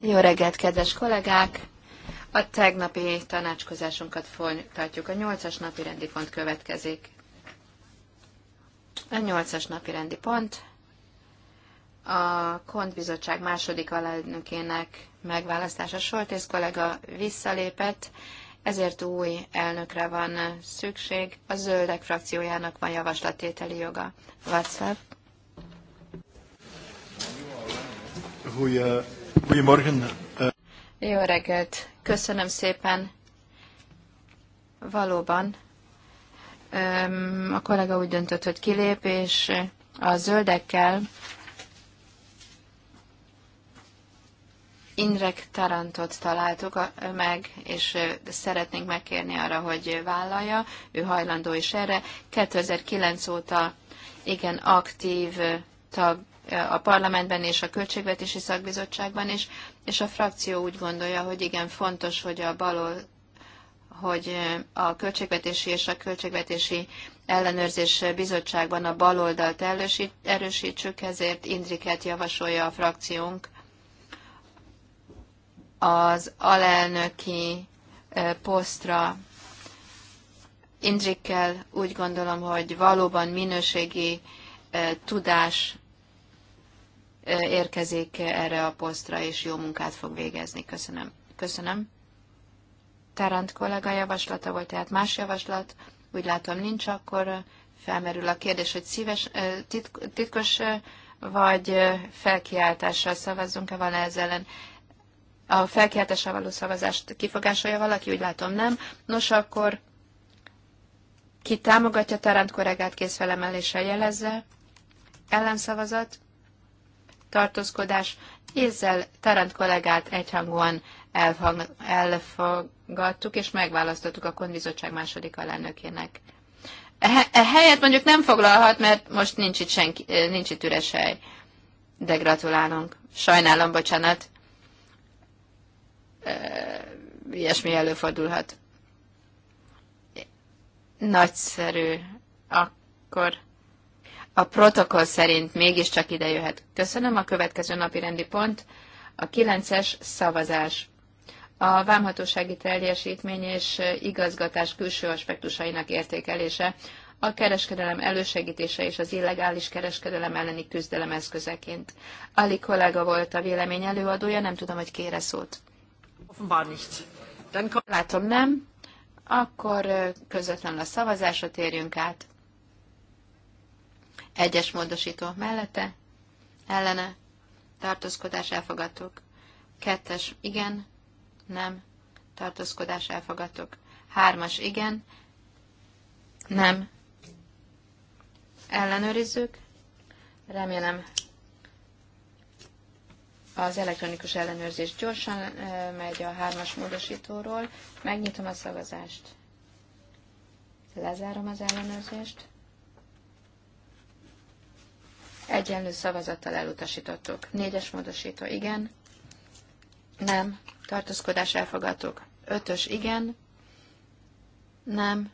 Jó reggelt, kedves kollégák! A tegnapi tanácskozásunkat folytatjuk. A nyolcas napi rendi pont következik. A nyolcas napi rendi pont a Kontbizottság második alelnökének megválasztása. Soltész kollega visszalépett, ezért új elnökre van szükség. A zöldek frakciójának van javaslatételi joga. Václav. Goedemorgen. Eh, Jó reggelt. Köszönöm szépen. Valóban. A kollega úgy döntött, hogy kilép, és a zöldekkel Indrek Tarantot találtuk meg, és szeretnénk megkérni arra, hogy vállalja, ő hajlandó is erre. 2009 óta igen aktív tag, a parlamentben és a költségvetési szakbizottságban is, és a frakció úgy gondolja, hogy igen, fontos, hogy a balol hogy a Költségvetési és a Költségvetési Ellenőrzés Bizottságban a baloldalt erősítsük, ezért Indriket javasolja a frakciónk az alelnöki e, posztra. Indrikkel úgy gondolom, hogy valóban minőségi e, tudás érkezik erre a posztra, és jó munkát fog végezni. Köszönöm. Köszönöm. Tarant kollega javaslata volt, tehát más javaslat. Úgy látom nincs, akkor felmerül a kérdés, hogy szíves, titkos vagy felkiáltással szavazzunk-e van ezzel ellen. A felkiáltással való szavazást kifogásolja valaki, úgy látom nem. Nos, akkor ki támogatja Tarant kollégát felemeléssel jelezze. Ellenszavazat tartózkodás. Ezzel Tarant kollégát egyhangúan elfog, elfogadtuk, és megválasztottuk a konvizottság második alelnökének. E, e helyet mondjuk nem foglalhat, mert most nincs itt, senki, nincs itt üres hely. De gratulálunk. Sajnálom, bocsánat. Ilyesmi előfordulhat. Nagyszerű. Akkor a protokoll szerint mégiscsak ide jöhet. Köszönöm. A következő napi rendi pont a 9-es szavazás. A vámhatósági teljesítmény és igazgatás külső aspektusainak értékelése, a kereskedelem elősegítése és az illegális kereskedelem elleni küzdelem eszközeként. Ali kollega volt a vélemény előadója, nem tudom, hogy kére szót. Látom, nem. Akkor közvetlenül a szavazásra térjünk át. Egyes módosító mellette, ellene, tartózkodás elfogadtuk. Kettes igen, nem, tartózkodás elfogadtuk. Hármas igen, nem. Ellenőrizzük. Remélem az elektronikus ellenőrzés gyorsan megy a hármas módosítóról. Megnyitom a szavazást. Lezárom az ellenőrzést. Egyenlő szavazattal elutasítottuk. Négyes módosító igen. Nem. Tartózkodás elfogadtuk. Ötös igen. Nem.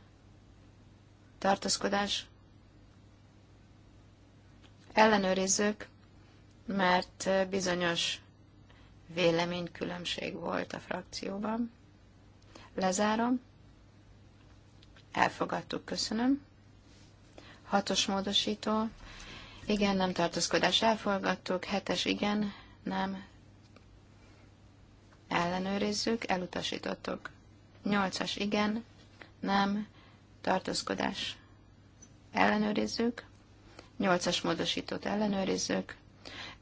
Tartózkodás. Ellenőrizzük, mert bizonyos véleménykülönbség volt a frakcióban. Lezárom. Elfogadtuk, köszönöm. Hatos módosító, igen, nem tartózkodás elfogadtuk. Hetes igen, nem. Ellenőrizzük, elutasítottuk. Nyolcas igen, nem. Tartózkodás ellenőrizzük. Nyolcas módosítót ellenőrizzük.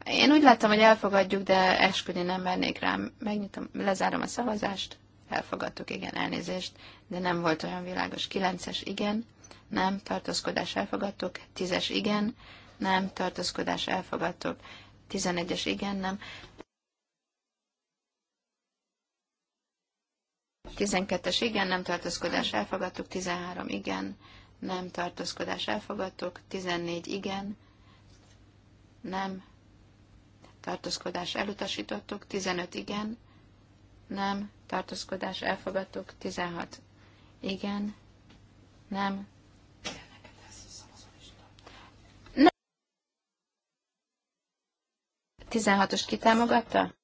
Én úgy láttam, hogy elfogadjuk, de esküdni nem mernék rám. Megnyitom, lezárom a szavazást. Elfogadtuk, igen, elnézést, de nem volt olyan világos. Kilences, igen, nem, tartózkodás elfogadtuk. Tízes, igen, nem, tartózkodás elfogadtok, 11-es igen, nem. 12-es igen, nem tartózkodás elfogadtuk. 13 igen, nem tartózkodás elfogadtuk. 14 igen, nem tartózkodás elutasítottuk. 15 igen, nem tartózkodás elfogadtuk. 16 igen, nem 16-os kitámogatta?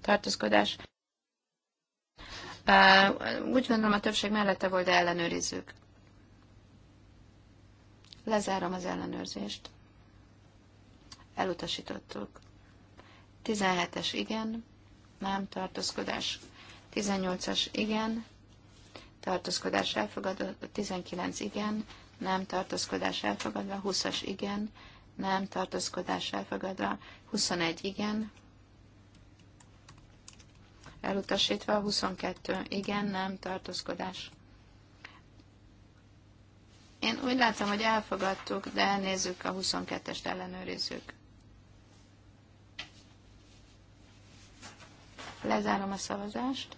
Tartózkodás. Úgy gondolom, a többség mellette volt, de ellenőrizzük. Lezárom az ellenőrzést. Elutasítottuk. 17-es igen, nem tartózkodás. 18-as igen, tartózkodás elfogadva. 19 igen, nem tartózkodás elfogadva. 20-as igen, nem, tartózkodás elfogadva, 21 igen, elutasítva, 22 igen, nem, tartózkodás. Én úgy látom, hogy elfogadtuk, de nézzük a 22-est, ellenőrizzük. Lezárom a szavazást.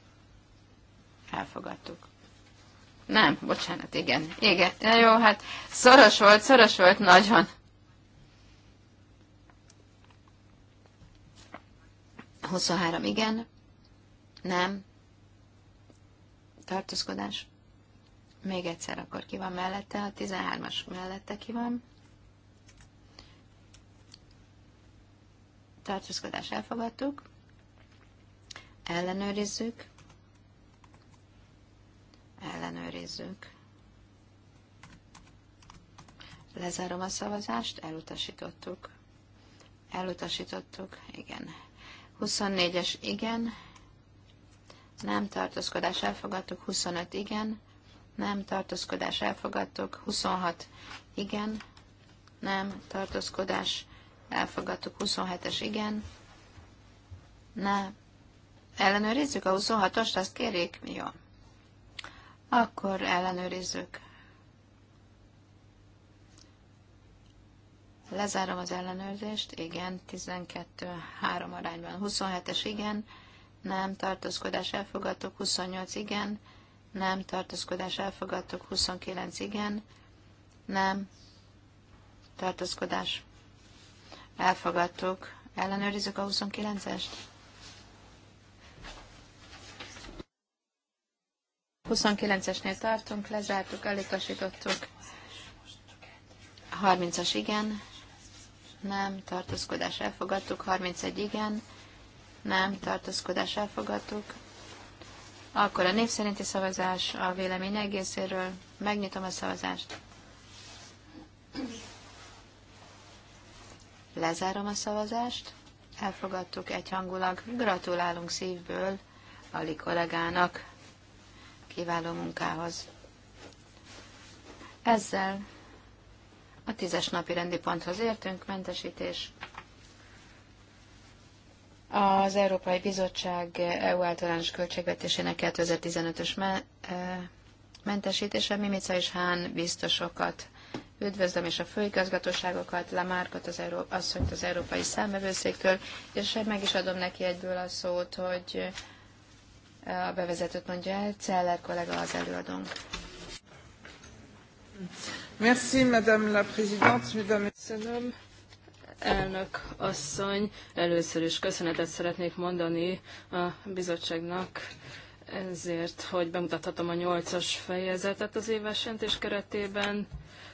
Elfogadtuk. Nem, bocsánat, igen. Igen, jó, hát szoros volt, szoros volt nagyon. 23 igen, nem, tartózkodás. Még egyszer akkor ki van mellette, a 13-as mellette ki van. Tartózkodás elfogadtuk. Ellenőrizzük. Ellenőrizzük. Lezárom a szavazást, elutasítottuk. Elutasítottuk, igen. 24-es igen, nem tartózkodás elfogadtuk, 25 igen, nem tartózkodás elfogadtuk, 26 igen, nem tartózkodás elfogadtuk, 27-es igen, nem. Ellenőrizzük a 26-ost, azt kérik, jó. Akkor ellenőrizzük. Lezárom az ellenőrzést, igen, 12-3 arányban. 27-es igen, nem, tartózkodás elfogadtuk, 28 igen, nem, tartózkodás elfogadtuk, 29 igen, nem, tartózkodás elfogadtuk. Ellenőrizzük a 29-est. 29-esnél tartunk, lezártuk, elutasítottuk. 30-as igen, nem, tartózkodás elfogadtuk, 31 igen, nem, tartózkodás elfogadtuk. Akkor a név szerinti szavazás a vélemény egészéről. Megnyitom a szavazást. Lezárom a szavazást. Elfogadtuk egyhangulag. Gratulálunk szívből Ali kollégának. Kiváló munkához. Ezzel a tízes napi rendi ponthoz értünk, mentesítés. Az Európai Bizottság EU általános költségvetésének 2015-ös e, mentesítése Mimica és Hán biztosokat Üdvözlöm és a főigazgatóságokat, Lamárkot, az Euró- asszonyt az Európai Számvevőszéktől, és meg is adom neki egyből a szót, hogy e, a bevezetőt mondja el. Celler kollega az előadónk. Merci, Madame la Présidente, Mesdames elnök asszony. Először is köszönetet szeretnék mondani a bizottságnak ezért, hogy bemutathatom a nyolcas fejezetet az éves jelentés keretében.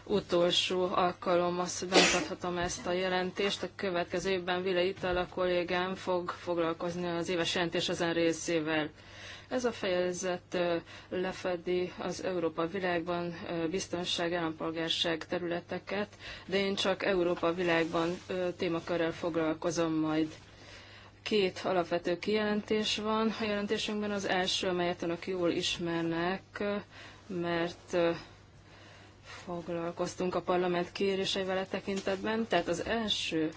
Utolsó alkalom az, hogy bemutathatom ezt a jelentést. A következő évben Vile Ital a kollégám fog foglalkozni az éves jelentés ezen részével. Ez a fejezet lefedi az Európa világban biztonság, állampolgárság területeket, de én csak Európa világban témakörrel foglalkozom majd két alapvető kijelentés van a jelentésünkben. Az első, amelyet önök jól ismernek, mert foglalkoztunk a parlament kéréseivel a e tekintetben. Tehát az első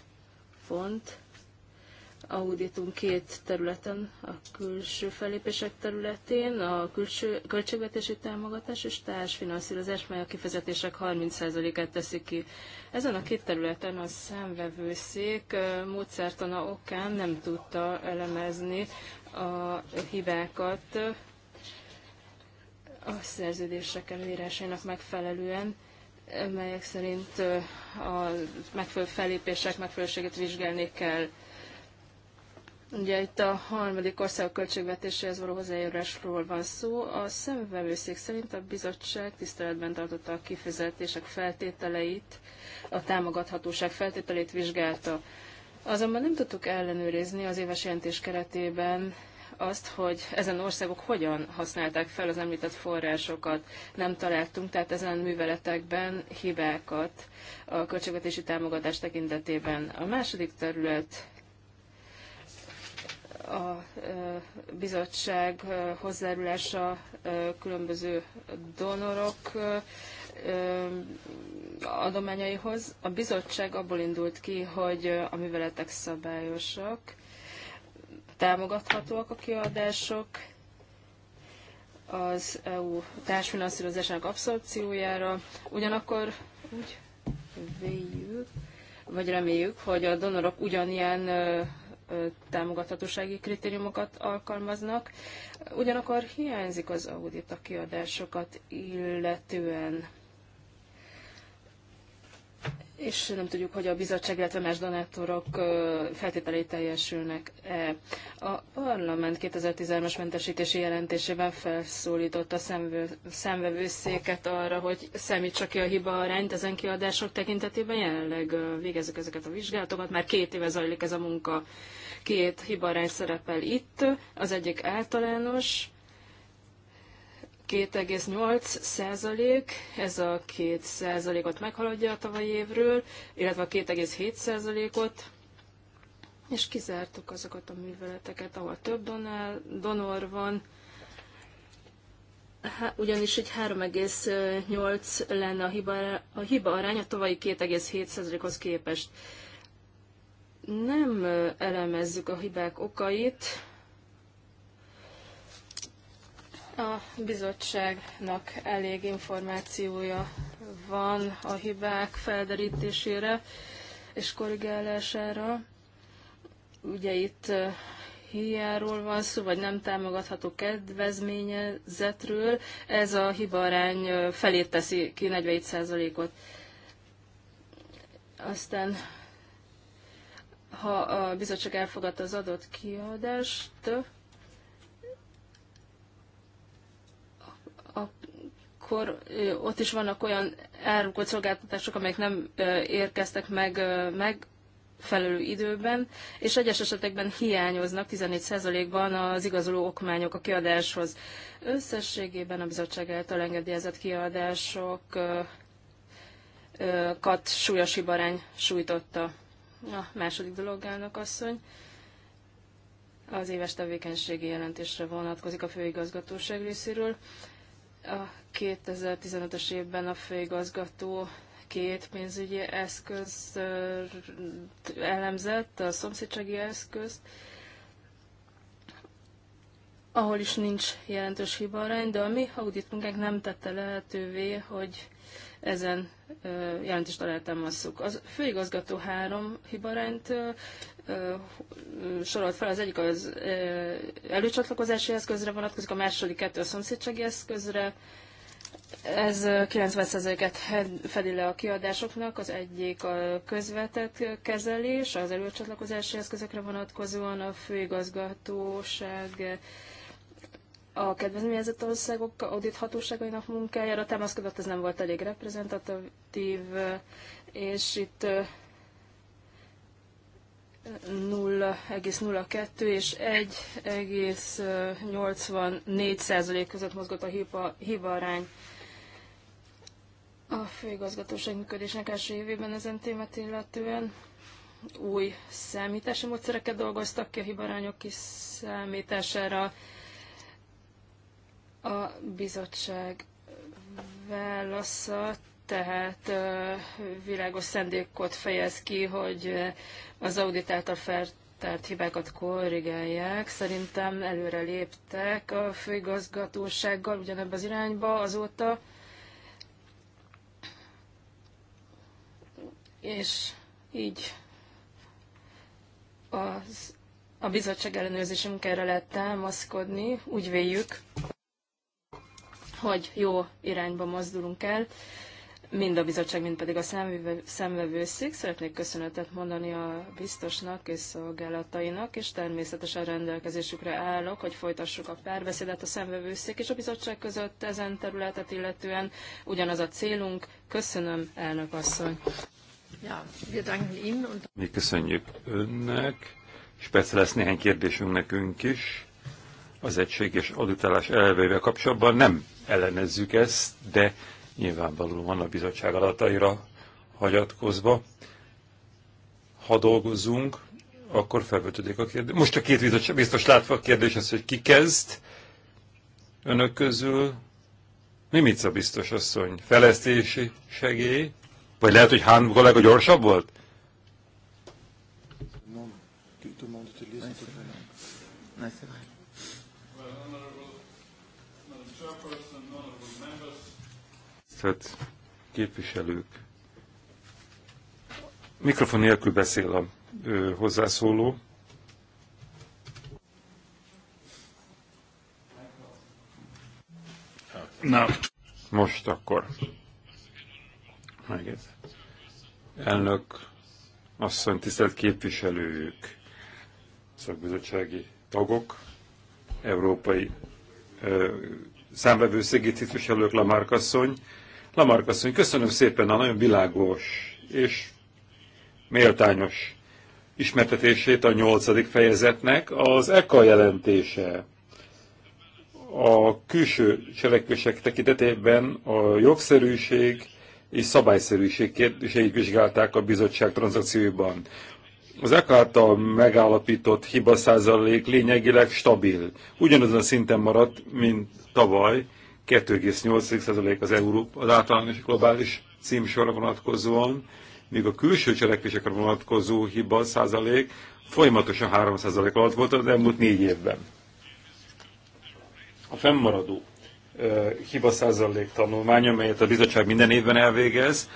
font auditunk két területen, a külső felépések területén, a külső költségvetési támogatás és társfinanszírozás, mely a kifizetések 30%-át teszi ki. Ezen a két területen a számvevőszék módszertana okán nem tudta elemezni a hibákat a szerződések előírásának megfelelően melyek szerint a megfelelő felépések megfelelőséget vizsgálni kell. Ugye itt a harmadik ország költségvetéséhez való hozzájárulásról van szó. A szemvevőszék szerint a bizottság tiszteletben tartotta a kifizetések feltételeit, a támogathatóság feltételét vizsgálta. Azonban nem tudtuk ellenőrizni az éves jelentés keretében azt, hogy ezen országok hogyan használták fel az említett forrásokat. Nem találtunk tehát ezen műveletekben hibákat a költségvetési támogatás tekintetében. A második terület a bizottság hozzárulása különböző donorok adományaihoz. A bizottság abból indult ki, hogy a műveletek szabályosak, támogathatóak a kiadások, az EU társfinanszírozásának abszorpciójára, ugyanakkor úgy véljük, vagy reméljük, hogy a donorok ugyanilyen támogathatósági kritériumokat alkalmaznak. Ugyanakkor hiányzik az audit a kiadásokat illetően és nem tudjuk, hogy a bizottság, illetve más donátorok feltételei teljesülnek -e. A parlament 2013-as mentesítési jelentésében felszólított a szemvevőszéket arra, hogy csak ki a hiba arányt ezen kiadások tekintetében. Jelenleg végezzük ezeket a vizsgálatokat, már két éve zajlik ez a munka. Két hiba szerepel itt, az egyik általános, 2,8 százalék, ez a 2 százalékot meghaladja a tavalyi évről, illetve a 2,7 százalékot, és kizártuk azokat a műveleteket, ahol több donál, donor van, Há, ugyanis egy 3,8 lenne a hiba, a hiba arány a tavalyi 2,7%-hoz képest. Nem elemezzük a hibák okait, a bizottságnak elég információja van a hibák felderítésére és korrigálására. Ugye itt hiáról van szó, vagy nem támogatható kedvezményezetről. Ez a arány felét teszi ki 47%-ot. Aztán ha a bizottság elfogadta az adott kiadást, akkor ott is vannak olyan elrúgott szolgáltatások, amelyek nem érkeztek meg, meg felelő időben, és egyes esetekben hiányoznak 14%-ban az igazoló okmányok a kiadáshoz. Összességében a bizottság által engedélyezett kiadásokat súlyos hibarány sújtotta. A második dolog, elnök asszony, az éves tevékenységi jelentésre vonatkozik a főigazgatóság részéről. A 2015-es évben a főigazgató két pénzügyi eszköz elemzett, a szomszédsági eszközt, ahol is nincs jelentős hibarány, de a mi audit munkánk nem tette lehetővé, hogy ezen jelentést alátámasztjuk. A főigazgató három hibarányt sorolt fel, az egyik az előcsatlakozási eszközre vonatkozik, a második kettő a szomszédsági eszközre, ez 90%-et fedi le a kiadásoknak, az egyik a közvetett kezelés, az előcsatlakozási eszközökre vonatkozóan a főigazgatóság a kedvezményezett országok audit munkájára támaszkodott, ez nem volt elég reprezentatív, és itt 0,02 és 1,84 százalék között mozgott a hiba, arány. A főigazgatóság működésnek első évében ezen témát illetően új számítási módszereket dolgoztak ki a hibarányok kiszámítására, a bizottság válasza tehát világos szendékot fejez ki, hogy az audit által feltárt hibákat korrigálják. Szerintem előre léptek a főigazgatósággal ugyanebben az irányba azóta. És így az, a bizottság ellenőrzési munkára lehet támaszkodni, úgy véljük hogy jó irányba mozdulunk el, mind a bizottság, mind pedig a szemvevőszik. Szeretnék köszönetet mondani a biztosnak és szolgálatainak, és természetesen rendelkezésükre állok, hogy folytassuk a párbeszédet a szemvevőszék és a bizottság között ezen területet illetően. Ugyanaz a célunk. Köszönöm, elnök asszony. Ja, Mi köszönjük önnek, és persze lesz néhány kérdésünk nekünk is az egységes adutálás elveivel kapcsolatban nem ellenezzük ezt, de nyilvánvalóan a bizottság adataira hagyatkozva, ha dolgozzunk, akkor felvetődik a kérdés. Most a két bizottság biztos látva a kérdés az, hogy ki kezd önök közül. mi Mimica biztos asszony, felesztési segély? Vagy lehet, hogy Hán kollega gyorsabb volt? tisztelt képviselők! Mikrofon nélkül beszél a ö, hozzászóló. Na, most akkor. Meg Elnök, asszony, tisztelt képviselők, szakbizottsági tagok, európai ö, számvevőszégi tisztviselők Lamárk asszony, Lamark asszony, köszönöm szépen a nagyon világos és méltányos ismertetését a nyolcadik fejezetnek. Az ECA jelentése a külső cselekvések tekintetében a jogszerűség és szabályszerűség kérdéseit vizsgálták a bizottság tranzakcióiban. Az ECA által megállapított hiba százalék lényegileg stabil. Ugyanazon a szinten maradt, mint tavaly, 2,8% az Európa, az általános globális címsorra vonatkozóan, míg a külső cselekvésekre vonatkozó hiba százalék folyamatosan 3 alatt volt az elmúlt négy évben. A fennmaradó uh, hiba százalék tanulmány, amelyet a bizottság minden évben elvégez,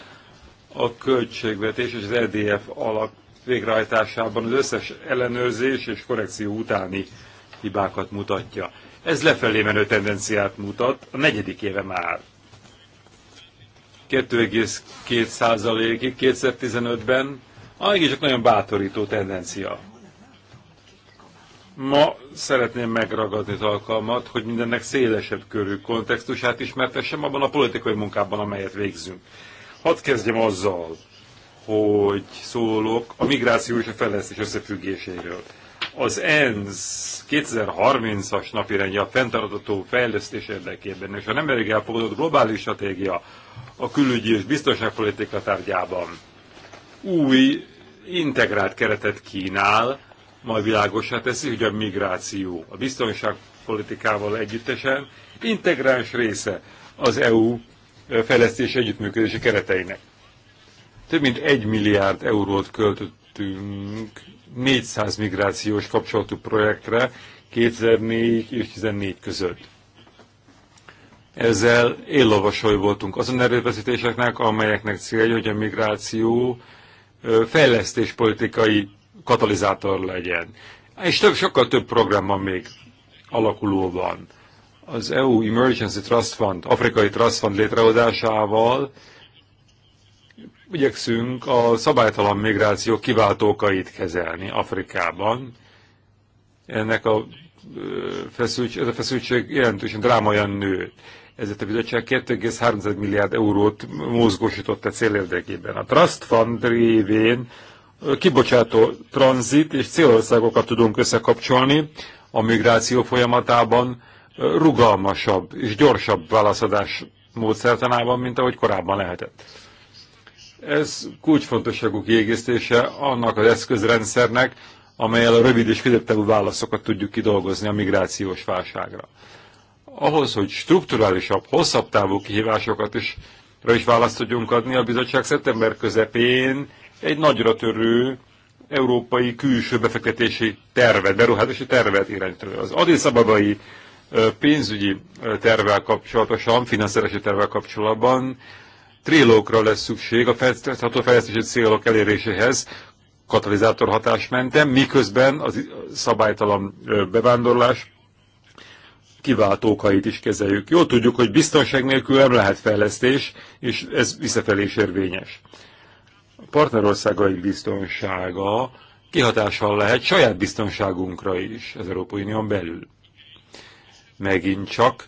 a költségvetés és az EDF alap végrehajtásában az összes ellenőrzés és korrekció utáni hibákat mutatja. Ez lefelé menő tendenciát mutat, a negyedik éve már. 2,2 százalékig 2015-ben, ah, csak nagyon bátorító tendencia. Ma szeretném megragadni az alkalmat, hogy mindennek szélesebb körű kontextusát ismertessem abban a politikai munkában, amelyet végzünk. Hadd kezdjem azzal, hogy szólok a migráció és a fejlesztés összefüggéséről az ENSZ 2030-as napirendje a fenntartató fejlesztés érdekében és a nemrég elfogadott globális stratégia a külügyi és biztonságpolitika tárgyában új integrált keretet kínál, majd világosá teszi, hogy a migráció a biztonságpolitikával együttesen integráns része az EU fejlesztés együttműködési kereteinek. Több mint egy milliárd eurót költöttünk 400 migrációs kapcsolatú projektre 2004 és 2014 között. Ezzel éllovasai voltunk azon erőfeszítéseknek, amelyeknek célja, hogy a migráció fejlesztéspolitikai katalizátor legyen. És több, sokkal több program van még alakulóban. Az EU Emergency Trust Fund, Afrikai Trust Fund létrehozásával igyekszünk a szabálytalan migráció kiváltókait kezelni Afrikában. Ennek a feszültség, ez a feszültség jelentősen drámaian nő. Ezért a bizottság 2,3 milliárd eurót mozgósított a cél érdekében. A Trust Fund révén kibocsátó tranzit és célországokat tudunk összekapcsolni a migráció folyamatában rugalmasabb és gyorsabb válaszadás módszertanában, mint ahogy korábban lehetett. Ez kulcsfontosságú kiegészítése annak az eszközrendszernek, amelyel a rövid és középtávú válaszokat tudjuk kidolgozni a migrációs válságra. Ahhoz, hogy strukturálisabb, hosszabb távú kihívásokat is, rá is választ tudjunk adni, a bizottság szeptember közepén egy nagyra törő európai külső befektetési tervet, beruházási tervet irányt Az Addis Ababai pénzügyi tervvel kapcsolatosan, finanszírozási tervvel kapcsolatban trilókra lesz szükség a fenntartható fejlesztési célok eléréséhez, katalizátor hatás mentem, miközben az szabálytalan bevándorlás kiváltókait is kezeljük. Jó tudjuk, hogy biztonság nélkül nem lehet fejlesztés, és ez visszafelé is érvényes. A partnerországai biztonsága kihatással lehet saját biztonságunkra is az Európai Unión belül. Megint csak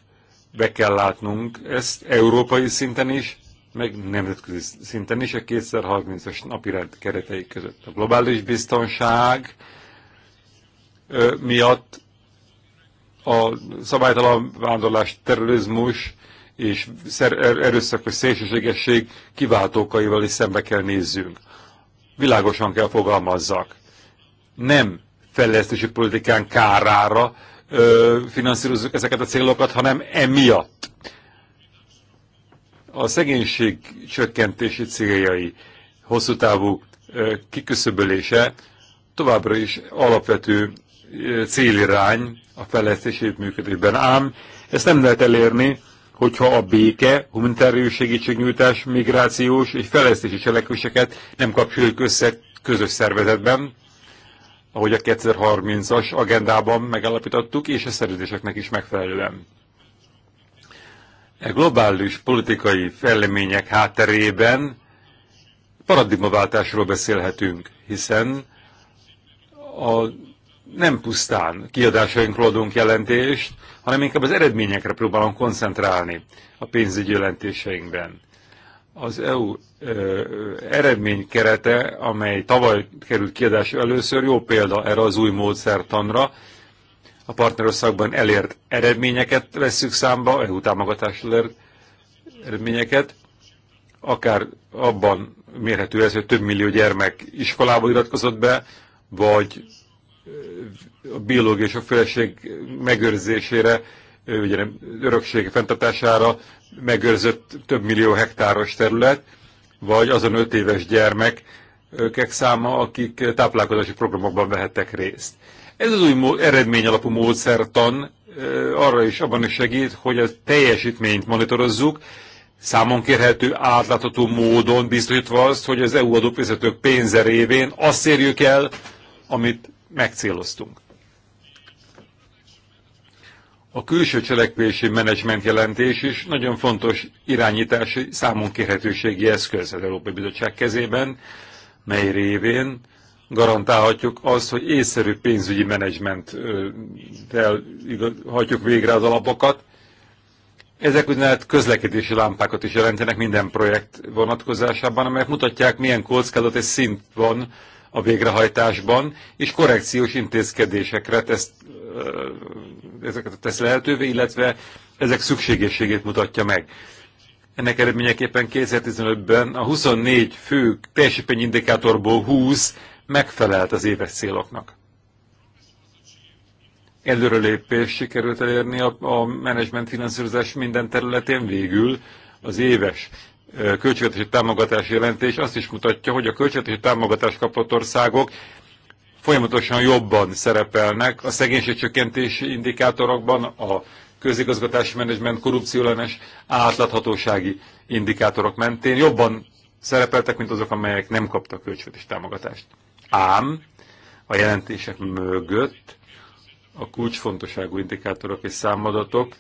be kell látnunk ezt európai szinten is, meg nemzetközi szinten is a 2030-as rend keretei között. A globális biztonság ö, miatt a szabálytalan vándorlás, terrorizmus és er- erőszakos szélsőségesség kiváltókaival is szembe kell nézzünk. Világosan kell fogalmazzak. Nem fejlesztési politikán kárára ö, finanszírozzuk ezeket a célokat, hanem emiatt a szegénység csökkentési céljai hosszú távú kiküszöbölése továbbra is alapvető célirány a fejlesztési működésben. Ám ezt nem lehet elérni, hogyha a béke, humanitárius segítségnyújtás, migrációs és fejlesztési cselekvéseket nem kapcsoljuk össze közös szervezetben, ahogy a 2030-as agendában megállapítottuk, és a szerződéseknek is megfelelően. E globális politikai fellemények hátterében paradigmaváltásról beszélhetünk, hiszen a nem pusztán kiadásainkról adunk jelentést, hanem inkább az eredményekre próbálunk koncentrálni a pénzügyi jelentéseinkben. Az EU ö, kerete, amely tavaly került kiadás először, jó példa erre az új módszertanra, a partnerországban elért eredményeket vesszük számba, EU támogatás elért eredményeket, akár abban mérhető ez, hogy több millió gyermek iskolába iratkozott be, vagy a biológiai sokféleség megőrzésére, ugye örökség fenntartására megőrzött több millió hektáros terület, vagy azon öt éves gyermek, őkek száma, akik táplálkozási programokban vehettek részt. Ez az új eredmény alapú módszertan arra is abban is segít, hogy a teljesítményt monitorozzuk, számon kérhető, átlátható módon biztosítva azt, hogy az EU adófizetők pénze révén azt érjük el, amit megcéloztunk. A külső cselekvési menedzsment jelentés is nagyon fontos irányítási, számon kérhetőségi eszköz az Európai Bizottság kezében, mely révén garantálhatjuk azt, hogy észszerű pénzügyi menedzsmenttel hajtjuk végre az alapokat. Ezek úgynevezett közlekedési lámpákat is jelentenek minden projekt vonatkozásában, amelyek mutatják, milyen kockázatos szint van a végrehajtásban, és korrekciós intézkedésekre tesz, ezeket tesz lehetővé, illetve ezek szükségességét mutatja meg. Ennek eredményeképpen 2015-ben a 24 fő teljesítményindikátorból 20 megfelelt az éves céloknak. Előrelépés sikerült elérni a, a menedzsment finanszírozás minden területén végül az éves költségvetési támogatás jelentés azt is mutatja, hogy a költségvetési támogatás kapott országok folyamatosan jobban szerepelnek a szegénységcsökkentési indikátorokban, a közigazgatási menedzsment korrupciólenes átláthatósági indikátorok mentén jobban szerepeltek, mint azok, amelyek nem kaptak költségvetési támogatást. Ám a jelentések mögött a kulcsfontosságú indikátorok és számadatok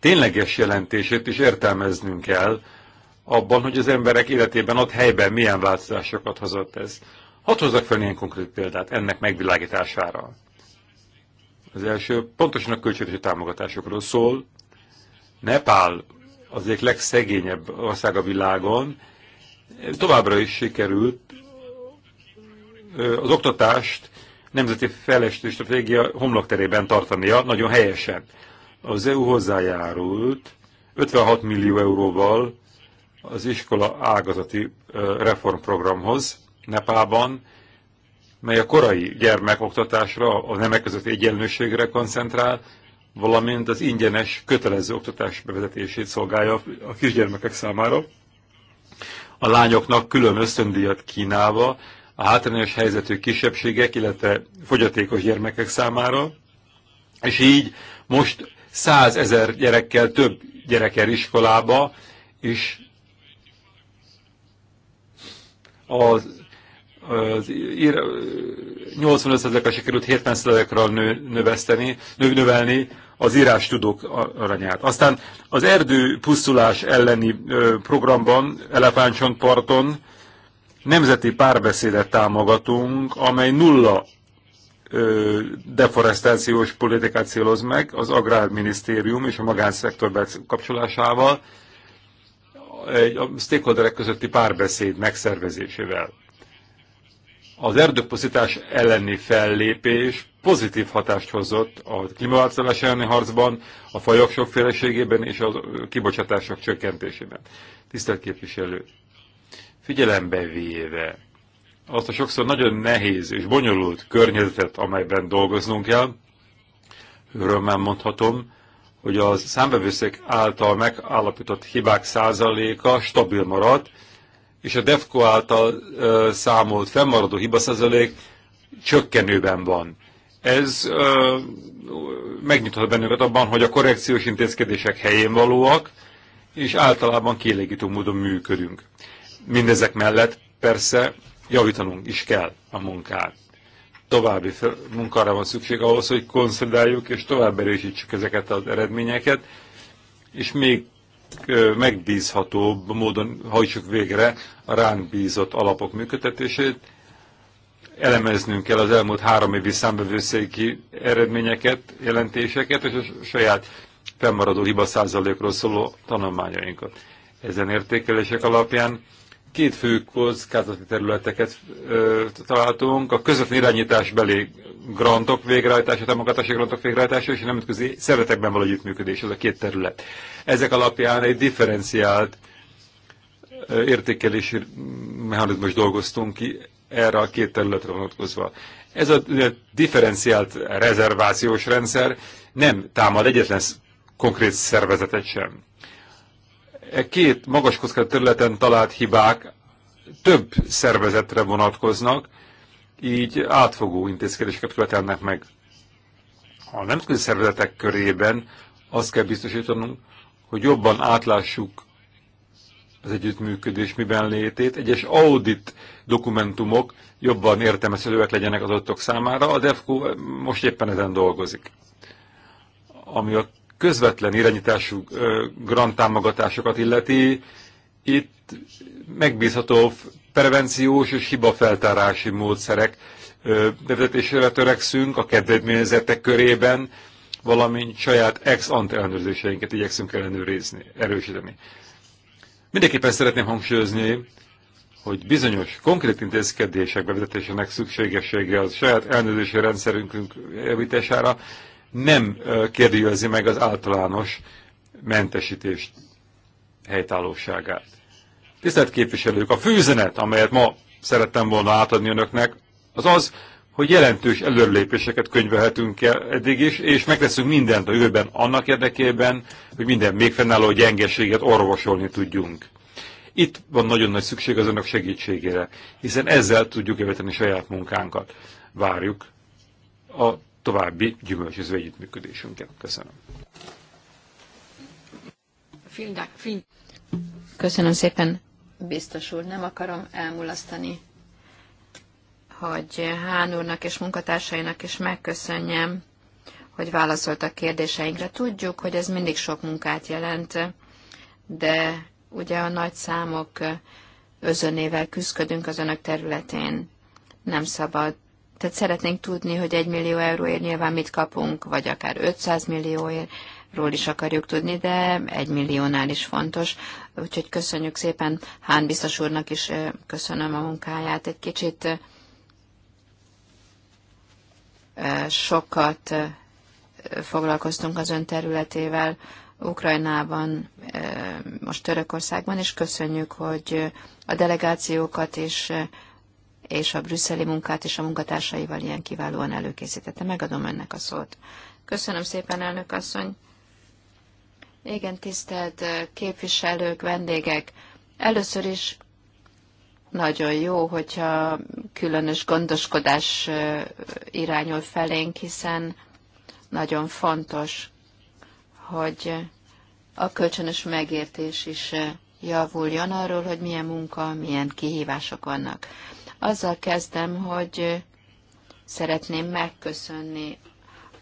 tényleges jelentését is értelmeznünk kell abban, hogy az emberek életében ott helyben milyen változásokat hozott ez. Hadd hozzak fel ilyen konkrét példát ennek megvilágítására. Az első pontosan a költségvetési támogatásokról szól. Nepál az egyik legszegényebb ország a világon. Továbbra is sikerült az oktatást nemzeti fejlesztő stratégia homlokterében tartania, nagyon helyesen. Az EU hozzájárult 56 millió euróval az iskola ágazati reformprogramhoz Nepában, mely a korai gyermekoktatásra, a nemek közötti egyenlőségre koncentrál, valamint az ingyenes, kötelező oktatás bevezetését szolgálja a kisgyermekek számára. A lányoknak külön ösztöndíjat kínálva, a hátrányos helyzetű kisebbségek, illetve fogyatékos gyermekek számára, és így most százezer gyerekkel több gyerekkel iskolába, és az, az 85%-ra sikerült 70%-ra nő, nő, növelni az írás tudók aranyát. Aztán az erdő pusztulás elleni programban parton nemzeti párbeszédet támogatunk, amely nulla ö, deforestációs politikát céloz meg az Agrárminisztérium és a magánszektor kapcsolásával, egy, a stakeholderek közötti párbeszéd megszervezésével. Az erdőpusztítás elleni fellépés pozitív hatást hozott a klímaváltozás elleni harcban, a fajok sokféleségében és a kibocsátások csökkentésében. Tisztelt képviselő! figyelembe véve azt a sokszor nagyon nehéz és bonyolult környezetet, amelyben dolgoznunk kell, örömmel mondhatom, hogy az számbevőszék által megállapított hibák százaléka stabil maradt, és a DEFCO által ö, számolt fennmaradó hibaszázalék csökkenőben van. Ez ö, megnyithat bennünket abban, hogy a korrekciós intézkedések helyén valóak, és általában kielégítő módon működünk. Mindezek mellett persze javítanunk is kell a munkát. További munkára van szükség ahhoz, hogy konszolidáljuk és tovább erősítsük ezeket az eredményeket, és még megbízhatóbb módon hajtsuk végre a ránk bízott alapok működtetését. Elemeznünk kell az elmúlt három évi számbevőszéki eredményeket, jelentéseket, és a saját fennmaradó hiba százalékról szóló tanulmányainkat. Ezen értékelések alapján két fő kockázati területeket ö, találtunk, a közvetlen irányítás belé grantok végrehajtása, támogatási grantok végrehajtása és a nemzetközi szervetekben való együttműködés, ez a két terület. Ezek alapján egy differenciált ö, értékelési mechanizmus dolgoztunk ki erre a két területre vonatkozva. Ez a differenciált rezervációs rendszer nem támad egyetlen konkrét szervezetet sem. E két magas kockázat területen talált hibák több szervezetre vonatkoznak, így átfogó intézkedéseket követelnek meg. A nemzetközi szervezetek körében azt kell biztosítanunk, hogy jobban átlássuk az együttműködés miben létét, egyes audit dokumentumok jobban értelmezhetőek legyenek az adottok számára, a DEFCO most éppen ezen dolgozik. Ami a közvetlen irányítású grant támogatásokat illeti, itt megbízható prevenciós és hibafeltárási módszerek bevezetésére törekszünk a kedvedményezetek körében, valamint saját ex-ante ellenőrzéseinket igyekszünk ellenőrizni, erősíteni. Mindenképpen szeretném hangsúlyozni, hogy bizonyos konkrét intézkedések bevezetésének szükségessége az saját ellenőrzési rendszerünk javítására nem kérdőjelezi meg az általános mentesítés helytállóságát. Tisztelt képviselők, a főzenet, amelyet ma szerettem volna átadni önöknek, az az, hogy jelentős előrelépéseket könyvelhetünk el eddig is, és megteszünk mindent a jövőben annak érdekében, hogy minden még fennálló gyengeséget orvosolni tudjunk. Itt van nagyon nagy szükség az önök segítségére, hiszen ezzel tudjuk javítani saját munkánkat. Várjuk a további gyümölcsöző együttműködésünket. Köszönöm. Köszönöm szépen. Biztos úr, nem akarom elmulasztani, hogy Hán úrnak és munkatársainak is megköszönjem, hogy válaszoltak kérdéseinkre. Tudjuk, hogy ez mindig sok munkát jelent, de ugye a nagy számok özönével küzdködünk az önök területén. Nem szabad tehát szeretnénk tudni, hogy egy millió euróért nyilván mit kapunk, vagy akár 500 millióért ról is akarjuk tudni, de egy milliónál is fontos. Úgyhogy köszönjük szépen Hán biztos úrnak is, köszönöm a munkáját. Egy kicsit sokat foglalkoztunk az ön területével Ukrajnában, most Törökországban, és köszönjük, hogy a delegációkat is és a brüsszeli munkát és a munkatársaival ilyen kiválóan előkészítette. Megadom önnek a szót. Köszönöm szépen, elnök asszony. Igen, tisztelt képviselők, vendégek. Először is nagyon jó, hogyha különös gondoskodás irányul felénk, hiszen nagyon fontos, hogy a kölcsönös megértés is javuljon arról, hogy milyen munka, milyen kihívások vannak. Azzal kezdem, hogy szeretném megköszönni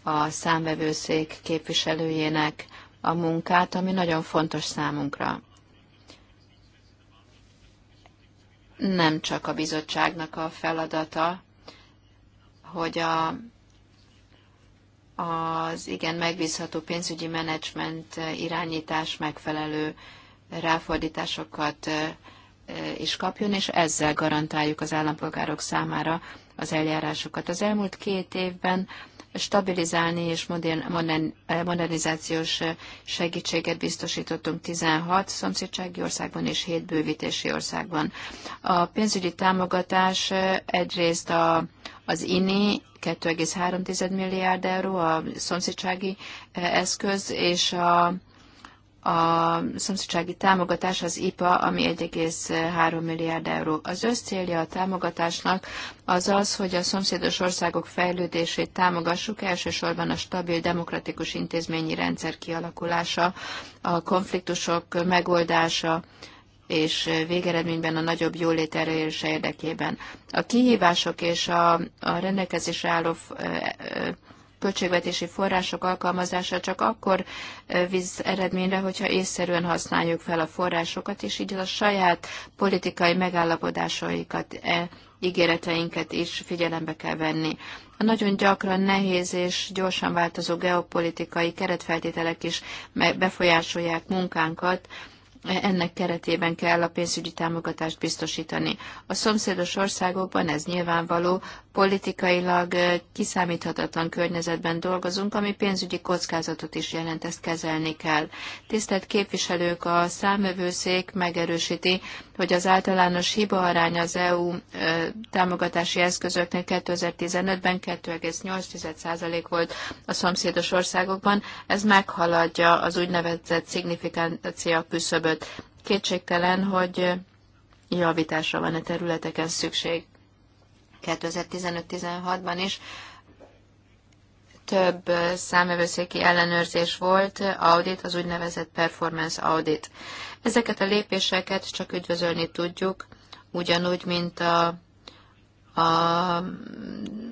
a számvevőszék képviselőjének a munkát, ami nagyon fontos számunkra. Nem csak a bizottságnak a feladata, hogy a, az igen megbízható pénzügyi menedzsment irányítás megfelelő ráfordításokat is kapjon, és ezzel garantáljuk az állampolgárok számára az eljárásokat. Az elmúlt két évben stabilizálni és modern, eh, modernizációs eh, segítséget biztosítottunk 16 szomszédsági országban és 7 bővítési országban. A pénzügyi támogatás eh, egyrészt a, az INI 2,3 milliárd euró, a szomszédsági eszköz és a a szomszédsági támogatás az IPA, ami 1,3 milliárd euró. Az célja a támogatásnak az az, hogy a szomszédos országok fejlődését támogassuk, elsősorban a stabil demokratikus intézményi rendszer kialakulása, a konfliktusok megoldása, és végeredményben a nagyobb jólét elérése érdekében. A kihívások és a, a rendelkezésre álló költségvetési források alkalmazása csak akkor eh, visz eredményre, hogyha észszerűen használjuk fel a forrásokat, és így a saját politikai megállapodásaikat, e, ígéreteinket is figyelembe kell venni. A nagyon gyakran nehéz és gyorsan változó geopolitikai keretfeltételek is befolyásolják munkánkat, ennek keretében kell a pénzügyi támogatást biztosítani. A szomszédos országokban ez nyilvánvaló, politikailag kiszámíthatatlan környezetben dolgozunk, ami pénzügyi kockázatot is jelent, ezt kezelni kell. Tisztelt képviselők, a számövőszék megerősíti, hogy az általános hiba arány az EU támogatási eszközöknek 2015-ben 2,8% volt a szomszédos országokban, ez meghaladja az úgynevezett szignifikáció küszöböt küszöböt. Kétségtelen, hogy javításra van a területeken szükség 2015-16-ban is. Több számövőszéki ellenőrzés volt, audit, az úgynevezett performance audit. Ezeket a lépéseket csak üdvözölni tudjuk, ugyanúgy, mint a a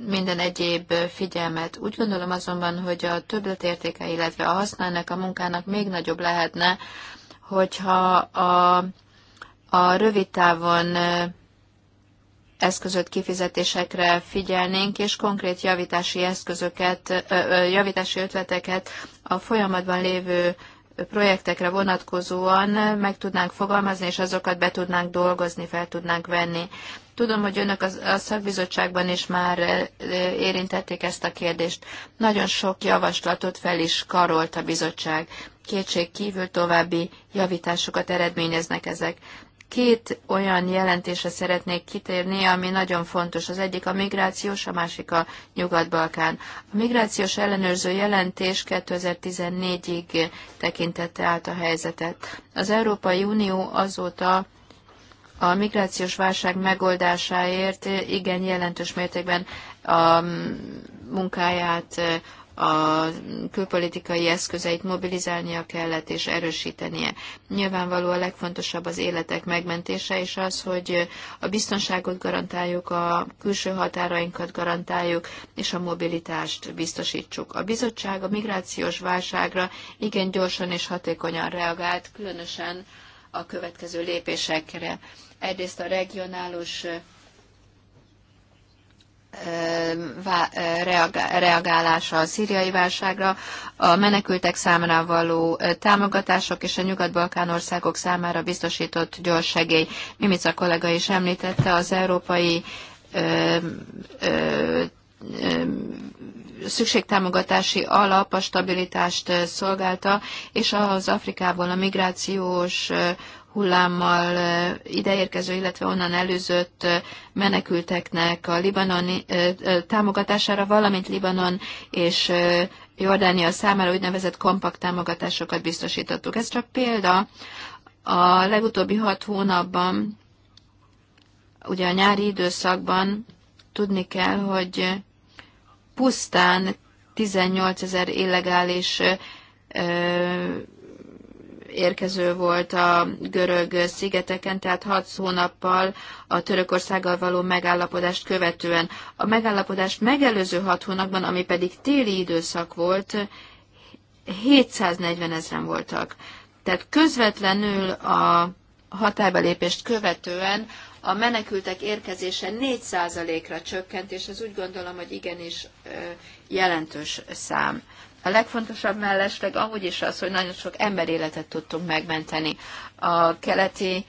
minden egyéb figyelmet. Úgy gondolom azonban, hogy a többletértéke, illetve a használnak a munkának még nagyobb lehetne hogyha a, a rövid távon eszközött kifizetésekre figyelnénk, és konkrét javítási eszközöket, javítási ötleteket a folyamatban lévő projektekre vonatkozóan meg tudnánk fogalmazni, és azokat be tudnánk dolgozni, fel tudnánk venni. Tudom, hogy önök a szakbizottságban is már érintették ezt a kérdést. Nagyon sok javaslatot fel is karolt a bizottság. Kétség kívül további javításokat eredményeznek ezek. Két olyan jelentésre szeretnék kitérni, ami nagyon fontos. Az egyik a migrációs, a másik a Nyugat-Balkán. A migrációs ellenőrző jelentés 2014-ig tekintette át a helyzetet. Az Európai Unió azóta a migrációs válság megoldásáért igen jelentős mértékben a munkáját, a külpolitikai eszközeit mobilizálnia kellett és erősítenie. Nyilvánvaló a legfontosabb az életek megmentése, és az, hogy a biztonságot garantáljuk, a külső határainkat garantáljuk, és a mobilitást biztosítsuk. A bizottság a migrációs válságra igen gyorsan és hatékonyan reagált, különösen a következő lépésekre. Egyrészt a regionális reagálása a szíriai válságra, a menekültek számára való támogatások és a nyugat-balkán országok számára biztosított gyors segély. Mimica kollega is említette, az európai szükségtámogatási alap a stabilitást eh, szolgálta, és az Afrikából a migrációs eh, hullámmal eh, ideérkező, illetve onnan előzött menekülteknek a Libanon támogatására, valamint Libanon és Jordánia számára úgynevezett kompakt támogatásokat biztosítottuk. Ez csak példa. A legutóbbi hat hónapban, ugye a nyári időszakban tudni kell, hogy pusztán 18 ezer illegális érkező volt a görög szigeteken, tehát 6 hónappal a Törökországgal való megállapodást követően. A megállapodást megelőző 6 hónapban, ami pedig téli időszak volt, 740 ezeren voltak. Tehát közvetlenül a határbelépést követően a menekültek érkezése 4%-ra csökkent, és ez úgy gondolom, hogy igenis jelentős szám. A legfontosabb mellesleg ahogy is az, hogy nagyon sok emberéletet tudtunk megmenteni. A keleti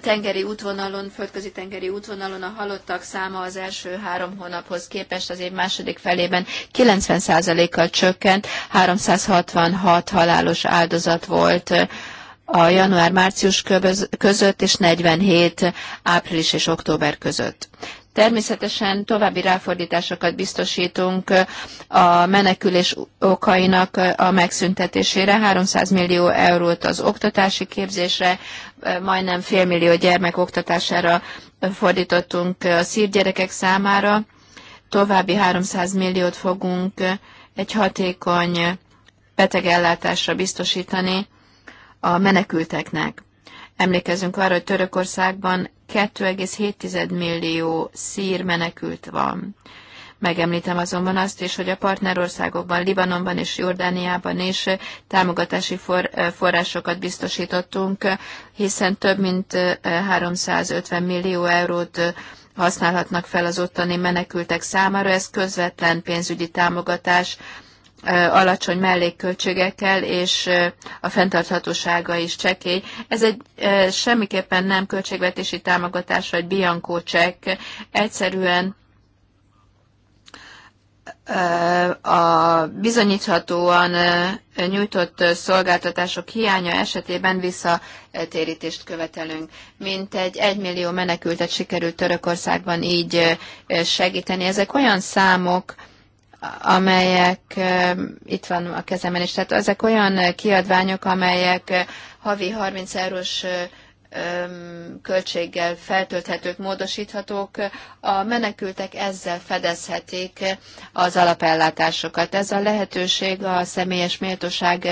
tengeri útvonalon, földközi tengeri útvonalon a halottak száma az első három hónaphoz képest az év második felében 90%-kal csökkent, 366 halálos áldozat volt a január-március között és 47 április és október között. Természetesen további ráfordításokat biztosítunk a menekülés okainak a megszüntetésére, 300 millió eurót az oktatási képzésre, majdnem félmillió gyermek oktatására fordítottunk a szír számára, további 300 milliót fogunk egy hatékony betegellátásra biztosítani, a menekülteknek. Emlékezzünk arra, hogy Törökországban 2,7 millió szír menekült van. Megemlítem azonban azt is, hogy a partnerországokban, Libanonban és Jordániában is támogatási for, eh, forrásokat biztosítottunk, hiszen több mint 350 eh, millió eurót eh, használhatnak fel az ottani menekültek számára. Ez közvetlen pénzügyi támogatás alacsony mellékköltségekkel, és a fenntarthatósága is csekély. Ez egy semmiképpen nem költségvetési támogatás, vagy biankó csekk, egyszerűen a bizonyíthatóan nyújtott szolgáltatások hiánya esetében visszatérítést követelünk. Mint egy egymillió menekültet sikerült Törökországban így segíteni. Ezek olyan számok, amelyek itt van a kezemben is. Tehát ezek olyan kiadványok, amelyek havi 30 eurós költséggel feltölthetők, módosíthatók, a menekültek ezzel fedezhetik az alapellátásokat. Ez a lehetőség a személyes méltóság,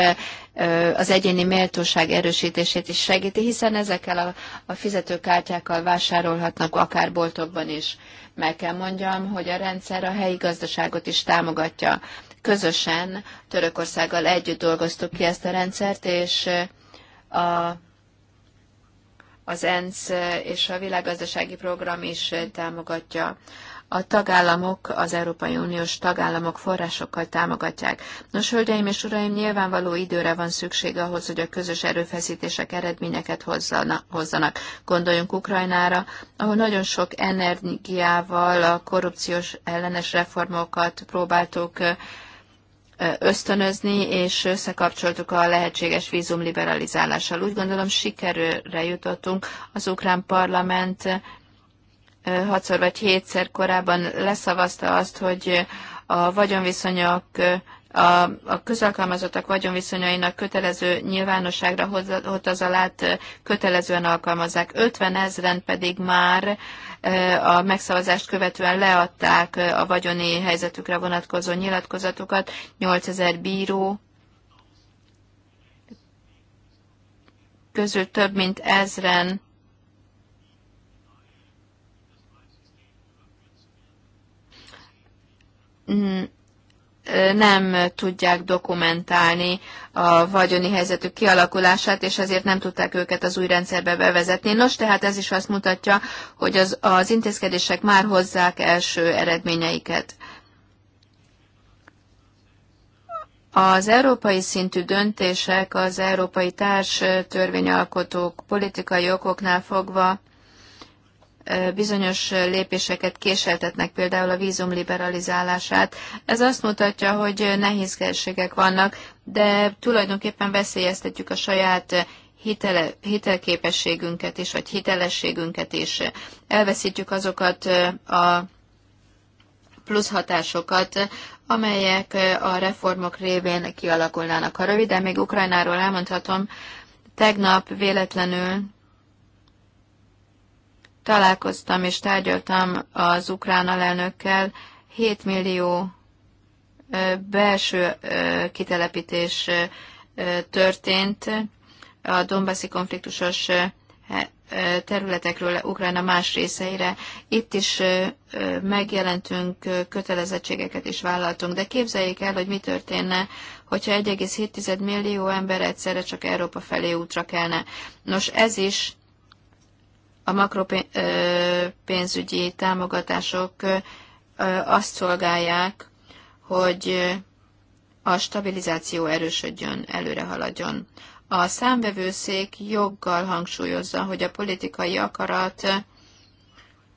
az egyéni méltóság erősítését is segíti, hiszen ezekkel a, a fizetőkártyákkal vásárolhatnak akár boltokban is. Meg kell mondjam, hogy a rendszer a helyi gazdaságot is támogatja. Közösen Törökországgal együtt dolgoztuk ki ezt a rendszert, és a, az ENSZ és a világgazdasági program is támogatja a tagállamok, az Európai Uniós tagállamok forrásokkal támogatják. Nos, hölgyeim és uraim, nyilvánvaló időre van szükség ahhoz, hogy a közös erőfeszítések eredményeket hozzanak. Gondoljunk Ukrajnára, ahol nagyon sok energiával a korrupciós ellenes reformokat próbáltuk ösztönözni, és összekapcsoltuk a lehetséges vízum liberalizálással. Úgy gondolom sikerőre jutottunk. Az ukrán parlament hatszor vagy hétszer korábban leszavazta azt, hogy a vagyonviszonyok a, a közalkalmazottak vagyonviszonyainak kötelező nyilvánosságra alát kötelezően alkalmazzák. 50 ezeren pedig már e, a megszavazást követően leadták e, a vagyoni helyzetükre vonatkozó nyilatkozatukat. 8000 bíró közül több mint ezren Mm, nem tudják dokumentálni a vagyoni helyzetük kialakulását, és ezért nem tudták őket az új rendszerbe bevezetni. Nos, tehát ez is azt mutatja, hogy az, az intézkedések már hozzák első eredményeiket. Az európai szintű döntések az európai társ törvényalkotók politikai okoknál fogva bizonyos lépéseket késeltetnek, például a vízum liberalizálását. Ez azt mutatja, hogy nehézségek vannak, de tulajdonképpen veszélyeztetjük a saját hitele, hitelképességünket is, vagy hitelességünket is. Elveszítjük azokat a plusz hatásokat, amelyek a reformok révén kialakulnának. Ha röviden még Ukrajnáról elmondhatom, tegnap véletlenül találkoztam és tárgyaltam az ukrán alelnökkel, 7 millió belső kitelepítés történt a Donbasszi konfliktusos területekről Ukrajna más részeire. Itt is megjelentünk, kötelezettségeket is vállaltunk, de képzeljék el, hogy mi történne, hogyha 1,7 millió ember egyszerre csak Európa felé útra kelne. Nos, ez is a makropénzügyi támogatások azt szolgálják, hogy a stabilizáció erősödjön, előre haladjon. A számvevőszék joggal hangsúlyozza, hogy a politikai akarat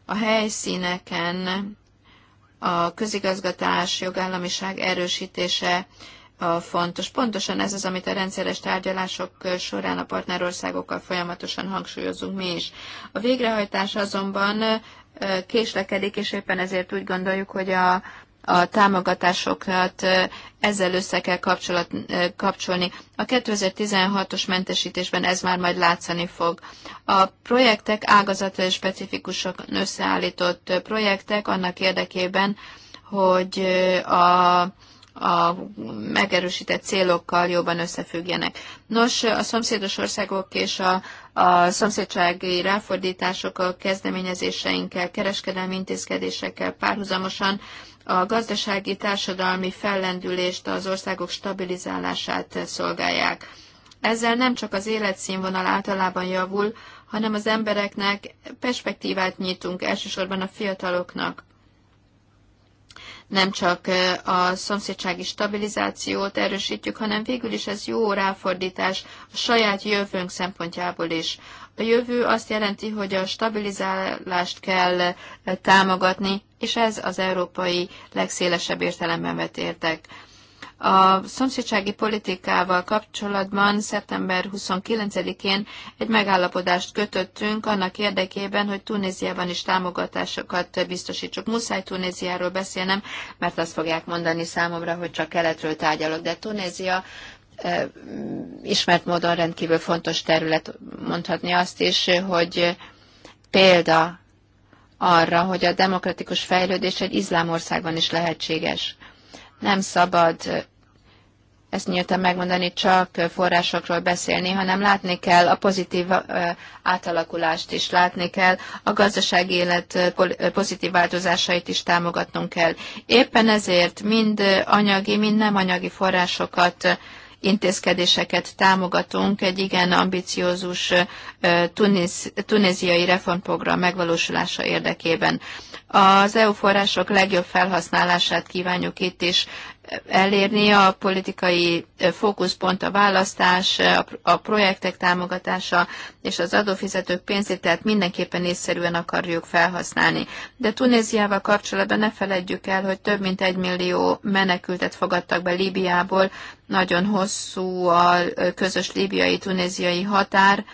a helyszíneken a közigazgatás, jogállamiság erősítése a fontos. Pontosan ez az, amit a rendszeres tárgyalások során a partnerországokkal folyamatosan hangsúlyozunk mi is. A végrehajtás azonban késlekedik, és éppen ezért úgy gondoljuk, hogy a, a támogatásokat ezzel össze kell kapcsolat, kapcsolni. A 2016-os mentesítésben ez már majd látszani fog. A projektek ágazata és specifikusak összeállított projektek annak érdekében, hogy a a megerősített célokkal jobban összefüggjenek. Nos, a szomszédos országok és a, a szomszédsági ráfordítások a kezdeményezéseinkkel, kereskedelmi intézkedésekkel párhuzamosan a gazdasági társadalmi fellendülést, az országok stabilizálását szolgálják. Ezzel nem csak az életszínvonal általában javul, hanem az embereknek perspektívát nyitunk, elsősorban a fiataloknak nem csak a szomszédsági stabilizációt erősítjük, hanem végül is ez jó ráfordítás a saját jövőnk szempontjából is. A jövő azt jelenti, hogy a stabilizálást kell támogatni, és ez az európai legszélesebb értelemben vett értek. A szomszédsági politikával kapcsolatban szeptember 29-én egy megállapodást kötöttünk annak érdekében, hogy Tunéziában is támogatásokat biztosítsuk. Muszáj Tunéziáról beszélnem, mert azt fogják mondani számomra, hogy csak keletről tárgyalok, de Tunézia ismert módon rendkívül fontos terület, mondhatni azt is, hogy példa arra, hogy a demokratikus fejlődés egy iszlámországban is lehetséges nem szabad ezt nyíltan megmondani, csak forrásokról beszélni, hanem látni kell a pozitív átalakulást is, látni kell a gazdasági élet pozitív változásait is támogatnunk kell. Éppen ezért mind anyagi, mind nem anyagi forrásokat intézkedéseket támogatunk egy igen ambiciózus tunéziai reformprogram megvalósulása érdekében. Az EU források legjobb felhasználását kívánjuk itt is elérni a politikai fókuszpont, a választás, a projektek támogatása és az adófizetők pénzét, tehát mindenképpen észszerűen akarjuk felhasználni. De Tunéziával kapcsolatban ne feledjük el, hogy több mint egy millió menekültet fogadtak be Líbiából, nagyon hosszú a közös líbiai-tunéziai határ,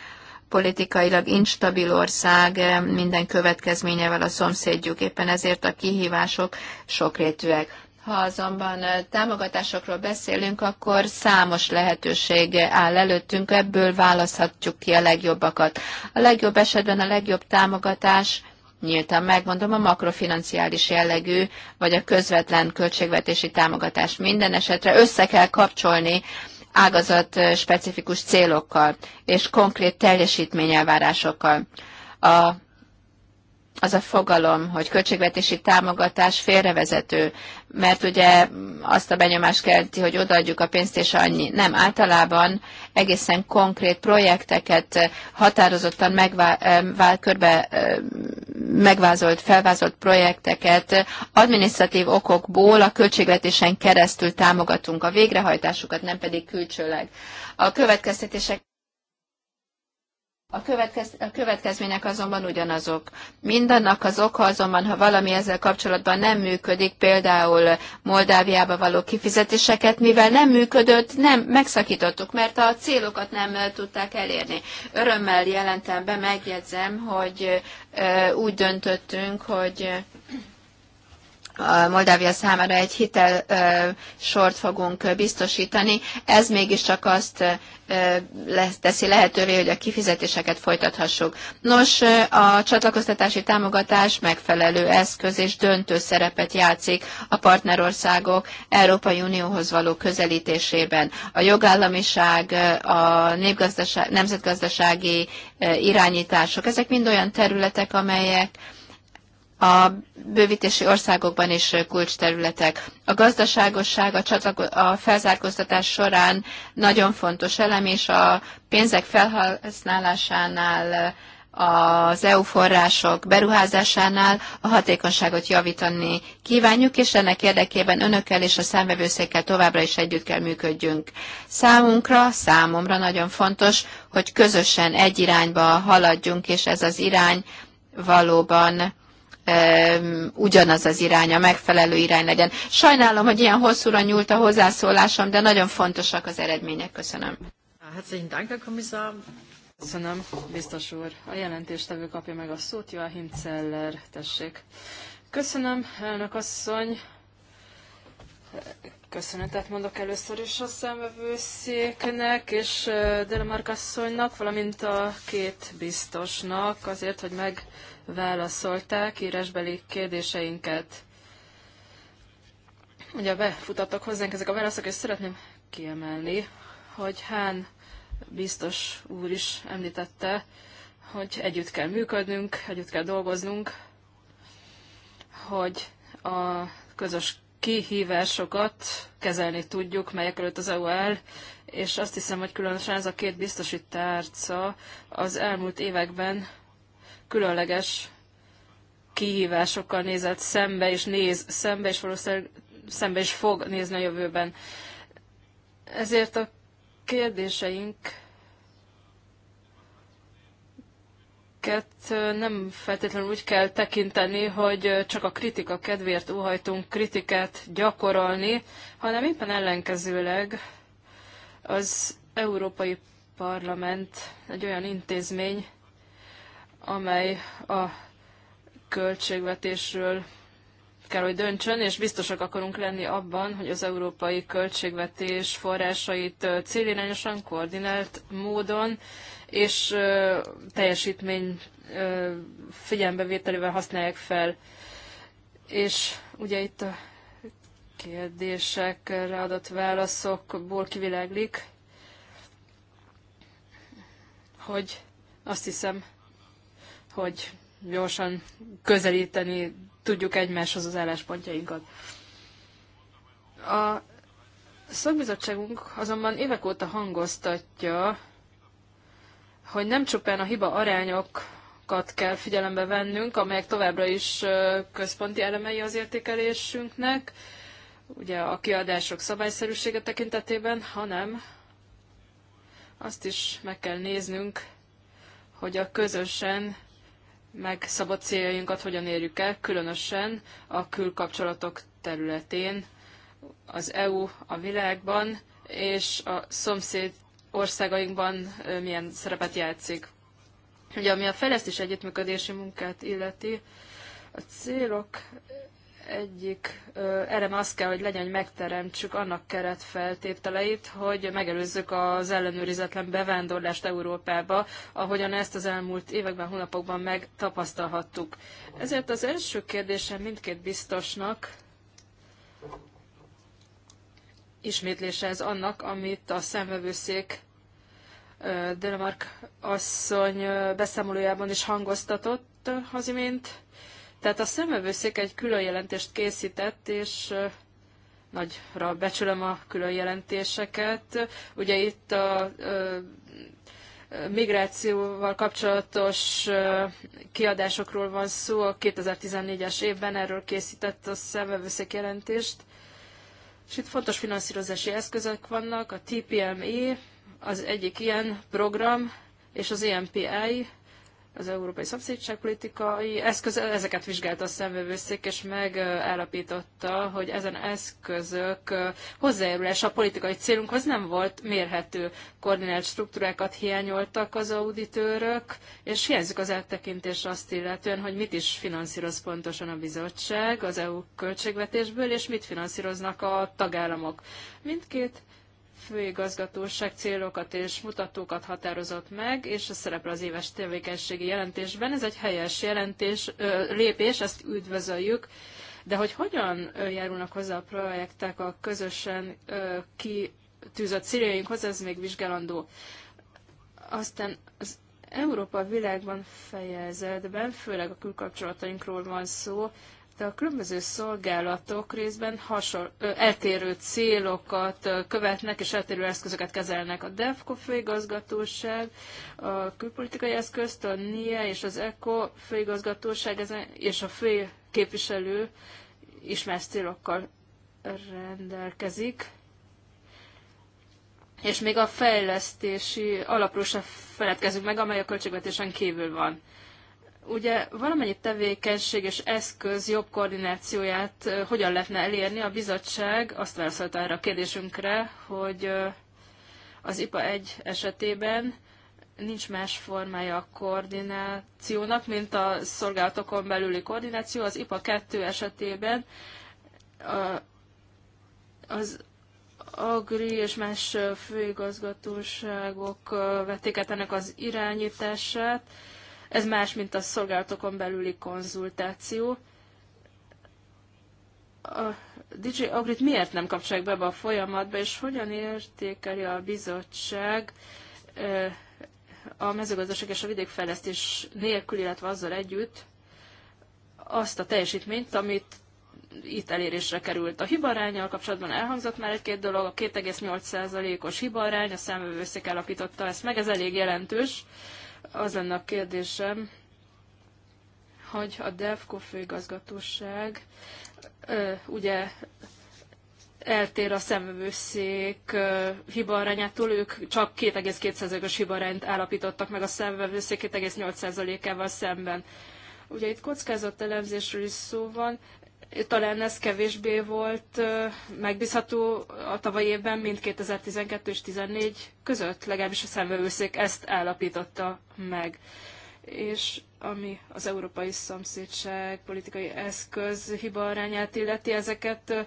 politikailag instabil ország minden következményevel a szomszédjuk. Éppen ezért a kihívások sokrétűek ha azonban támogatásokról beszélünk, akkor számos lehetőség áll előttünk, ebből választhatjuk ki a legjobbakat. A legjobb esetben a legjobb támogatás nyíltan megmondom, a makrofinanciális jellegű, vagy a közvetlen költségvetési támogatás. Minden esetre össze kell kapcsolni ágazat specifikus célokkal és konkrét teljesítményelvárásokkal. A az a fogalom, hogy költségvetési támogatás félrevezető, mert ugye azt a benyomást kelti, hogy odaadjuk a pénzt és annyi. Nem, általában egészen konkrét projekteket határozottan megvá, körbe megvázolt, felvázolt projekteket adminisztratív okokból a költségvetésen keresztül támogatunk a végrehajtásukat, nem pedig külsőleg. A következtetések a, következ, a következmények azonban ugyanazok. Mindannak az oka azonban, ha valami ezzel kapcsolatban nem működik, például Moldáviába való kifizetéseket, mivel nem működött, nem megszakítottuk, mert a célokat nem tudták elérni. Örömmel jelentem be, megjegyzem, hogy úgy döntöttünk, hogy a Moldávia számára egy hitel sort fogunk biztosítani. Ez mégiscsak azt teszi lehetővé, hogy a kifizetéseket folytathassuk. Nos, a csatlakoztatási támogatás megfelelő eszköz és döntő szerepet játszik a partnerországok Európai Unióhoz való közelítésében. A jogállamiság, a népgazdaság, nemzetgazdasági irányítások, ezek mind olyan területek, amelyek a bővítési országokban is kulcsterületek. A gazdaságosság a, csatlako- a felzárkóztatás során nagyon fontos elem, és a pénzek felhasználásánál az EU források beruházásánál a hatékonyságot javítani kívánjuk, és ennek érdekében önökkel és a számvevőszékkel továbbra is együtt kell működjünk. Számunkra, számomra nagyon fontos, hogy közösen egy irányba haladjunk, és ez az irány valóban ugyanaz az irány, a megfelelő irány legyen. Sajnálom, hogy ilyen hosszúra nyúlt a hozzászólásom, de nagyon fontosak az eredmények. Köszönöm. Herzlichen Dank, Herr Kommissar. Köszönöm, biztos úr. A jelentéstevő kapja meg a szót, a Celler, tessék. Köszönöm, elnök asszony. Köszönetet mondok először is a szemvevőszéknek és eh, Delemark asszonynak, valamint a két biztosnak azért, hogy meg válaszolták írásbeli kérdéseinket. Ugye befutattak hozzánk ezek a válaszok, és szeretném kiemelni, hogy Hán biztos úr is említette, hogy együtt kell működnünk, együtt kell dolgoznunk, hogy a közös kihívásokat kezelni tudjuk, melyek előtt az EU áll, és azt hiszem, hogy különösen ez a két biztosítárca az elmúlt években különleges kihívásokkal nézett szembe, és néz szembe, és valószínűleg szembe is fog nézni a jövőben. Ezért a kérdéseink nem feltétlenül úgy kell tekinteni, hogy csak a kritika kedvéért óhajtunk kritikát gyakorolni, hanem éppen ellenkezőleg az Európai Parlament egy olyan intézmény, amely a költségvetésről kell, hogy döntsön, és biztosak akarunk lenni abban, hogy az európai költségvetés forrásait célirányosan, koordinált módon és teljesítmény figyelembevételével használják fel. És ugye itt a kérdésekre adott válaszokból kiviláglik, hogy azt hiszem, hogy gyorsan közelíteni tudjuk egymáshoz az álláspontjainkat. A szakbizottságunk azonban évek óta hangoztatja, hogy nem csupán a hiba arányokat kell figyelembe vennünk, amelyek továbbra is központi elemei az értékelésünknek, ugye a kiadások szabályszerűsége tekintetében, hanem azt is meg kell néznünk, hogy a közösen megszabott céljainkat hogyan érjük el, különösen a külkapcsolatok területén, az EU a világban, és a szomszéd országainkban milyen szerepet játszik. Ugye, ami a fejlesztés együttműködési munkát illeti, a célok egyik elem az kell, hogy legyen, hogy megteremtsük annak keretfeltételeit, hogy megelőzzük az ellenőrizetlen bevándorlást Európába, ahogyan ezt az elmúlt években, hónapokban megtapasztalhattuk. Ezért az első kérdésem mindkét biztosnak, ismétlése ez annak, amit a szemvevőszék Dönemark asszony beszámolójában is hangoztatott az imént. Tehát a szemövőszék egy külön jelentést készített, és nagyra becsülöm a külön jelentéseket. Ugye itt a migrációval kapcsolatos kiadásokról van szó. A 2014-es évben erről készített a szemövőszék jelentést. És itt fontos finanszírozási eszközök vannak, a TPME, az egyik ilyen program, és az EMPI, az európai szomszédságpolitikai eszköz, ezeket vizsgálta a szemvevőszék, és megállapította, hogy ezen eszközök hozzájárulása a politikai célunkhoz nem volt mérhető. Koordinált struktúrákat hiányoltak az auditőrök, és hiányzik az áttekintés azt illetően, hogy mit is finanszíroz pontosan a bizottság az EU költségvetésből, és mit finanszíroznak a tagállamok. Mindkét főigazgatóság célokat és mutatókat határozott meg, és ez szerepel az éves tevékenységi jelentésben. Ez egy helyes jelentés, lépés, ezt üdvözöljük. De hogy hogyan járulnak hozzá a projektek a közösen kitűzött céljainkhoz, ez még vizsgálandó. Aztán az Európa világban fejezetben, főleg a külkapcsolatainkról van szó, de a különböző szolgálatok részben hasonl- eltérő célokat követnek és eltérő eszközöket kezelnek. A DEFCO főigazgatóság, a külpolitikai eszközt, a NIE és az ECO főigazgatóság és a fő képviselő más célokkal rendelkezik. És még a fejlesztési alapról sem feledkezünk meg, amely a költségvetésen kívül van. Ugye valamennyi tevékenység és eszköz jobb koordinációját hogyan lehetne elérni? A bizottság azt válaszolta erre a kérdésünkre, hogy az IPA 1 esetében nincs más formája a koordinációnak, mint a szolgálatokon belüli koordináció. Az IPA 2 esetében az Agri és más főigazgatóságok vették át ennek az irányítását, ez más, mint a szolgálatokon belüli konzultáció. A DJ Agrit miért nem kapcsolják be ebbe a folyamatba, és hogyan értékeli a bizottság a mezőgazdaság és a vidékfejlesztés nélkül, illetve azzal együtt azt a teljesítményt, amit itt elérésre került. A hibarányjal kapcsolatban elhangzott már egy-két dolog, a 2,8%-os hibarány, a számvevőszék alapította ezt meg, ez elég jelentős, az lenne a kérdésem, hogy a DEFCO főigazgatóság ugye eltér a szemvevőszék hibaarányától, ők csak 2,2%-os hibarányt állapítottak meg a szemvevőszék 2,8%-ával szemben. Ugye itt elemzésről is szó van, talán ez kevésbé volt megbízható a tavalyi évben, mint 2012 és 2014 között, legalábbis a szemvevőszék ezt állapította meg. És ami az európai szomszédság politikai eszköz hiba arányát illeti, ezeket,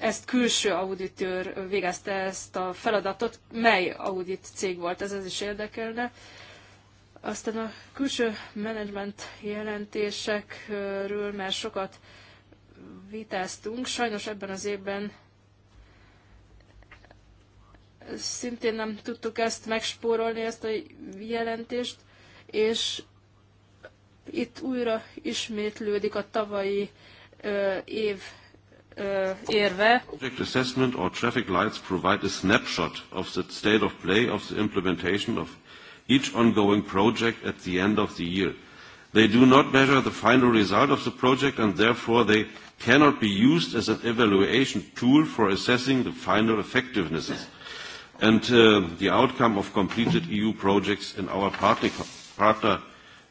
ezt külső auditőr végezte ezt a feladatot. Mely audit cég volt ez, ez is érdekelne. Aztán a külső menedzsment jelentésekről már sokat vitáztunk. Sajnos ebben az évben szintén nem tudtuk ezt megspórolni, ezt a jelentést, és itt újra ismétlődik a tavalyi ö, év ö, érve. Project assessment or traffic lights provide a snapshot of the state of play of the implementation of each ongoing project at the end of the year. They do not measure the final result of the project and therefore they cannot be used as an evaluation tool for assessing the final effectiveness and uh, the outcome of completed EU projects in our partner, partner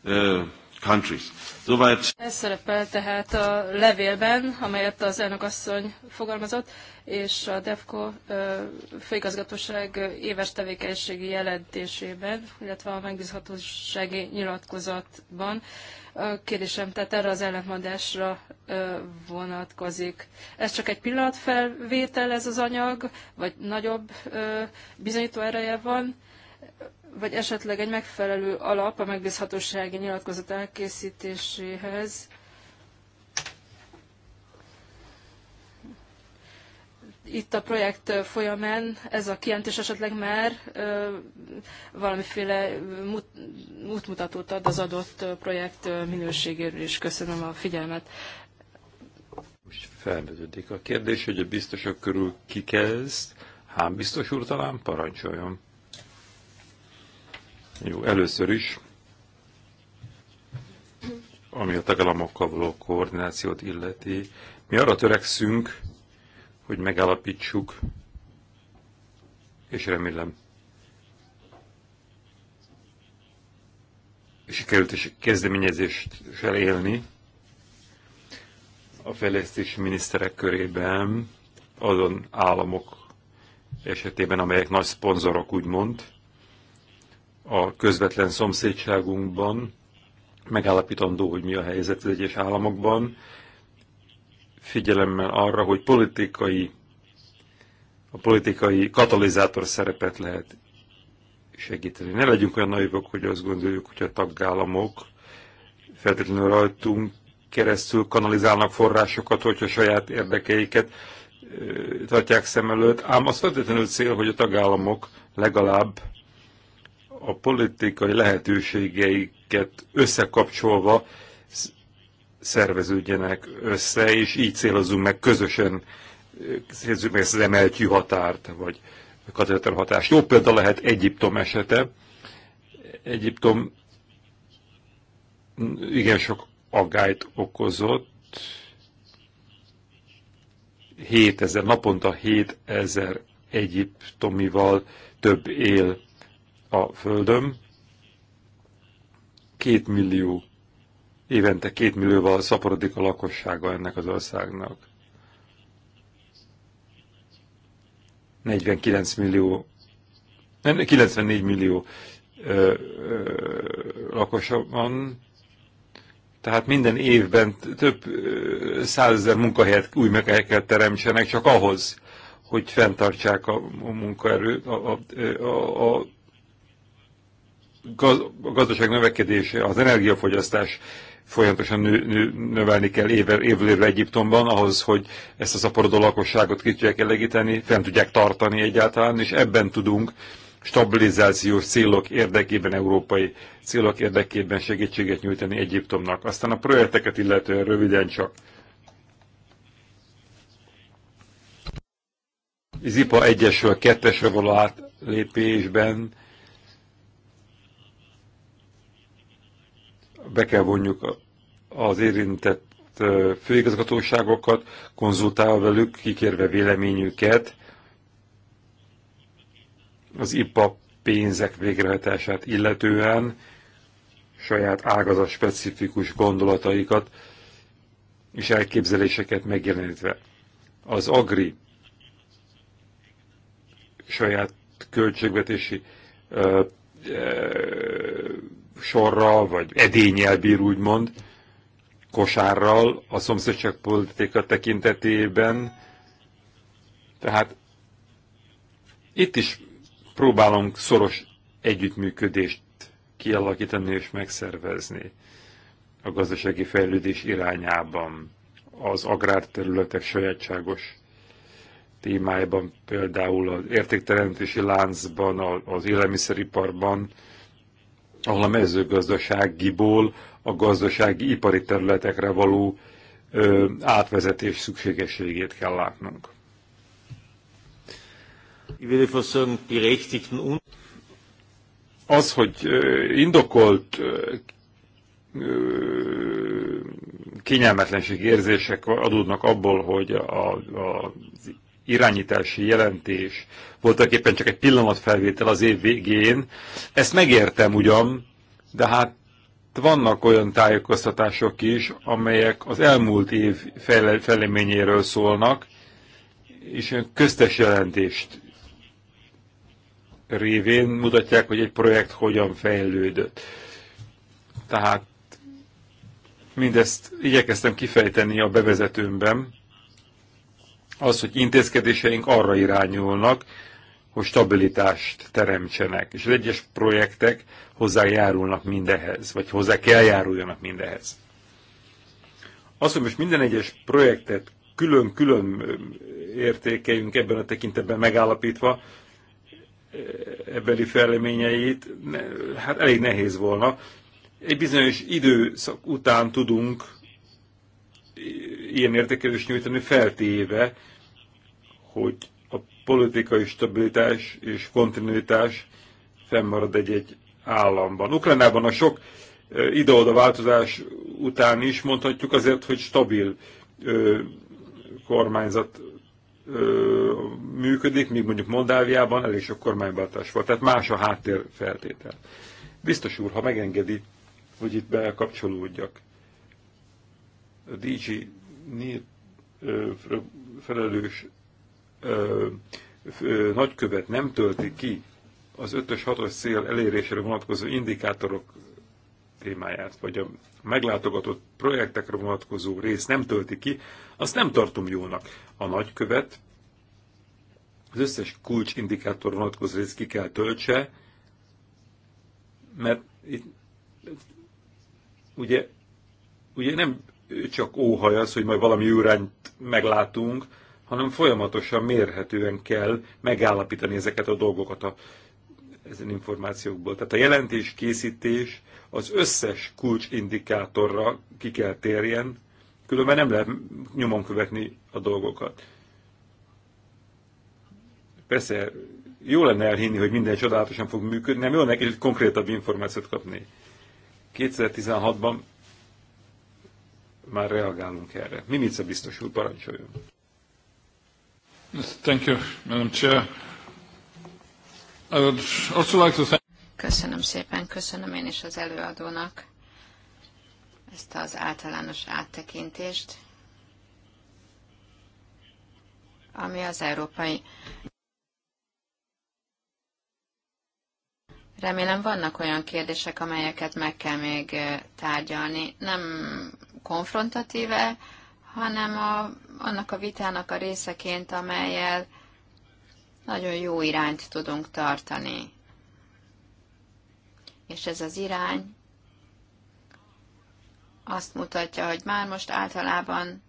uh, countries. Soweit. Ez szerepel tehát a levélben, amelyet az elnök asszony fogalmazott, és a DEFCO főigazgatóság éves tevékenységi jelentésében, illetve a megbízhatósági nyilatkozatban. A kérdésem tehát erre az ellentmondásra vonatkozik. Ez csak egy pillanatfelvétel ez az anyag, vagy nagyobb bizonyító ereje van? vagy esetleg egy megfelelő alap a megbízhatósági nyilatkozat elkészítéséhez. Itt a projekt folyamán ez a kijelentés esetleg már ö, valamiféle útmutatót ad az adott projekt minőségéről is. Köszönöm a figyelmet. Most felvetődik a kérdés, hogy a biztosok körül ki kezd. Hán biztos úr talán parancsoljon. Jó, először is, ami a tagállamokkal való koordinációt illeti, mi arra törekszünk, hogy megállapítsuk, és remélem, és sikerült is kezdeményezést elélni a fejlesztési miniszterek körében azon államok esetében, amelyek nagy szponzorok, úgymond, a közvetlen szomszédságunkban, megállapítandó, hogy mi a helyzet az egyes államokban, figyelemmel arra, hogy politikai, a politikai katalizátor szerepet lehet segíteni. Ne legyünk olyan naivok, hogy azt gondoljuk, hogy a tagállamok feltétlenül rajtunk keresztül kanalizálnak forrásokat, hogyha saját érdekeiket tartják szem előtt, ám az feltétlenül cél, hogy a tagállamok legalább a politikai lehetőségeiket összekapcsolva szerveződjenek össze, és így célozzunk meg közösen célozzunk meg ezt az emeltjű határt, vagy katetlen hatást. Jó példa lehet Egyiptom esete. Egyiptom igen sok aggályt okozott. 7000, naponta 7000 egyiptomival több él a Földön. Két millió, évente két millióval szaporodik a lakossága ennek az országnak. 49 millió, 94 millió ö, ö, lakosa van, tehát minden évben több százezer munkahelyet, új munkahelyeket teremtsenek csak ahhoz, hogy fenntartsák a munkaerőt, a, a, a, a a gazdaság növekedése, az energiafogyasztás folyamatosan nő, nő, növelni kell évről évre Egyiptomban, ahhoz, hogy ezt a szaporodó lakosságot ki tudják elegíteni, fenn tudják tartani egyáltalán, és ebben tudunk stabilizációs célok érdekében, európai célok érdekében segítséget nyújtani Egyiptomnak. Aztán a projekteket illetően röviden csak. Az IPA 1-esről 2-esre való átlépésben be kell vonjuk az érintett főigazgatóságokat, konzultálva velük, kikérve véleményüket az IPA pénzek végrehajtását illetően, saját ágazat specifikus gondolataikat és elképzeléseket megjelenítve. Az Agri saját költségvetési sorral, vagy edényel bír úgymond, kosárral a politika tekintetében. Tehát itt is próbálunk szoros együttműködést kialakítani és megszervezni a gazdasági fejlődés irányában, az agrárterületek sajátságos témájában, például az értékteremtési láncban, az élelmiszeriparban, ahol a mezőgazdaságiból a gazdasági ipari területekre való ö, átvezetés szükségességét kell látnunk. Az, hogy indokolt kényelmetlenség érzések adódnak abból, hogy a, a, az irányítási jelentés voltak éppen csak egy pillanatfelvétel az év végén. Ezt megértem ugyan, de hát vannak olyan tájékoztatások is, amelyek az elmúlt év fele, feleményéről szólnak, és olyan köztes jelentést révén mutatják, hogy egy projekt hogyan fejlődött. Tehát mindezt igyekeztem kifejteni a bevezetőmben, az, hogy intézkedéseink arra irányulnak, hogy stabilitást teremtsenek, és az egyes projektek hozzájárulnak mindehez, vagy hozzá kell járuljanak mindehez. Az, hogy most minden egyes projektet külön-külön értékeljünk ebben a tekintetben megállapítva, e, ebbeli fejleményeit, hát elég nehéz volna. Egy bizonyos időszak után tudunk ilyen értékelést nyújtani feltéve, hogy a politikai stabilitás és kontinuitás fennmarad egy-egy államban. Ukrajnában a sok ide-oda változás után is mondhatjuk azért, hogy stabil ö, kormányzat ö, működik, míg mondjuk Moldáviában elég sok kormányváltás volt. Tehát más a háttér feltétel. Biztos úr, ha megengedi, hogy itt bekapcsolódjak. A DG NIR felelős nagykövet nem tölti ki az 5-ös, 6-os cél elérésére vonatkozó indikátorok témáját, vagy a meglátogatott projektekre vonatkozó rész nem tölti ki, azt nem tartom jónak. A nagykövet az összes kulcsindikátor vonatkozó rész ki kell töltse, mert itt, ugye, ugye nem csak óhaj az, hogy majd valami őrányt meglátunk, hanem folyamatosan mérhetően kell megállapítani ezeket a dolgokat a, ezen információkból. Tehát a jelentés készítés az összes kulcsindikátorra ki kell térjen, különben nem lehet nyomon követni a dolgokat. Persze jó lenne elhinni, hogy minden csodálatosan fog működni, nem jó neki konkrétabb információt kapni. 2016-ban már reagálunk erre. Mimica biztos úr, parancsoljon. Thank you, Madam Chair. I would also like to thank... Köszönöm szépen, köszönöm én is az előadónak ezt az általános áttekintést, ami az európai... Remélem vannak olyan kérdések, amelyeket meg kell még eh, tárgyalni. Nem konfrontatíve, hanem a, annak a vitának a részeként, amelyel nagyon jó irányt tudunk tartani. És ez az irány azt mutatja, hogy már most általában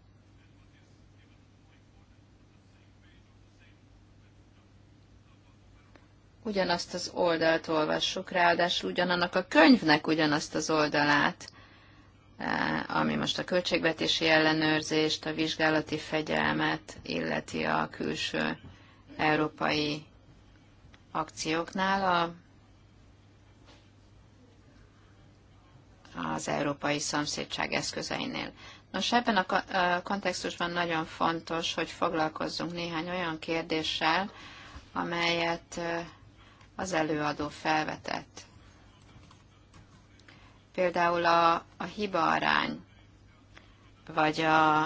ugyanazt az oldalt olvassuk, ráadásul ugyanannak a könyvnek ugyanazt az oldalát. Eh, ami most a költségvetési ellenőrzést, a vizsgálati fegyelmet illeti a külső európai akcióknál. A, az európai szomszédság eszközeinél. Nos, ebben a eh, kontextusban nagyon fontos, hogy foglalkozzunk néhány olyan kérdéssel, amelyet eh, az előadó felvetett például a, a hiba arány, vagy a,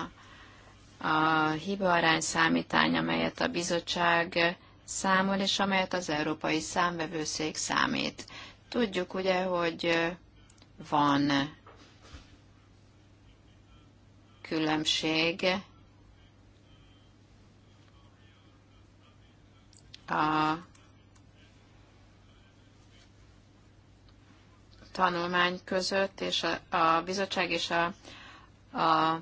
a hiba arány számítány, amelyet a bizottság számol, és amelyet az Európai Számvevőszék számít. Tudjuk ugye, hogy van különbség a tanulmány között, és a, a bizottság és a, a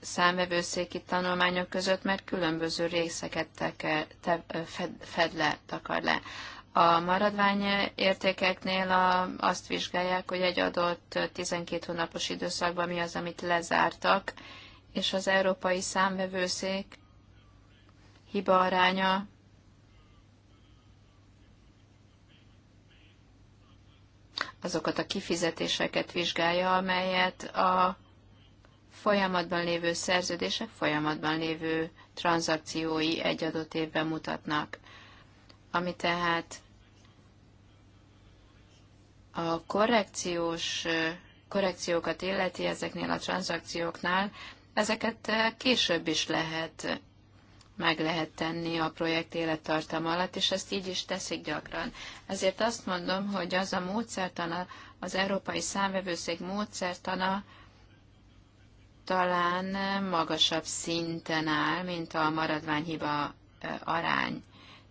számvevőszéki tanulmányok között, mert különböző részeket teke, te, fed, fed le, takar le. A maradvány értékeknél a, azt vizsgálják, hogy egy adott 12 hónapos időszakban mi az, amit lezártak, és az európai számvevőszék hiba aránya azokat a kifizetéseket vizsgálja, amelyet a folyamatban lévő szerződések folyamatban lévő tranzakciói egy adott évben mutatnak. Ami tehát a korrekciós korrekciókat illeti ezeknél a tranzakcióknál, ezeket később is lehet meg lehet tenni a projekt élettartam alatt, és ezt így is teszik gyakran. Ezért azt mondom, hogy az a módszertana, az Európai Számvevőszék módszertana talán magasabb szinten áll, mint a maradványhiba arány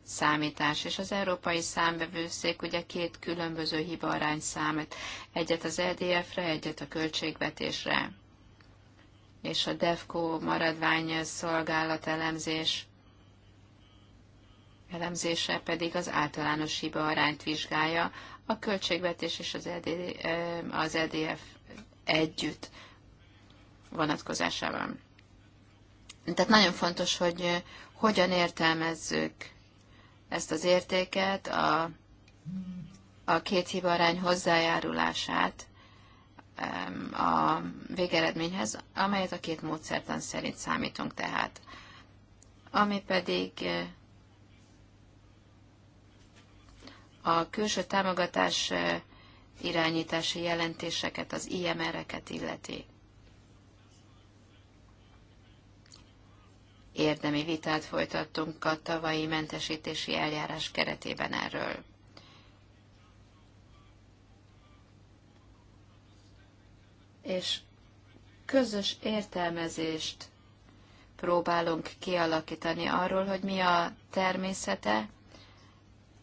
számítás, és az európai számvevőszék ugye két különböző hiba arány számít, egyet az EDF-re, egyet a költségvetésre és a DEFCO maradvány szolgálat elemzés elemzése pedig az általános hiba arányt vizsgálja, a költségvetés és az, ED, az EDF együtt vonatkozásában. Tehát nagyon fontos, hogy hogyan értelmezzük ezt az értéket, a, a két hiba arány hozzájárulását a végeredményhez, amelyet a két módszertan szerint számítunk tehát. Ami pedig eh, a külső támogatás eh, irányítási jelentéseket, az IMR-eket illeti. Érdemi vitát folytattunk a tavalyi mentesítési eljárás keretében erről. és közös értelmezést próbálunk kialakítani arról, hogy mi a természete,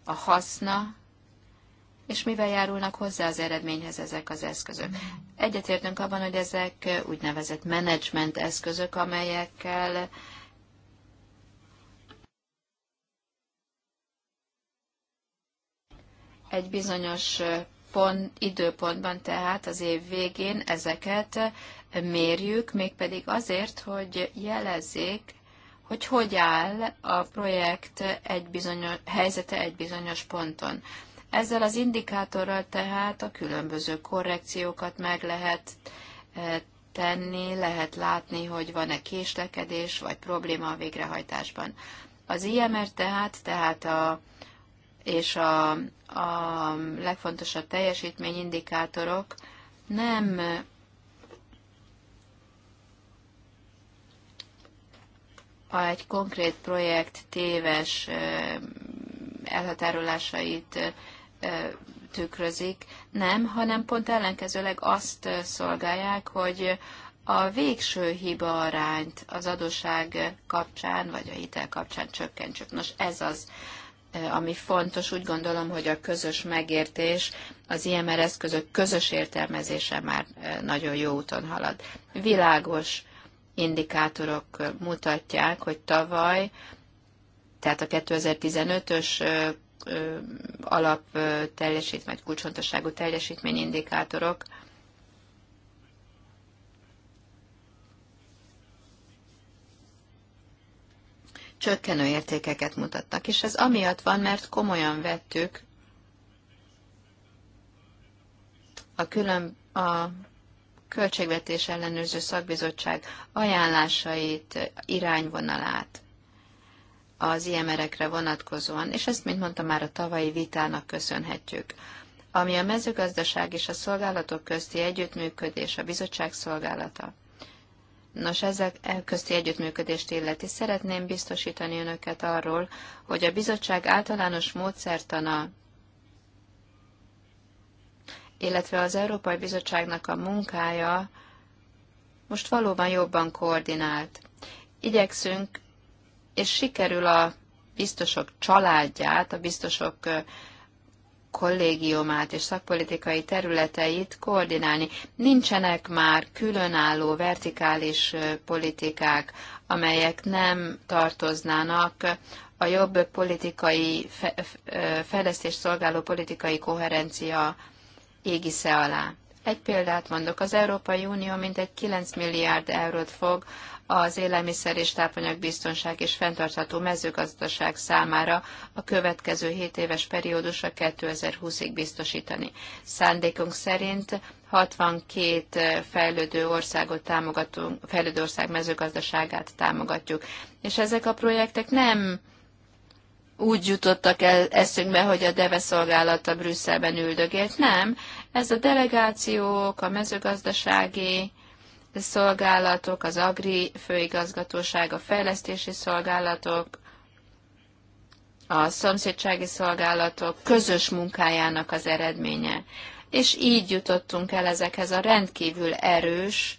a haszna, és mivel járulnak hozzá az eredményhez ezek az eszközök. Egyetértünk abban, hogy ezek úgynevezett menedzsment eszközök, amelyekkel egy bizonyos pont, időpontban tehát az év végén ezeket mérjük, mégpedig azért, hogy jelezzék, hogy hogy áll a projekt egy bizonyos, helyzete egy bizonyos ponton. Ezzel az indikátorral tehát a különböző korrekciókat meg lehet e, tenni, lehet látni, hogy van-e késlekedés vagy probléma a végrehajtásban. Az IMR tehát, tehát a és a, a legfontosabb teljesítményindikátorok nem egy konkrét projekt téves elhatárolásait tükrözik, nem, hanem pont ellenkezőleg azt szolgálják, hogy a végső hiba arányt az adóság kapcsán, vagy a hitel kapcsán csökkentsük. Nos, ez az, ami fontos, úgy gondolom, hogy a közös megértés az IMR eszközök közös értelmezése már nagyon jó úton halad. Világos indikátorok mutatják, hogy tavaly, tehát a 2015-ös alap teljesítmény, kulcsfontosságú teljesítményindikátorok csökkenő értékeket mutattak, és ez amiatt van, mert komolyan vettük a, külön, a Költségvetés Ellenőrző Szakbizottság ajánlásait, irányvonalát az IMR-ekre vonatkozóan, és ezt, mint mondtam, már a tavalyi vitának köszönhetjük. Ami a mezőgazdaság és a szolgálatok közti együttműködés, a bizottság szolgálata, Nos, ezek közti együttműködést illeti. Szeretném biztosítani önöket arról, hogy a bizottság általános módszertana, illetve az Európai Bizottságnak a munkája most valóban jobban koordinált. Igyekszünk, és sikerül a biztosok családját, a biztosok kollégiumát és szakpolitikai területeit koordinálni. Nincsenek már különálló vertikális politikák, amelyek nem tartoznának a jobb politikai fejlesztés szolgáló politikai koherencia égisze alá. Egy példát mondok, az Európai Unió mintegy 9 milliárd eurót fog az élelmiszer és tápanyagbiztonság és fenntartható mezőgazdaság számára a következő 7 éves periódusra 2020-ig biztosítani. Szándékunk szerint 62 fejlődő országot támogatunk, fejlődő ország mezőgazdaságát támogatjuk. És ezek a projektek nem úgy jutottak el eszünkbe, hogy a Deve szolgálata Brüsszelben üldögélt, nem, ez a delegációk, a mezőgazdasági szolgálatok, az Agri főigazgatóság, a fejlesztési szolgálatok, a szomszédsági szolgálatok közös munkájának az eredménye. És így jutottunk el ezekhez a rendkívül erős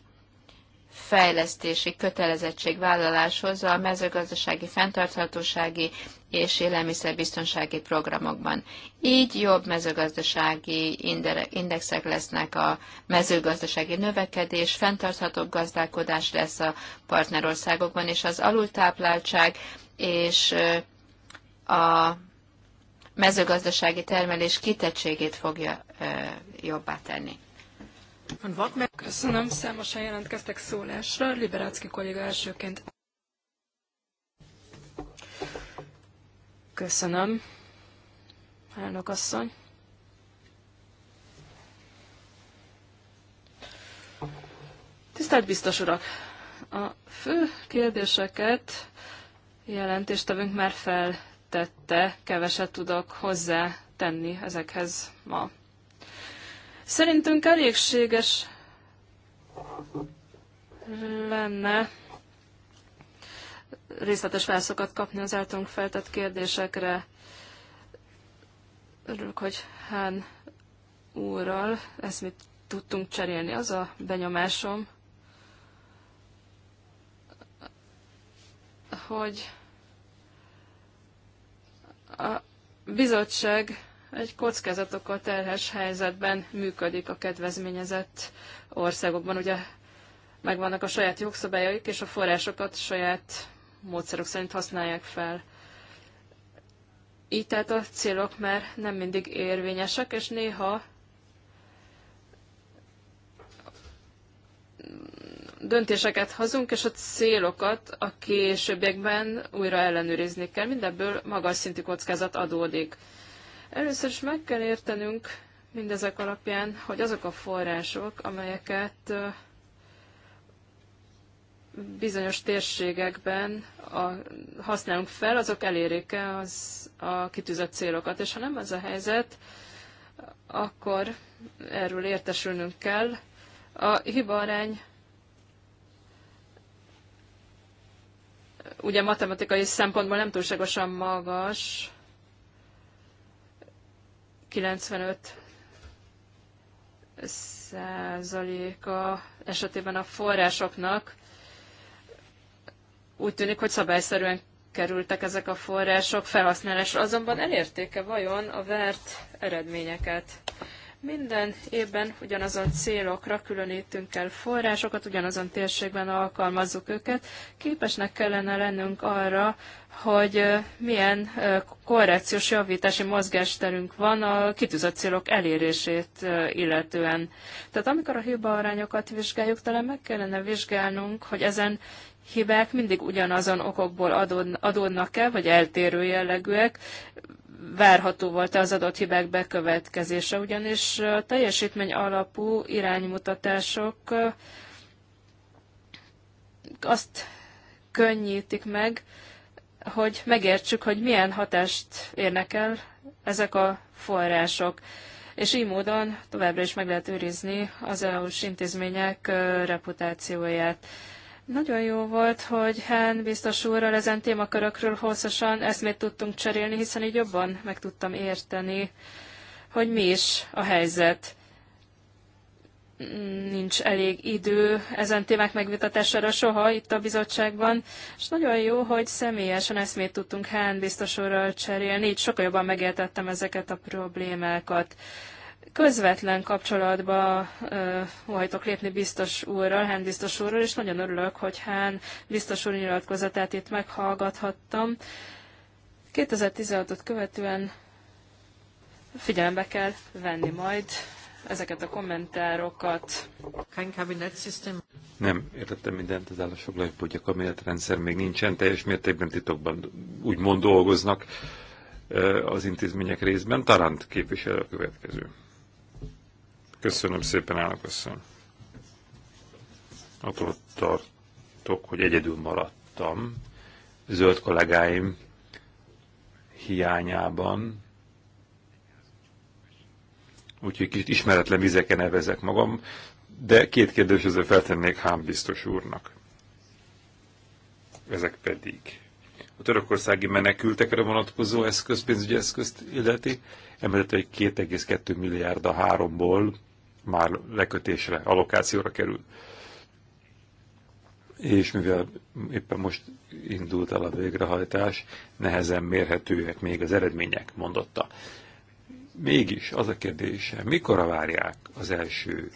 fejlesztési kötelezettségvállaláshoz a mezőgazdasági fenntarthatósági és élelmiszerbiztonsági programokban. Így jobb mezőgazdasági indexek lesznek a mezőgazdasági növekedés, fenntarthatóbb gazdálkodás lesz a partnerországokban, és az alultápláltság és a mezőgazdasági termelés kitettségét fogja jobbá tenni. Van Köszönöm, számosan jelentkeztek szólásra. Liberácki kolléga elsőként. Köszönöm, elnök asszony. Tisztelt biztos urak! A fő kérdéseket jelentéstevünk már feltette, keveset tudok hozzá tenni ezekhez ma. Szerintünk elégséges lenne részletes válaszokat kapni az általunk feltett kérdésekre. Örülök, hogy Hán úrral ezt mit tudtunk cserélni, az a benyomásom, hogy a bizottság egy kockázatokkal terhes helyzetben működik a kedvezményezett országokban. Ugye megvannak a saját jogszabályaik, és a forrásokat saját módszerok szerint használják fel. Így tehát a célok már nem mindig érvényesek, és néha döntéseket hozunk, és a célokat a későbbiekben újra ellenőrizni kell. Mindebből magas szintű kockázat adódik. Először is meg kell értenünk mindezek alapján, hogy azok a források, amelyeket bizonyos térségekben a, használunk fel, azok elérik-e az, a kitűzött célokat. És ha nem ez a helyzet, akkor erről értesülnünk kell. A hiba arány ugye matematikai szempontból nem túlságosan magas, 95 százaléka esetében a forrásoknak úgy tűnik, hogy szabályszerűen kerültek ezek a források felhasználásra, azonban elértéke e vajon a várt eredményeket? Minden évben ugyanazon célokra különítünk el forrásokat, ugyanazon térségben alkalmazzuk őket. Képesnek kellene lennünk arra, hogy milyen korrekciós javítási mozgásterünk van a kitűzött célok elérését illetően. Tehát amikor a hibaarányokat vizsgáljuk, talán meg kellene vizsgálnunk, hogy ezen hibák mindig ugyanazon okokból adódnak e vagy eltérő jellegűek várható volt az adott hibák bekövetkezése, ugyanis a teljesítmény alapú iránymutatások azt könnyítik meg, hogy megértsük, hogy milyen hatást érnek el ezek a források. És így módon továbbra is meg lehet őrizni az EU-s intézmények reputációját. Nagyon jó volt, hogy Hán biztos úrral ezen témakörökről hosszasan eszmét tudtunk cserélni, hiszen így jobban meg tudtam érteni, hogy mi is a helyzet. Nincs elég idő ezen témák megvitatására soha itt a bizottságban, és nagyon jó, hogy személyesen eszmét tudtunk Hán biztos úrral cserélni, így sokkal jobban megértettem ezeket a problémákat közvetlen kapcsolatba hajtok lépni biztos úrral, Hán biztos úrral, és nagyon örülök, hogy Hán biztos úr nyilatkozatát itt meghallgathattam. 2016-ot követően figyelembe kell venni majd ezeket a kommentárokat. Nem, értettem mindent az állásfoglalásból, hogy a kabinetrendszer még nincsen, teljes mértékben titokban úgymond dolgoznak az intézmények részben. Tarant képviselő a következő. Köszönöm szépen, állnak asszony. Attól tartok, hogy egyedül maradtam. Zöld kollégáim hiányában. Úgyhogy kicsit ismeretlen vizeken nevezek magam, de két kérdés ezzel feltennék Hán biztos úrnak. Ezek pedig a törökországi menekültekre vonatkozó eszköz, pénzügyi eszközt illeti, emellett egy 2,2 milliárd a háromból már lekötésre, allokációra kerül. És mivel éppen most indult el a végrehajtás, nehezen mérhetőek még az eredmények, mondotta. Mégis az a kérdése, mikor várják az első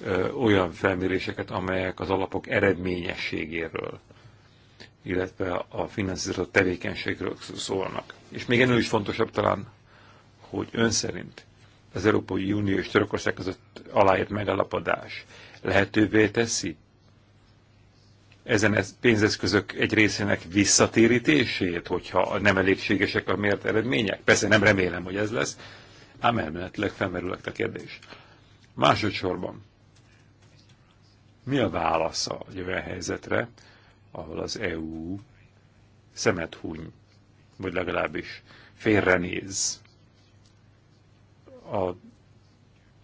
ö, olyan felméréseket, amelyek az alapok eredményességéről, illetve a finanszírozott tevékenységről szólnak. És még ennél is fontosabb talán, hogy ön szerint az Európai Unió és Törökország között aláírt megalapodás lehetővé teszi ezen pénzeszközök egy részének visszatérítését, hogyha nem elégségesek a mért eredmények? Persze nem remélem, hogy ez lesz, ám elméletileg felmerülök a kérdés. Másodszorban, mi a válasza a olyan helyzetre, ahol az EU szemet huny, vagy legalábbis félrenéz a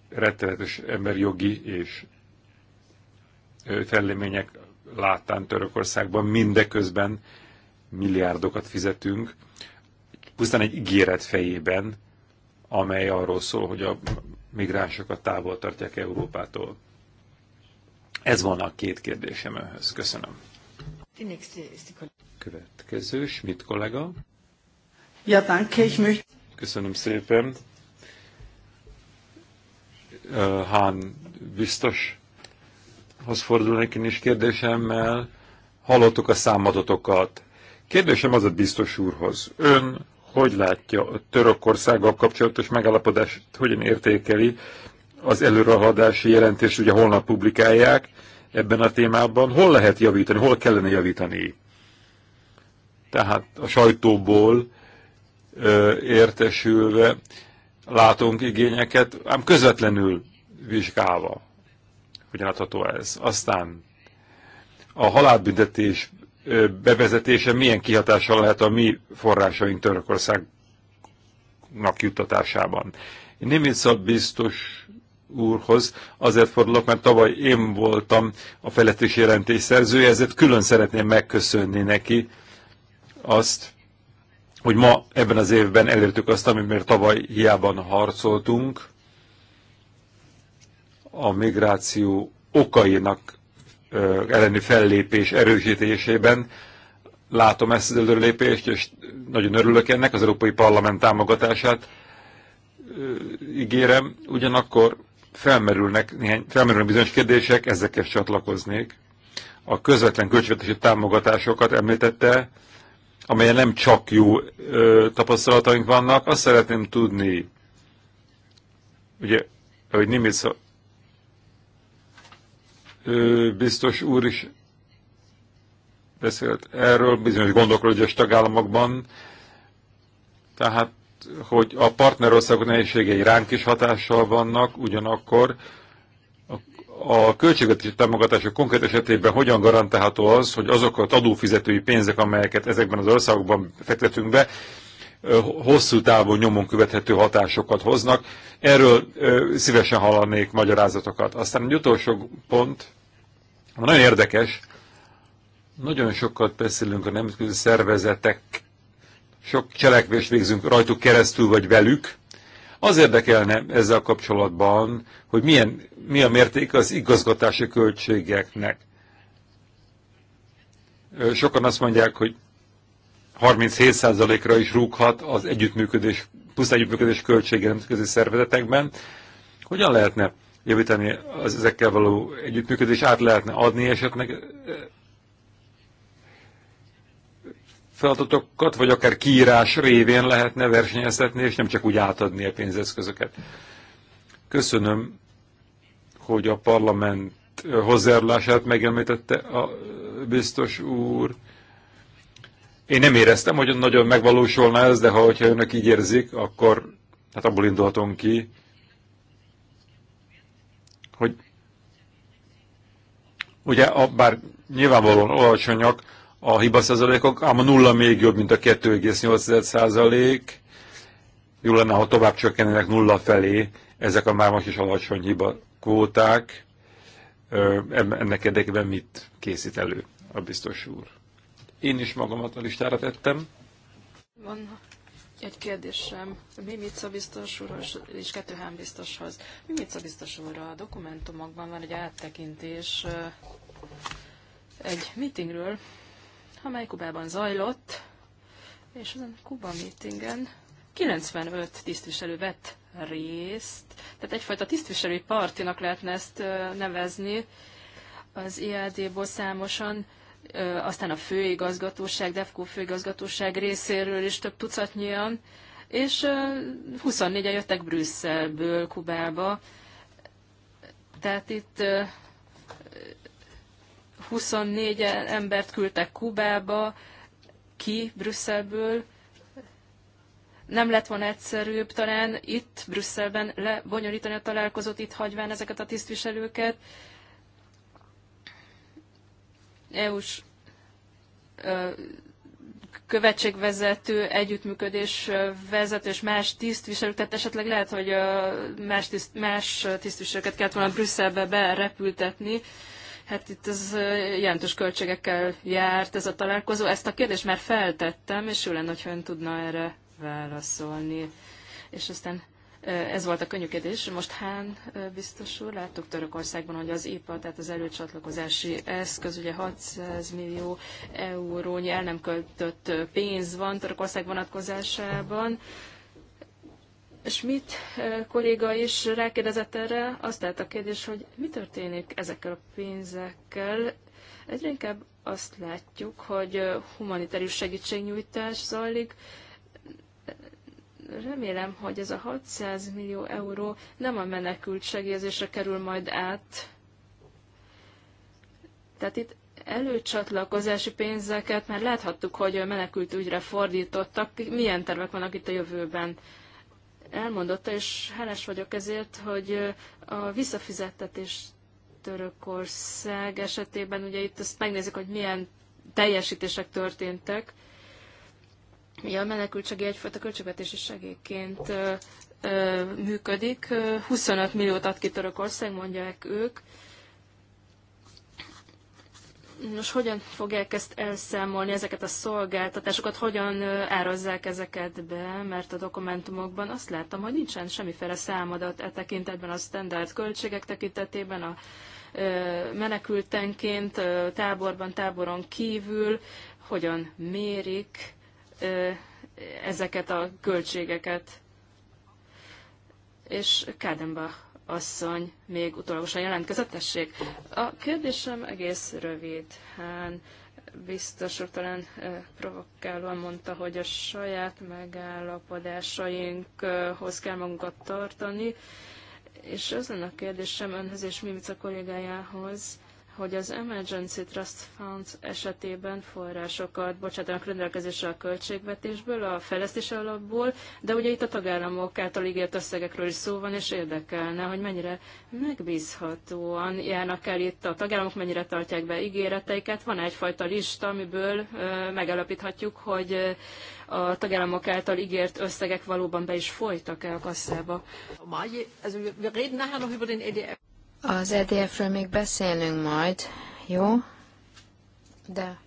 rettenetes emberjogi és fellémények láttán Törökországban mindeközben milliárdokat fizetünk, pusztán egy ígéret fejében, amely arról szól, hogy a migránsokat távol tartják Európától. Ez van a két kérdésem önhöz. Köszönöm. Következő, Schmidt kollega. Ja, danke, ich möchte... Köszönöm szépen. Hán biztos, az fordul neki? is kérdésemmel. Hallottuk a számadatokat. Kérdésem az a biztos úrhoz. Ön hogy látja a Törökországgal kapcsolatos megállapodást, hogyan értékeli az előrehaladási jelentést, ugye holnap publikálják ebben a témában. Hol lehet javítani, hol kellene javítani? Tehát a sajtóból ö, értesülve látunk igényeket, ám közvetlenül vizsgálva, hogy látható ez. Aztán a halálbüntetés bevezetése milyen kihatással lehet a mi forrásaink Törökországnak juttatásában. Én Nimica biztos úrhoz azért fordulok, mert tavaly én voltam a fejlesztési jelentés szerzője, ezért külön szeretném megköszönni neki azt, hogy ma ebben az évben elértük azt, amiért tavaly hiában harcoltunk, a migráció okainak elleni fellépés erősítésében. Látom ezt az előrelépést, és nagyon örülök ennek, az Európai Parlament támogatását ígérem. Ugyanakkor felmerülnek, néhány, felmerülnek bizonyos kérdések, ezekkel csatlakoznék. A közvetlen költségvetési támogatásokat említette, amelyen nem csak jó ö, tapasztalataink vannak, azt szeretném tudni, ugye, hogy Nimitz ö, biztos úr is beszélt erről, bizonyos gondokról a tagállamokban, tehát, hogy a partnerországok nehézségei ránk is hatással vannak, ugyanakkor a költségvetési támogatások konkrét esetében hogyan garantálható az, hogy azokat adófizetői pénzek, amelyeket ezekben az országokban fektetünk be, hosszú távon nyomon követhető hatásokat hoznak. Erről szívesen hallanék magyarázatokat. Aztán egy utolsó pont, ami nagyon érdekes, nagyon sokat beszélünk a nemzetközi szervezetek, sok cselekvést végzünk rajtuk keresztül vagy velük, az érdekelne ezzel kapcsolatban, hogy milyen, mi a mérték az igazgatási költségeknek. Sokan azt mondják, hogy 37%-ra is rúghat az együttműködés, puszta együttműködés költsége nemzetközi szervezetekben. Hogyan lehetne javítani az ezekkel való együttműködés, át lehetne adni esetleg feladatokat, vagy akár kiírás révén lehetne versenyeztetni, és nem csak úgy átadni a pénzeszközöket. Köszönöm, hogy a parlament hozzájárulását megemlítette a biztos úr. Én nem éreztem, hogy nagyon megvalósulna ez, de ha hogyha önök így érzik, akkor hát abból indulhatunk ki, hogy ugye a, bár nyilvánvalóan alacsonyak a hiba százalékok, ám a nulla még jobb, mint a 2,8 százalék. Jó lenne, ha tovább csökkennének nulla felé ezek a már most is alacsony hiba kvóták. Ennek érdekében mit készít elő a biztos úr? Én is magamat a listára tettem. Van egy kérdésem. Mimica biztos úrhoz és Kettőhán biztoshoz. Mimica biztos úr, a dokumentumokban van egy áttekintés egy meetingről, amely Kubában zajlott, és azon Kuba meetingen 95 tisztviselő vett részt, tehát egyfajta tisztviselői partinak lehetne ezt nevezni az IAD-ból számosan, aztán a főigazgatóság, DEFCO főigazgatóság részéről is több tucatnyian, és 24-en jöttek Brüsszelből Kubába. Tehát itt 24 embert küldtek Kubába, ki Brüsszelből. Nem lett volna egyszerűbb talán itt Brüsszelben lebonyolítani a találkozót, itt hagyván ezeket a tisztviselőket. EU-s követségvezető, együttműködés vezető és más tisztviselők, tehát esetleg lehet, hogy más, tiszt, más tisztviselőket kellett volna Brüsszelbe berepültetni, Hát itt ez jelentős költségekkel járt ez a találkozó. Ezt a kérdést már feltettem, és jó lenne, hogy ön tudna erre válaszolni. És aztán ez volt a könnyű kérdés. Most Hán biztos úr, láttuk Törökországban, hogy az IPA, tehát az előcsatlakozási eszköz, ugye 600 millió eurónyi el nem költött pénz van Törökország vonatkozásában. Schmidt eh, kolléga is rákérdezett erre, azt tehát a kérdés, hogy mi történik ezekkel a pénzekkel. Egyre inkább azt látjuk, hogy eh, humanitárius segítségnyújtás zajlik. Remélem, hogy ez a 600 millió euró nem a menekült segélyezésre kerül majd át. Tehát itt előcsatlakozási pénzeket már láthattuk, hogy menekült ügyre fordítottak. Milyen tervek vannak itt a jövőben? elmondotta, és hálás vagyok ezért, hogy a visszafizettetés Törökország esetében, ugye itt azt megnézzük, hogy milyen teljesítések történtek. mi a menekültségi egyfajta költségvetési segélyként működik. 25 milliót ad ki Törökország, mondják ők. Nos, hogyan fogják ezt elszámolni, ezeket a szolgáltatásokat, hogyan árazzák ezeket be, mert a dokumentumokban azt láttam, hogy nincsen semmiféle számadat e tekintetben a standard költségek tekintetében, a menekültenként, táborban, táboron kívül, hogyan mérik ezeket a költségeket. És Kádenbach asszony még utólagosan jelentkezett, tessék. A kérdésem egész rövid. Hán biztos hogy talán provokálóan mondta, hogy a saját megállapodásainkhoz kell magunkat tartani, és ez lenne a kérdésem önhöz és Mimica kollégájához hogy az Emergency Trust Fund esetében forrásokat bocsátanak rendelkezésre a költségvetésből, a fejlesztés alapból, de ugye itt a tagállamok által ígért összegekről is szó van, és érdekelne, hogy mennyire megbízhatóan járnak el itt a tagállamok, mennyire tartják be ígéreteiket. Van egyfajta lista, amiből megalapíthatjuk, megállapíthatjuk, hogy a tagállamok által ígért összegek valóban be is folytak el a kasszába. Az EDF-ről még beszélünk majd, jó? De...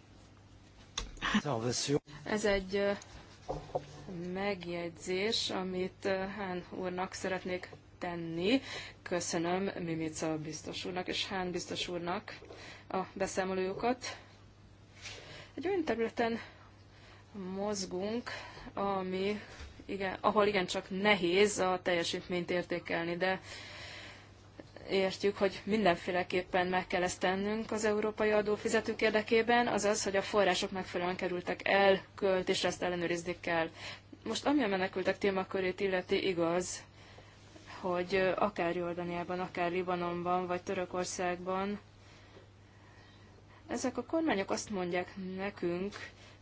Ez egy megjegyzés, amit Hán úrnak szeretnék tenni. Köszönöm Mimica biztos úrnak és Hán biztos úrnak a beszámolójukat. Egy olyan területen mozgunk, ami, igen, ahol igencsak nehéz a teljesítményt értékelni, de értjük, hogy mindenféleképpen meg kell ezt tennünk az európai adófizetők érdekében, azaz, hogy a források megfelelően kerültek el, költ, és ezt ellenőrizni kell. Most ami a menekültek témakörét illeti, igaz, hogy akár Jordaniában, akár Libanonban, vagy Törökországban, ezek a kormányok azt mondják nekünk,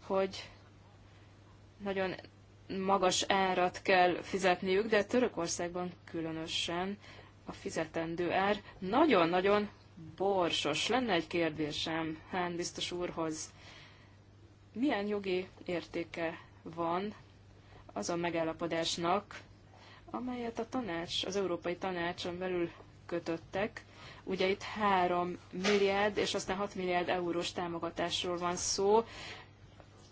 hogy nagyon magas árat kell fizetniük, de Törökországban különösen a fizetendő ár nagyon-nagyon borsos. Lenne egy kérdésem Hán biztos úrhoz. Milyen jogi értéke van az a megállapodásnak, amelyet a tanács, az Európai Tanácson belül kötöttek. Ugye itt 3 milliárd és aztán 6 milliárd eurós támogatásról van szó.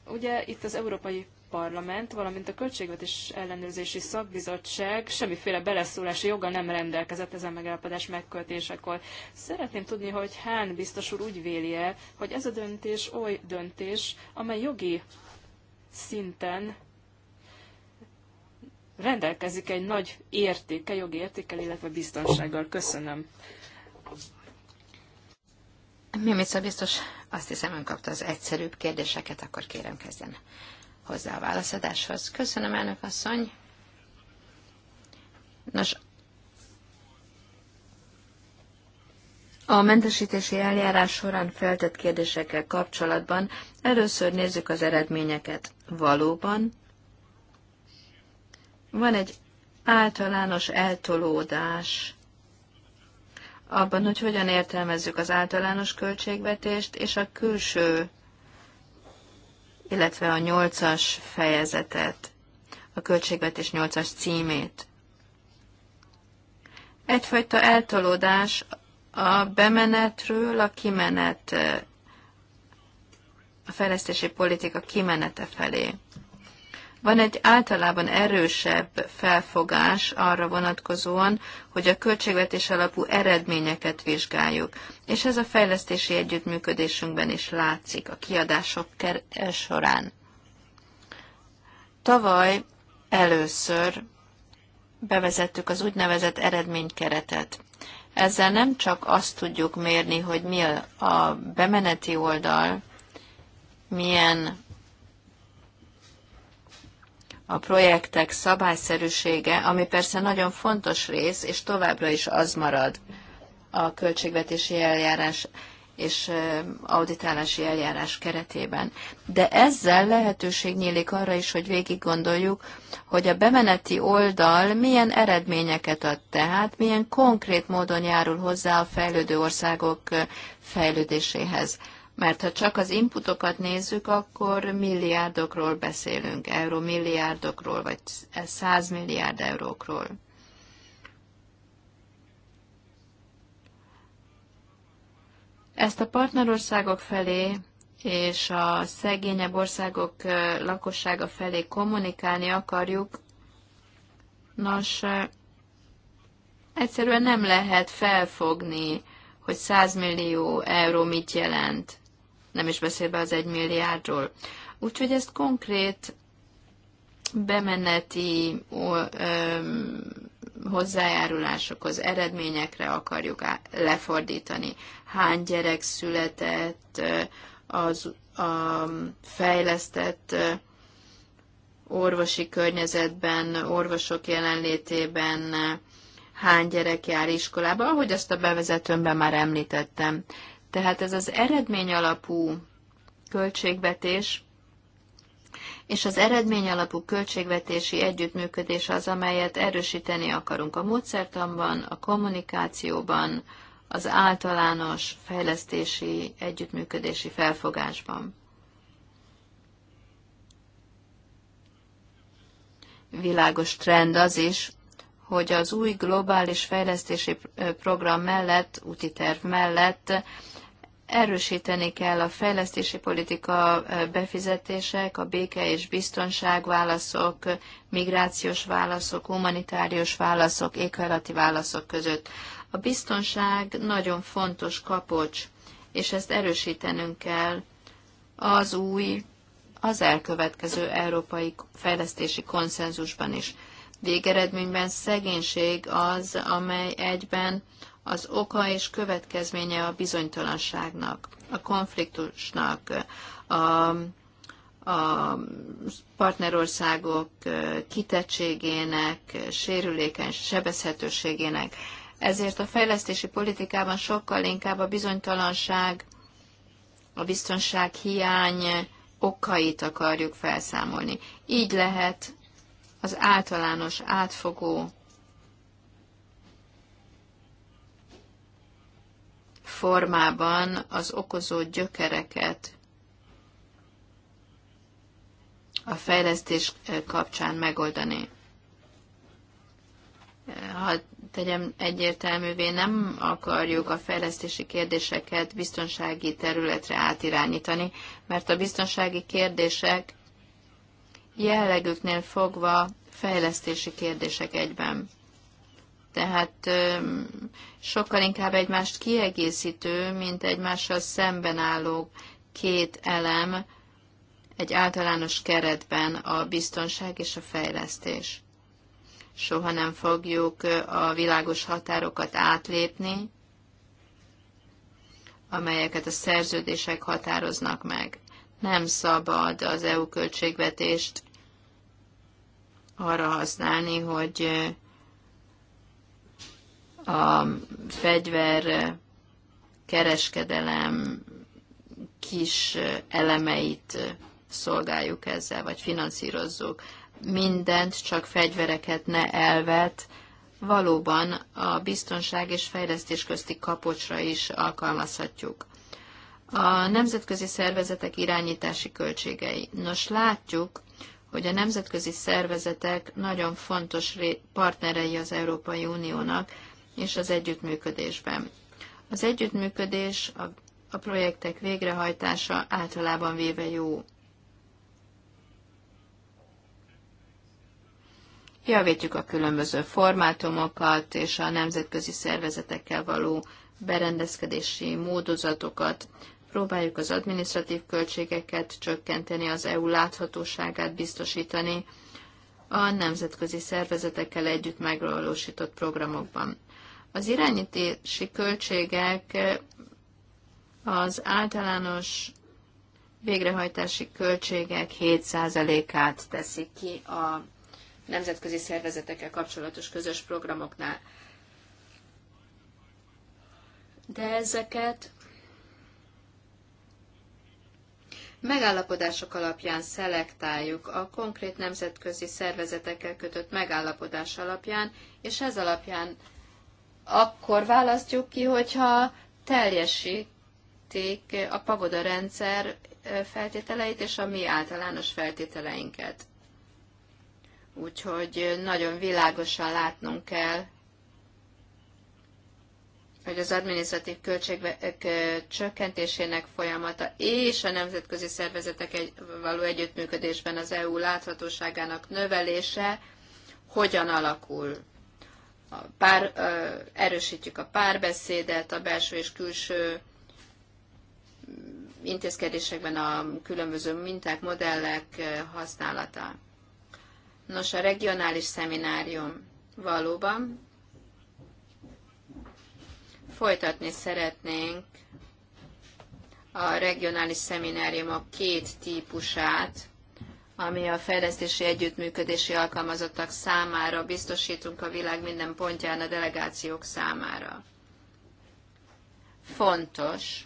Ugye itt az Európai Parlament, valamint a Költségvetés Ellenőrzési Szakbizottság semmiféle beleszólási joga nem rendelkezett ezen megállapodás megköltésekor. Szeretném tudni, hogy Hán biztos úr úgy véli-e, hogy ez a döntés oly döntés, amely jogi szinten rendelkezik egy nagy értéke, jogi értékkel, illetve biztonsággal. Köszönöm. Mimica biztos, azt hiszem, ön kapta az egyszerűbb kérdéseket, akkor kérem kezdjen hozzá a válaszadáshoz. Köszönöm, elnök asszony. Nos, a mentesítési eljárás során feltett kérdésekkel kapcsolatban először nézzük az eredményeket. Valóban van egy általános eltolódás abban, hogy hogyan értelmezzük az általános költségvetést és a külső illetve a nyolcas fejezetet, a költségvetés nyolcas címét. Egyfajta eltolódás a bemenetről a kimenet, a fejlesztési politika kimenete felé. Van egy általában erősebb felfogás arra vonatkozóan, hogy a költségvetés alapú eredményeket vizsgáljuk, és ez a fejlesztési együttműködésünkben is látszik a kiadások eh, során. Tavaly először bevezettük az úgynevezett eredménykeretet. Ezzel nem csak azt tudjuk mérni, hogy mi a bemeneti oldal, milyen a projektek szabályszerűsége, ami persze nagyon fontos rész, és továbbra is az marad a költségvetési eljárás és auditálási eljárás keretében. De ezzel lehetőség nyílik arra is, hogy végig gondoljuk, hogy a bemeneti oldal milyen eredményeket ad tehát, milyen konkrét módon járul hozzá a fejlődő országok fejlődéséhez. Mert ha csak az inputokat nézzük, akkor milliárdokról beszélünk, euró milliárdokról, vagy százmilliárd milliárd eurókról. Ezt a partnerországok felé és a szegényebb országok lakossága felé kommunikálni akarjuk, nos, egyszerűen nem lehet felfogni, hogy 100 millió euró mit jelent nem is beszélve az egy milliárdról. Úgyhogy ezt konkrét bemeneti hozzájárulásokhoz, eredményekre akarjuk lefordítani. Hány gyerek született, az a fejlesztett orvosi környezetben, orvosok jelenlétében, hány gyerek jár iskolába, ahogy azt a bevezetőmben már említettem. Tehát ez az eredmény alapú költségvetés és az eredmény alapú költségvetési együttműködés az, amelyet erősíteni akarunk a módszertanban, a kommunikációban, az általános fejlesztési együttműködési felfogásban. Világos trend az is, hogy az új globális fejlesztési program mellett, úti terv mellett Erősíteni kell a fejlesztési politika befizetések, a béke és biztonság válaszok, migrációs válaszok, humanitárius válaszok, éghajlati válaszok között. A biztonság nagyon fontos kapocs, és ezt erősítenünk kell az új, az elkövetkező európai fejlesztési konszenzusban is. Végeredményben szegénység az, amely egyben az oka és következménye a bizonytalanságnak, a konfliktusnak, a, a partnerországok kitettségének, sérülékeny sebezhetőségének. Ezért a fejlesztési politikában sokkal inkább a bizonytalanság, a biztonság hiány okait akarjuk felszámolni. Így lehet az általános, átfogó formában az okozó gyökereket a fejlesztés eh, kapcsán megoldani. Eh, ha tegyem egyértelművé, nem akarjuk a fejlesztési kérdéseket biztonsági területre átirányítani, mert a biztonsági kérdések jellegüknél fogva fejlesztési kérdések egyben. Tehát sokkal inkább egymást kiegészítő, mint egymással szemben álló két elem egy általános keretben a biztonság és a fejlesztés. Soha nem fogjuk a világos határokat átlépni, amelyeket a szerződések határoznak meg. Nem szabad az EU költségvetést arra használni, hogy a fegyver kereskedelem kis elemeit szolgáljuk ezzel, vagy finanszírozzuk. Mindent, csak fegyvereket ne elvet, valóban a biztonság és fejlesztés közti kapocsra is alkalmazhatjuk. A nemzetközi szervezetek irányítási költségei. Nos, látjuk, hogy a nemzetközi szervezetek nagyon fontos partnerei az Európai Uniónak, és az együttműködésben. Az együttműködés, a, a projektek végrehajtása általában véve jó. Javítjuk a különböző formátumokat és a nemzetközi szervezetekkel való berendezkedési módozatokat, próbáljuk az adminisztratív költségeket csökkenteni, az EU láthatóságát biztosítani a nemzetközi szervezetekkel együtt megvalósított programokban. Az irányítési költségek eh, az általános végrehajtási költségek 7%-át teszik ki a nemzetközi szervezetekkel kapcsolatos közös programoknál. De ezeket megállapodások alapján szelektáljuk a konkrét nemzetközi szervezetekkel kötött megállapodás alapján, és ez alapján akkor választjuk ki, hogyha teljesítik a pagoda rendszer feltételeit és a mi általános feltételeinket. Úgyhogy nagyon világosan látnunk kell, hogy az adminisztratív költségek csökkentésének folyamata és a nemzetközi szervezetek egy, való együttműködésben az EU láthatóságának növelése hogyan alakul pár, erősítjük a párbeszédet, a belső és külső intézkedésekben a különböző minták, modellek használata. Nos, a regionális szeminárium valóban folytatni szeretnénk a regionális szemináriumok két típusát, ami a fejlesztési együttműködési alkalmazottak számára biztosítunk a világ minden pontján a delegációk számára. Fontos,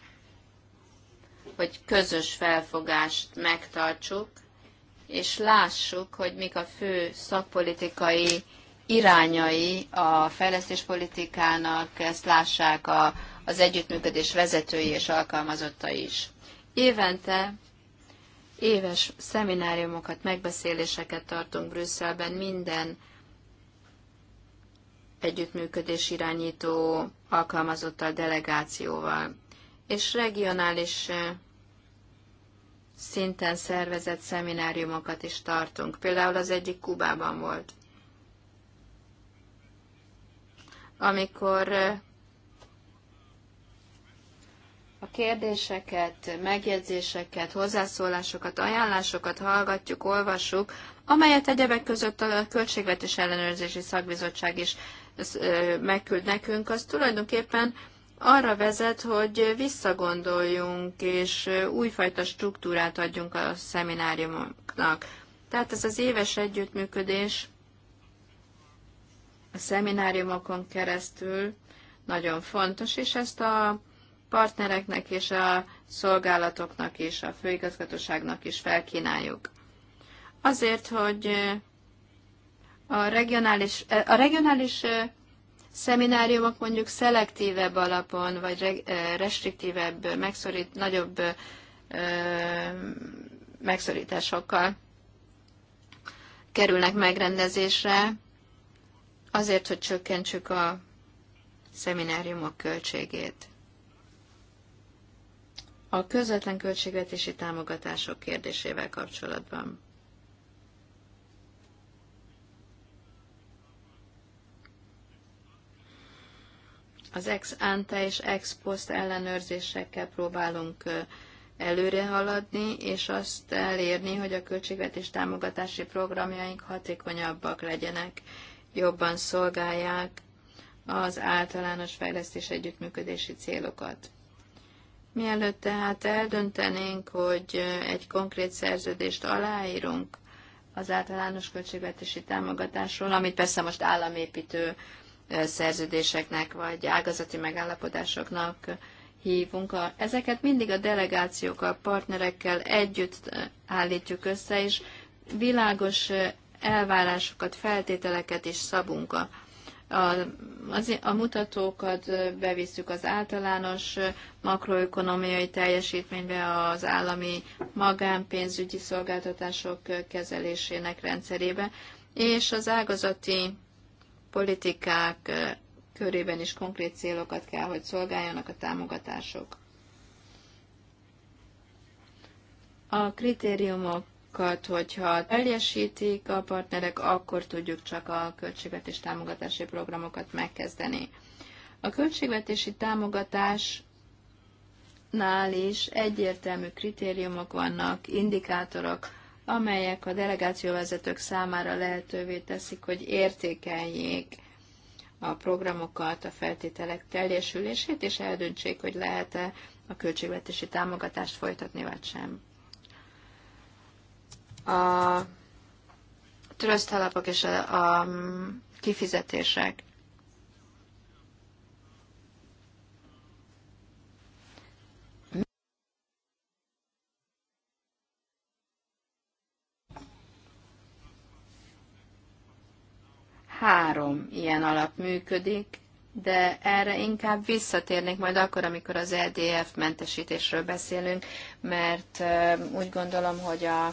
hogy közös felfogást megtartsuk, és lássuk, hogy mik a fő szakpolitikai irányai a fejlesztéspolitikának, ezt lássák a, az együttműködés vezetői és alkalmazottai is. Évente éves szemináriumokat, megbeszéléseket tartunk Brüsszelben minden együttműködés irányító alkalmazottal, delegációval, és regionális eh, szinten szervezett szemináriumokat is tartunk. Például az egyik Kubában volt, amikor eh, a kérdéseket, megjegyzéseket, hozzászólásokat, ajánlásokat hallgatjuk, olvassuk, amelyet egyebek között a Költségvetés Ellenőrzési Szakbizottság is megküld nekünk, az tulajdonképpen arra vezet, hogy visszagondoljunk, és újfajta struktúrát adjunk a szemináriumoknak. Tehát ez az éves együttműködés a szemináriumokon keresztül nagyon fontos, és ezt a partnereknek és a szolgálatoknak és a főigazgatóságnak is felkínáljuk. Azért, hogy a regionális, a regionális szemináriumok mondjuk szelektívebb alapon, vagy restriktívebb, megszorít, nagyobb megszorításokkal kerülnek megrendezésre, azért, hogy csökkentsük a szemináriumok költségét a közvetlen költségvetési támogatások kérdésével kapcsolatban. Az ex ante és ex post ellenőrzésekkel próbálunk előre haladni, és azt elérni, hogy a költségvetés támogatási programjaink hatékonyabbak legyenek, jobban szolgálják az általános fejlesztés együttműködési célokat. Mielőtt tehát eldöntenénk, hogy egy konkrét szerződést aláírunk az általános költségvetési támogatásról, amit persze most államépítő szerződéseknek vagy ágazati megállapodásoknak hívunk. ezeket mindig a delegációkkal, partnerekkel együtt állítjuk össze, és világos elvárásokat, feltételeket is szabunk a a, az, a mutatókat bevisszük az általános makroökonomiai teljesítménybe, az állami magánpénzügyi szolgáltatások kezelésének rendszerébe, és az ágazati politikák körében is konkrét célokat kell, hogy szolgáljanak a támogatások. A kritériumok célokat, hogyha teljesítik a partnerek, akkor tudjuk csak a költségvetés támogatási programokat megkezdeni. A költségvetési támogatás nál is egyértelmű kritériumok vannak, indikátorok, amelyek a delegációvezetők számára lehetővé teszik, hogy értékeljék a programokat, a feltételek teljesülését, és eldöntsék, hogy lehet-e a költségvetési támogatást folytatni, vagy sem a tröszt alapok és a, a kifizetések. Három ilyen alap működik, de erre inkább visszatérnék majd akkor, amikor az EDF mentesítésről beszélünk, mert úgy gondolom, hogy a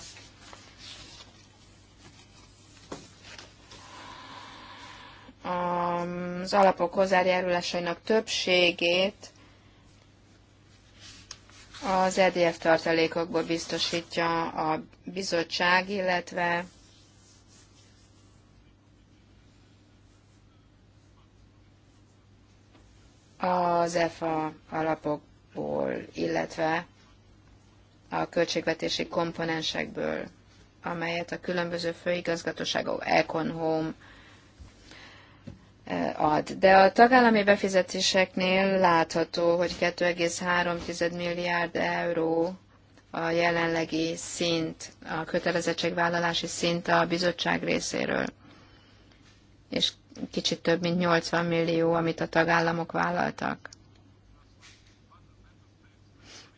az alapok hozzájárulásainak többségét az EDF tartalékokból biztosítja a bizottság, illetve az EFA alapokból, illetve a költségvetési komponensekből, amelyet a különböző főigazgatóságok, Econ Home, Eh, ad. De a tagállami befizetéseknél látható, hogy 2,3 milliárd euró a jelenlegi szint, a kötelezettségvállalási szint a bizottság részéről. És kicsit több, mint 80 millió, amit a tagállamok vállaltak.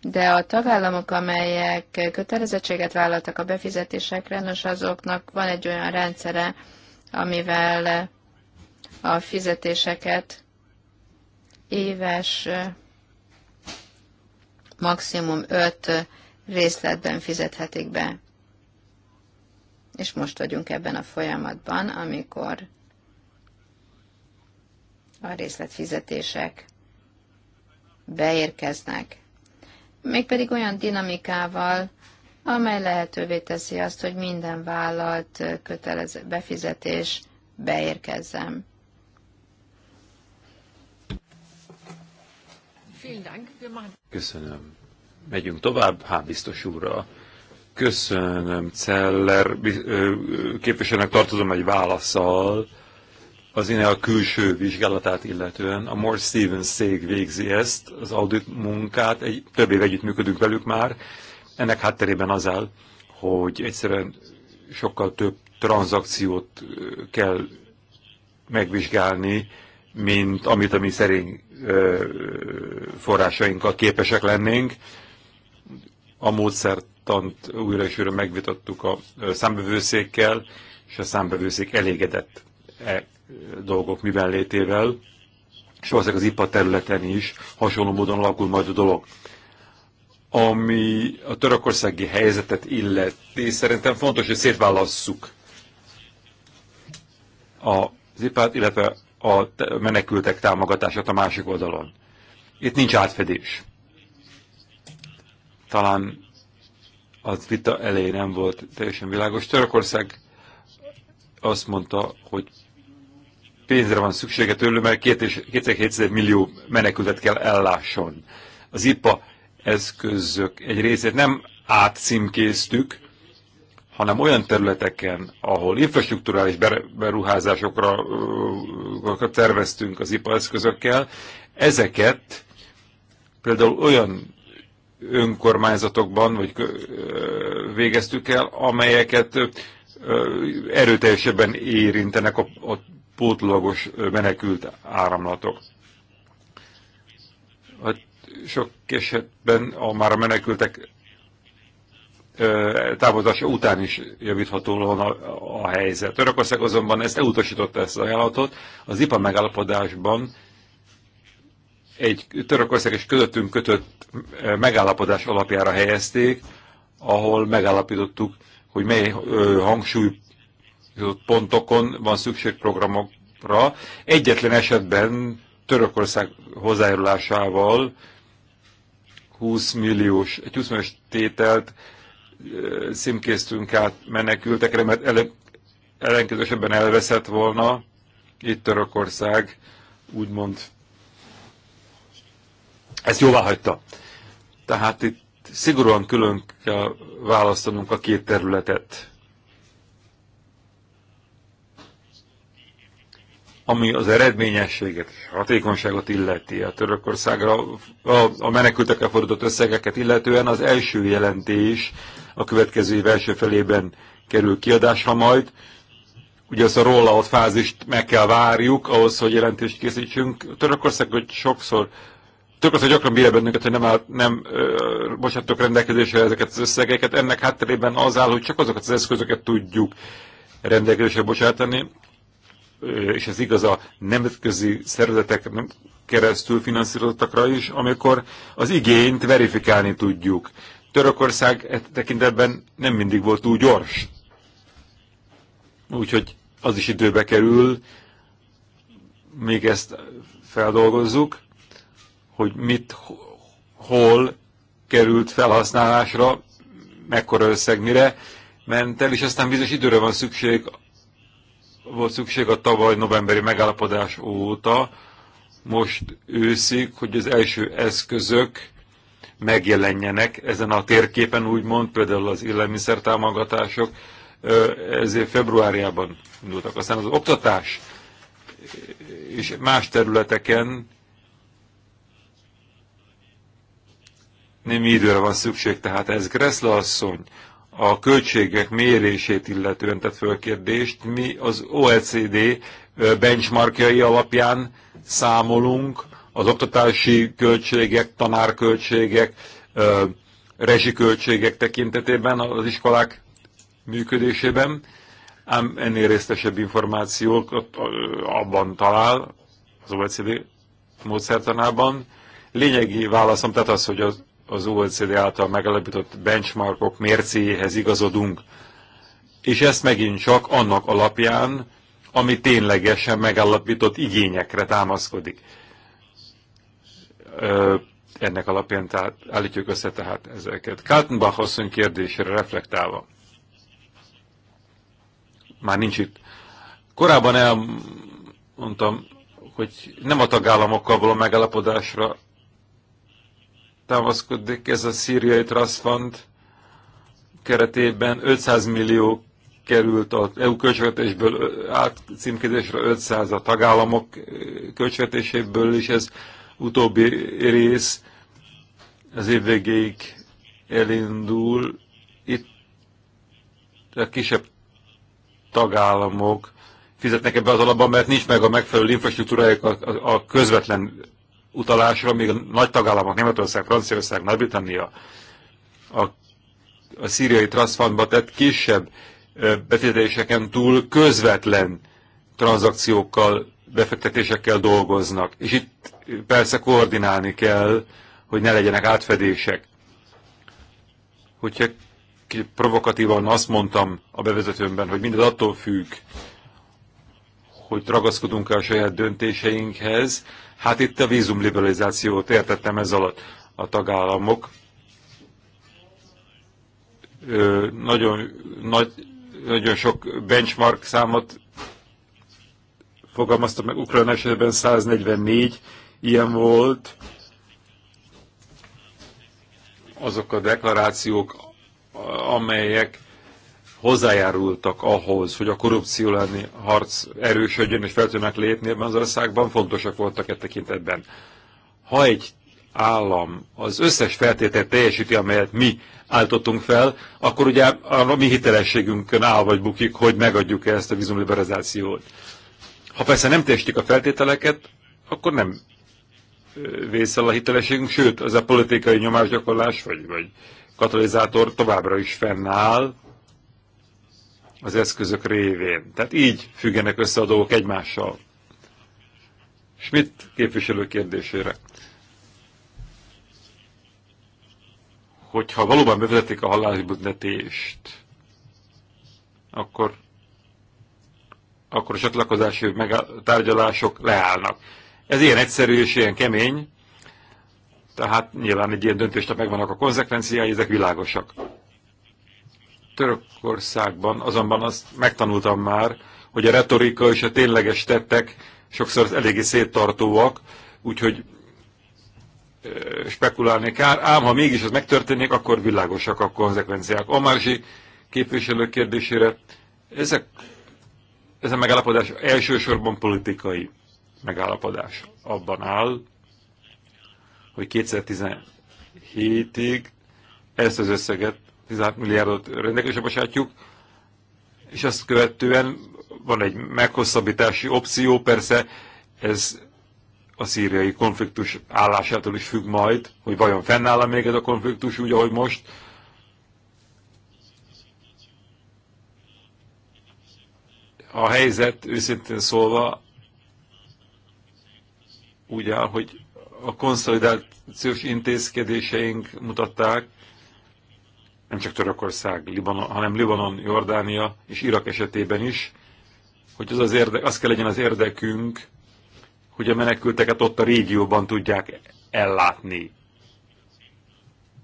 De a tagállamok, amelyek kötelezettséget vállaltak a befizetésekre, nos azoknak van egy olyan rendszere, amivel a fizetéseket éves maximum 5 részletben fizethetik be. És most vagyunk ebben a folyamatban, amikor a részletfizetések beérkeznek. Mégpedig olyan dinamikával, amely lehetővé teszi azt, hogy minden vállalt kötelező befizetés beérkezzen. Köszönöm. Megyünk tovább, hát biztos úrra. Köszönöm, Celler képviselőnek tartozom egy válaszsal. Az én a külső vizsgálatát illetően. A Moore Stevens szég végzi ezt, az audit munkát, egy, több év együttműködünk velük már. Ennek hátterében az áll, hogy egyszerűen sokkal több tranzakciót kell megvizsgálni, mint amit a mi szerény forrásainkkal képesek lennénk. A módszertant újra és újra megvitattuk a számbevőszékkel, és a számbevőszék elégedett e dolgok miben létével, és valószínűleg az IPA területen is hasonló módon alakul majd a dolog. Ami a törökországi helyzetet illeti, szerintem fontos, hogy szétválasszuk az ipát illetve a menekültek támogatását a másik oldalon. Itt nincs átfedés. Talán az vita elején nem volt teljesen világos. Törökország azt mondta, hogy pénzre van szüksége tőlük, mert 2,7 millió menekültet kell ellásson. Az IPA eszközök egy részét nem átcímkéztük, hanem olyan területeken, ahol infrastruktúrális beruházásokra terveztünk az ipareszközökkel, ezeket például olyan önkormányzatokban vagy végeztük el, amelyeket erőteljesebben érintenek a, a pótlagos menekült áramlatok. Hát sok esetben a már a menekültek távozása után is javítható volna a, a helyzet. Törökország azonban ezt elutasította ezt az ajánlatot. Az IPA megállapodásban egy Törökország és közöttünk kötött megállapodás alapjára helyezték, ahol megállapítottuk, hogy mely hangsúly pontokon van szükség programokra. Egyetlen esetben Törökország hozzájárulásával 20 milliós, egy 20 milliós tételt címkéztünk át menekültekre, mert ele, ellenkezősebben elveszett volna itt Törökország, úgymond ezt jóvá hagyta. Tehát itt szigorúan külön kell választanunk a két területet. Ami az eredményességet, hatékonyságot illeti a Törökországra, a, a menekültekre fordított összegeket illetően az első jelentés a következő év első felében kerül kiadásra majd. Ugye azt a rollout fázist meg kell várjuk ahhoz, hogy jelentést készítsünk. Törökország, hogy sokszor Törökország gyakran bírja bennünket, hogy nem, áll, nem ö, bocsátok rendelkezésre ezeket az összegeket. Ennek hátterében az áll, hogy csak azokat az eszközöket tudjuk rendelkezésre bocsátani, és ez igaz a nemzetközi szervezetek keresztül finanszírozottakra is, amikor az igényt verifikálni tudjuk. Törökország e tekintetben nem mindig volt túl gyors. Úgyhogy az is időbe kerül, még ezt feldolgozzuk, hogy mit, hol került felhasználásra, mekkora összeg mire ment el, és aztán bizonyos időre van szükség, volt szükség a tavaly novemberi megállapodás óta, most őszik, hogy az első eszközök megjelenjenek ezen a térképen, úgymond, például az élelmiszertámogatások, ezért februárjában indultak. Aztán az oktatás és más területeken nem időre van szükség, tehát ez Greszla asszony a költségek mérését illetően tett fölkérdést, kérdést, mi az OECD benchmarkjai alapján számolunk, az oktatási költségek, tanárköltségek, rezsiköltségek tekintetében az iskolák működésében, ám ennél résztesebb információkat abban talál az OECD módszertanában. Lényegi válaszom tehát az, hogy az, az OECD által megalapított benchmarkok mércéhez igazodunk, és ezt megint csak annak alapján, ami ténylegesen megállapított igényekre támaszkodik ennek alapján tehát állítjuk össze tehát ezeket. Kaltenbach asszony kérdésére reflektálva. Már nincs itt. Korábban elmondtam, hogy nem a tagállamokkal való megállapodásra támaszkodik ez a szíriai Trust Fund keretében 500 millió került az EU költségvetésből átcímkézésre 500 a tagállamok költségvetéséből, is ez utóbbi rész az év végéig elindul. Itt a kisebb tagállamok fizetnek ebbe az alapban, mert nincs meg a megfelelő infrastruktúrájuk a, a, a közvetlen utalásra, míg a nagy tagállamok, Németország, Franciaország, Nagy-Britannia a, a szíriai transzfantba tett kisebb befizetéseken túl közvetlen tranzakciókkal, befektetésekkel dolgoznak. És itt persze koordinálni kell, hogy ne legyenek átfedések. Hogyha provokatívan azt mondtam a bevezetőmben, hogy mindez attól függ, hogy ragaszkodunk-e a saját döntéseinkhez, hát itt a vízumliberalizációt értettem ez alatt a tagállamok. Ö, nagyon, nagy, nagyon sok benchmark számot fogalmazta meg Ukrajna esetben 144, ilyen volt. Azok a deklarációk, amelyek hozzájárultak ahhoz, hogy a korrupció lenni harc erősödjön és fel tudnak lépni ebben az országban, fontosak voltak e tekintetben. Ha egy állam az összes feltételt teljesíti, amelyet mi álltottunk fel, akkor ugye a mi hitelességünkön áll vagy bukik, hogy megadjuk -e ezt a vízumliberalizációt. Ha persze nem teljesítik a feltételeket, akkor nem vészel a hitelességünk, sőt, az a politikai nyomásgyakorlás vagy, vagy katalizátor továbbra is fennáll az eszközök révén. Tehát így függenek össze a dolgok egymással. Schmidt képviselő kérdésére. Hogyha valóban bevezetik a halálbüntetést, akkor, akkor a csatlakozási tárgyalások leállnak. Ez ilyen egyszerű és ilyen kemény, tehát nyilván egy ilyen döntésnek megvannak a konzekvenciái, ezek világosak. Törökországban azonban azt megtanultam már, hogy a retorika és a tényleges tettek sokszor eléggé széttartóak, úgyhogy spekulálni kár, ám ha mégis ez megtörténik, akkor világosak a konzekvenciák. Omarzsi képviselő kérdésére ezek, ez a megállapodás elsősorban politikai megállapodás abban áll, hogy 2017-ig ezt az összeget, 16 milliárdot rendelkezésre bocsátjuk, és azt követően van egy meghosszabbítási opció, persze ez a szíriai konfliktus állásától is függ majd, hogy vajon fennáll -e még ez a konfliktus úgy, ahogy most. A helyzet őszintén szólva úgy áll, hogy a konszolidációs intézkedéseink mutatták, nem csak Törökország, Libanon, hanem Libanon, Jordánia és Irak esetében is, hogy az, az, érde, az kell legyen az érdekünk, hogy a menekülteket ott a régióban tudják ellátni.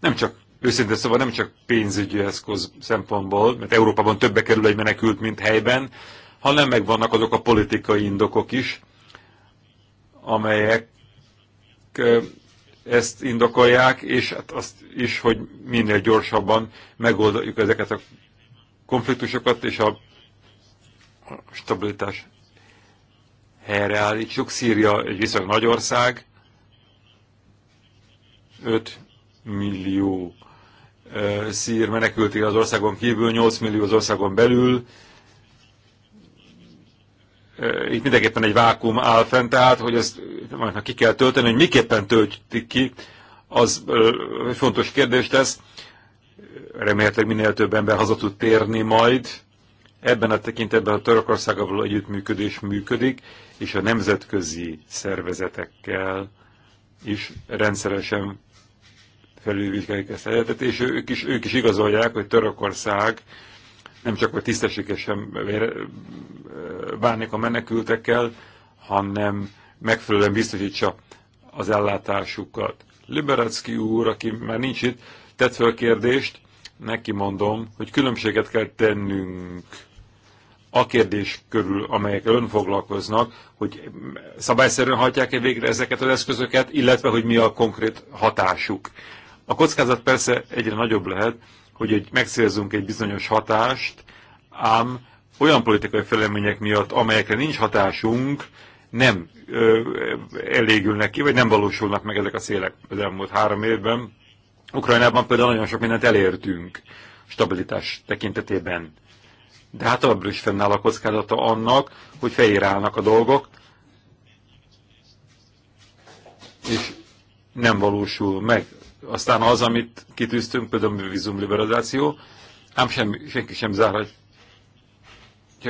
Nem csak, őszintén szóval nem csak pénzügyi eszköz szempontból, mert Európában többe kerül egy menekült, mint helyben, hanem megvannak azok a politikai indokok is, amelyek ezt indokolják, és hát azt is, hogy minél gyorsabban megoldjuk ezeket a konfliktusokat, és a stabilitás helyreállítsuk. Szíria egy viszonylag nagy ország, 5 millió szír menekült az országon kívül, 8 millió az országon belül, itt mindenképpen egy vákum áll fent, tehát hogy ezt majd ki kell tölteni, hogy miképpen töltik ki, az fontos kérdés tesz. Remélhetőleg minél több ember haza tud térni majd. Ebben a tekintetben a Törökországgal való együttműködés működik, és a nemzetközi szervezetekkel is rendszeresen felülvizsgáljuk ezt a helyzetet, és ők is, ők is igazolják, hogy Törökország nem csak hogy tisztességesen bánnék a menekültekkel, hanem megfelelően biztosítsa az ellátásukat. Liberacki úr, aki már nincs itt, tett fel kérdést, neki mondom, hogy különbséget kell tennünk a kérdés körül, amelyek ön foglalkoznak, hogy szabályszerűen hajtják-e végre ezeket az eszközöket, illetve hogy mi a konkrét hatásuk. A kockázat persze egyre nagyobb lehet, hogy egy, megszerzünk egy bizonyos hatást, ám olyan politikai felemények miatt, amelyekre nincs hatásunk, nem ö, elégülnek ki, vagy nem valósulnak meg ezek a szélek az elmúlt három évben. Ukrajnában például nagyon sok mindent elértünk stabilitás tekintetében. De hát abban is fennáll a kockázata annak, hogy fehér állnak a dolgok, és nem valósul meg aztán az, amit kitűztünk, például a vízumliberalizáció, ám sem, senki sem zárhatja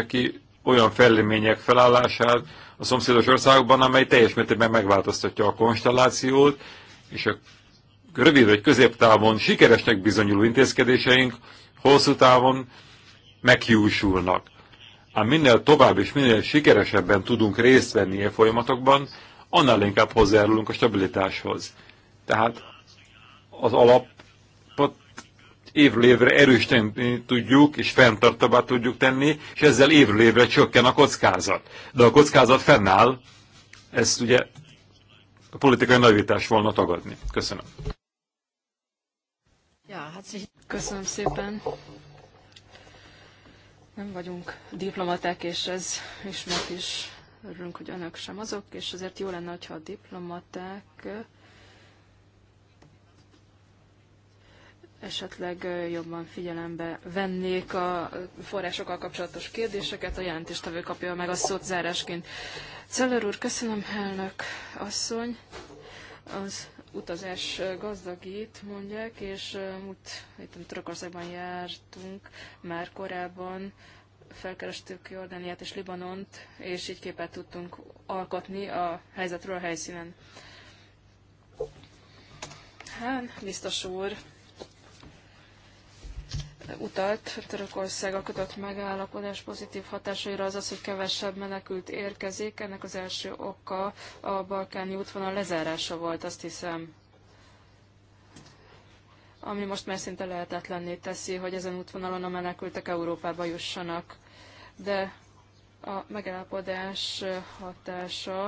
ki olyan fellemények felállását a szomszédos országokban, amely teljes mértékben megváltoztatja a konstellációt, és a rövid vagy középtávon sikeresnek bizonyuló intézkedéseink hosszú távon meghiúsulnak. Ám minél tovább és minél sikeresebben tudunk részt venni a e folyamatokban, annál inkább hozzájárulunk a stabilitáshoz. Tehát az alapot évről évre erősíteni tudjuk, és fenntartabbá tudjuk tenni, és ezzel évről évre csökken a kockázat. De a kockázat fennáll, ezt ugye a politikai nagyvítás volna tagadni. Köszönöm. Ja, hát köszönöm szépen. Nem vagyunk diplomaták, és ez ismert is örülünk, hogy önök sem azok, és azért jó lenne, ha a diplomaták esetleg jobban figyelembe vennék a forrásokkal kapcsolatos kérdéseket. A jelentéstevő kapja meg a szót zárásként. Celler úr, köszönöm, elnök asszony. Az utazás gazdagít, mondják, és múlt héten Törökországban jártunk már korábban, felkerestük Jordániát és Libanont, és így képet tudtunk alkotni a helyzetről a helyszínen. Hát, biztos úr, utalt Törökország a kötött megállapodás pozitív hatásaira az az, hogy kevesebb menekült érkezik. Ennek az első oka a balkáni útvonal lezárása volt, azt hiszem ami most már szinte lehetetlenné teszi, hogy ezen útvonalon a menekültek Európába jussanak. De a megállapodás hatása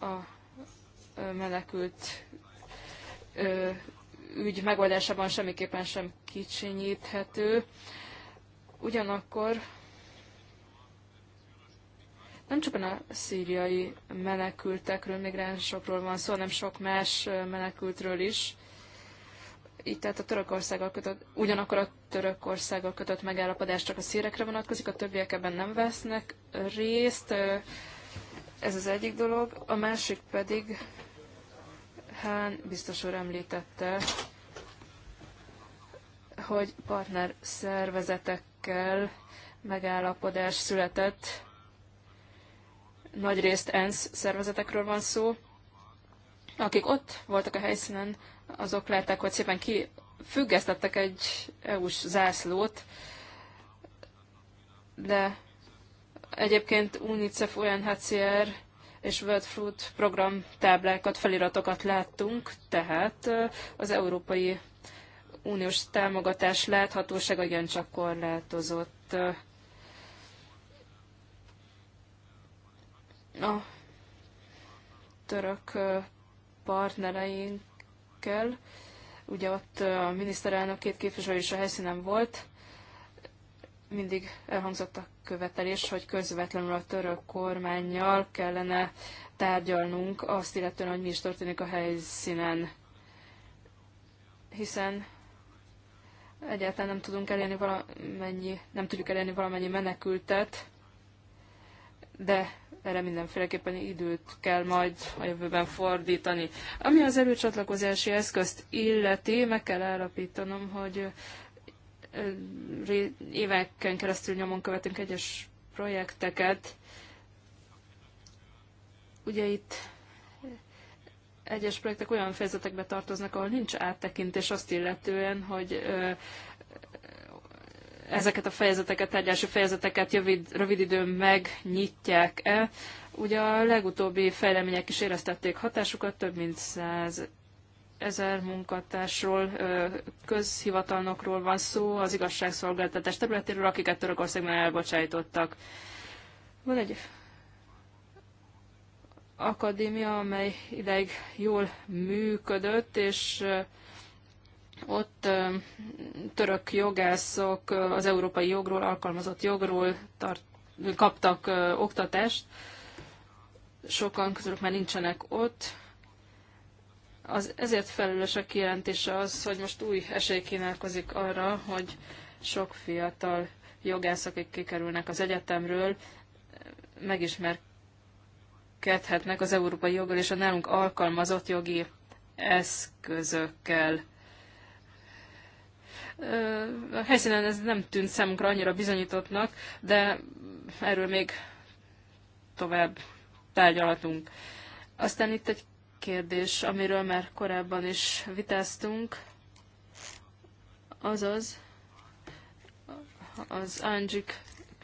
a menekült ügy megoldásában semmiképpen sem kicsinyíthető. Ugyanakkor nem csak a szíriai menekültekről, migránsokról van szó, hanem sok más menekültről is. Itt tehát a Törökországgal kötött, ugyanakkor a Törökországgal kötött megállapodás csak a szírekre vonatkozik, a többiek ebben nem vesznek részt. Ez az egyik dolog. A másik pedig Hán biztos úr említette, hogy partner szervezetekkel megállapodás született. Nagyrészt ENSZ szervezetekről van szó. Akik ott voltak a helyszínen, azok látták, hogy szépen kifüggesztettek egy EU-s zászlót, de egyébként UNICEF, UNHCR, és World Fruit program táblákat, feliratokat láttunk, tehát az Európai Uniós támogatás láthatósága igencsak korlátozott. A török partnereinkkel, ugye ott a miniszterelnök két képviselő is a helyszínen volt, mindig elhangzottak követelés, hogy közvetlenül a török kormányjal kellene tárgyalnunk azt illetően, hogy mi is történik a helyszínen. Hiszen egyáltalán nem tudunk elérni valamennyi, nem tudjuk elérni valamennyi menekültet, de erre mindenféleképpen időt kell majd a jövőben fordítani. Ami az előcsatlakozási eszközt illeti, meg kell állapítanom, hogy éveken keresztül nyomon követünk egyes projekteket. Ugye itt egyes projektek olyan fejezetekbe tartoznak, ahol nincs áttekintés azt illetően, hogy ezeket a fejezeteket, tárgyási fejezeteket rövid, rövid időn megnyitják-e. Ugye a legutóbbi fejlemények is éreztették hatásukat, több mint száz ezer munkatársról, közhivatalnokról van szó az igazságszolgáltatás területéről, akiket Törökországban elbocsájtottak. Van egy akadémia, amely ideig jól működött, és ott török jogászok az európai jogról, alkalmazott jogról tart, kaptak oktatást. Sokan közülük már nincsenek ott, az ezért felelős a kijelentése az, hogy most új esély kínálkozik arra, hogy sok fiatal jogász, akik kikerülnek az egyetemről, megismerkedhetnek az európai joggal és a nálunk alkalmazott jogi eszközökkel. A helyszínen ez nem tűnt számunkra annyira bizonyítottnak, de erről még tovább tárgyalatunk. Aztán itt egy kérdés, amiről már korábban is vitáztunk, azaz az Andzsik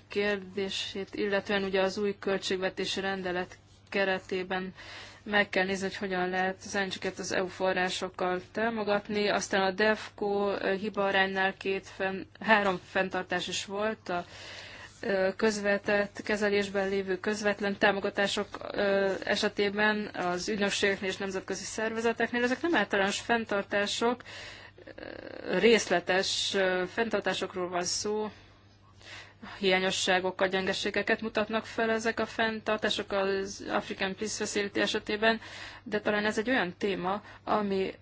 kérdését, illetően ugye az új költségvetési rendelet keretében meg kell nézni, hogy hogyan lehet az Andzsiket az EU forrásokkal támogatni. Aztán a DEFCO hibaaránynál két, fenn, három fenntartás is volt a közvetett kezelésben lévő közvetlen támogatások esetében az ügynökségeknél és nemzetközi szervezeteknél. Ezek nem általános fenntartások, részletes fenntartásokról van szó, hiányosságokkal, gyengeségeket mutatnak fel ezek a fenntartások az African Peace Facility esetében, de talán ez egy olyan téma, ami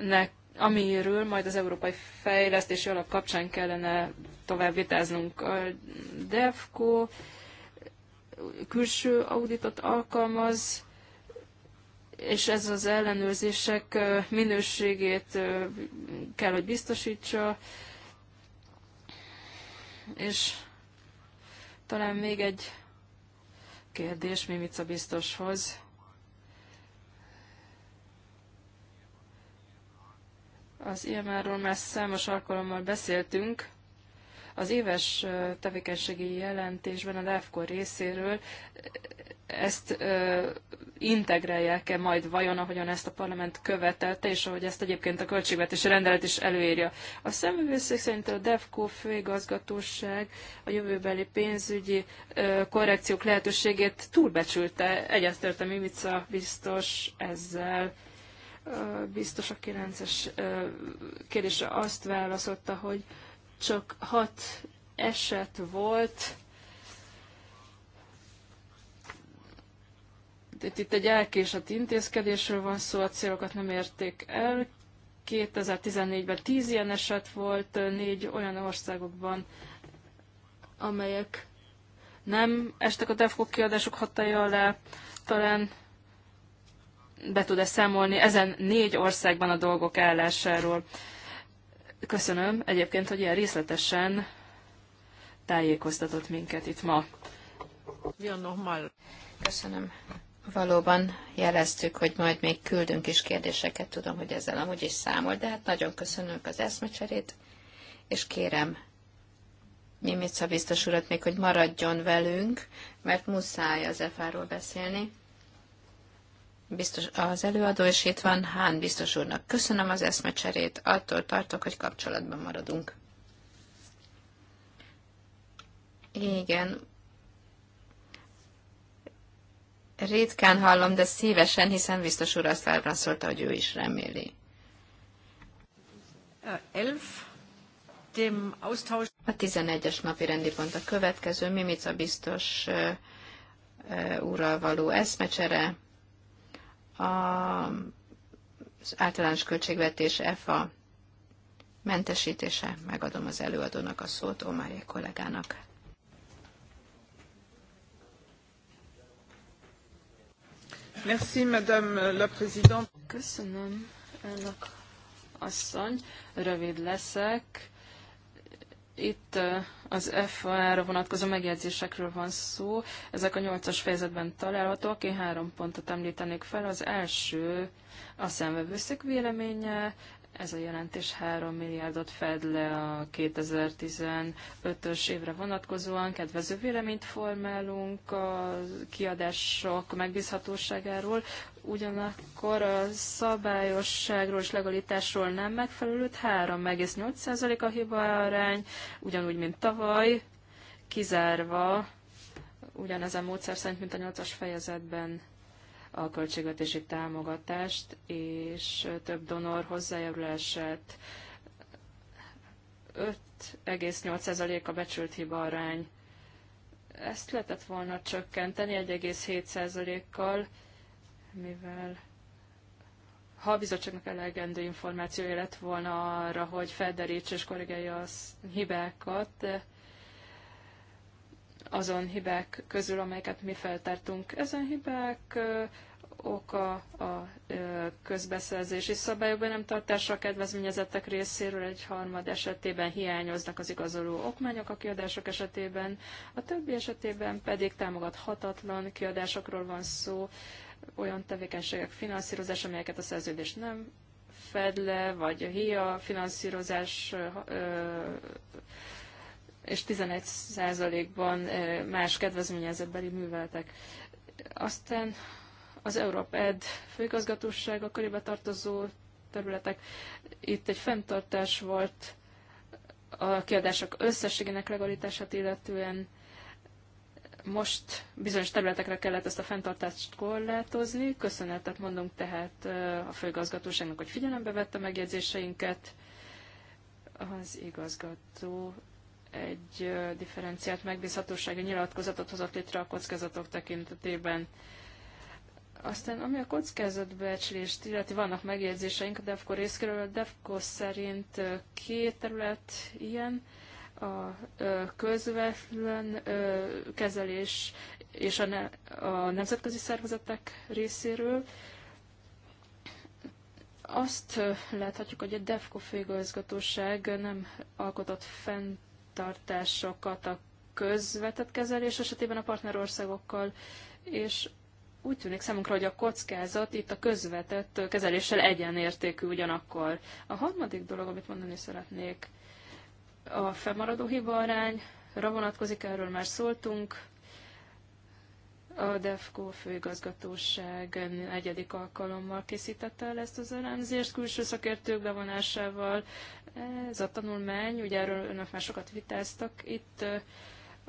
nek amiről majd az Európai Fejlesztési Alap kapcsán kellene tovább vitáznunk. A DEFCO külső auditot alkalmaz, és ez az ellenőrzések minőségét kell, hogy biztosítsa, és talán még egy kérdés Mimica biztoshoz. Az IMR-ról már számos alkalommal beszéltünk. Az éves tevékenységi jelentésben a DAFKOR e részéről ezt ö, integrálják-e majd vajon, ahogyan ezt a parlament követelte, és ahogy ezt egyébként a költségvetési rendelet is előírja. A szemüvőszék szerint a DEFCO főigazgatóság a jövőbeli pénzügyi ö, korrekciók lehetőségét túlbecsülte. Egyetértem Imica biztos ezzel biztos a 9-es kérdésre azt válaszolta, hogy csak hat eset volt, itt, itt egy elkésett intézkedésről van szó, a célokat nem érték el. 2014-ben 10 ilyen eset volt, négy olyan országokban, amelyek nem estek a DEFCO kiadások hatája alá, talán be tud-e számolni ezen négy országban a dolgok állásáról. Köszönöm egyébként, hogy ilyen részletesen tájékoztatott minket itt ma. Köszönöm. Valóban jeleztük, hogy majd még küldünk is kérdéseket, tudom, hogy ezzel amúgy is számol, de hát nagyon köszönöm az eszmecserét, és kérem Mimica biztos urat még, hogy maradjon velünk, mert muszáj az EFA-ról beszélni biztos, az előadó, és itt van Hán biztos úrnak. Köszönöm az eszmecserét, attól tartok, hogy kapcsolatban maradunk. Igen. Ritkán hallom, de szívesen, hiszen biztos úr azt elbranszolta, hogy ő is reméli. Elf. A 11-es napi rendi pont a következő. Mimica biztos uh, uh, úrral való eszmecsere az általános költségvetés EFA mentesítése. Megadom az előadónak a szót, Omárje kollégának. Merci, Madame la Présidente. Köszönöm, elnök asszony. Rövid leszek. Itt az FA-ra vonatkozó megjegyzésekről van szó. Ezek a nyolcas fejezetben találhatóak. Én három pontot említenék fel. Az első a szemvevőszék véleménye, ez a jelentés 3 milliárdot fed le a 2015-ös évre vonatkozóan. Kedvező véleményt formálunk a kiadások megbízhatóságáról, ugyanakkor a szabályosságról és legalitásról nem megfelelőt 3,8% a hiba arány, ugyanúgy, mint tavaly, kizárva ugyanezen módszer szerint, mint a 8-as fejezetben a költségvetési támogatást, és több donor hozzájárulását 5,8% a becsült hiba arány. Ezt lehetett volna csökkenteni 1,7%-kal, mivel ha a bizottságnak elegendő információja lett volna arra, hogy felderítse és korrigálja a hibákat, de azon hibák közül, amelyeket mi feltártunk. Ezen hibák oka a közbeszerzési szabályokban nem tartásra kedvezményezettek részéről, egy harmad esetében hiányoznak az igazoló okmányok a kiadások esetében, a többi esetében pedig támogathatatlan kiadásokról van szó, olyan tevékenységek finanszírozása, amelyeket a szerződés nem fed le, vagy a HIA finanszírozás ö, ö, és 11%-ban más kedvezményezettbeli műveletek. Aztán az Európed főigazgatósága körébe tartozó területek. Itt egy fenntartás volt a kiadások összességének legalitását illetően. Most bizonyos területekre kellett ezt a fenntartást korlátozni. Köszönetet mondunk tehát a főigazgatóságnak, hogy figyelembe vette megjegyzéseinket. Az igazgató egy differenciált megbízhatósági nyilatkozatot hozott létre a kockázatok tekintetében. Aztán ami a kockázatbecslést illeti, vannak megjegyzéseink a DEFCO részéről. A DEFCO szerint két terület ilyen, a közvetlen kezelés és a, ne, a nemzetközi szervezetek részéről. Azt láthatjuk, hogy a DEFCO főigazgatóság nem alkotott fent tartásokat a közvetett kezelés esetében a partnerországokkal, és úgy tűnik számunkra, hogy a kockázat itt a közvetett kezeléssel egyenértékű ugyanakkor. A harmadik dolog, amit mondani szeretnék, a felmaradó hiba arány, vonatkozik, erről már szóltunk, a DEFCO főigazgatóság egyedik alkalommal készítette el ezt az elemzést, külső szakértők bevonásával. Ez a tanulmány, ugye erről önök már sokat vitáztak, itt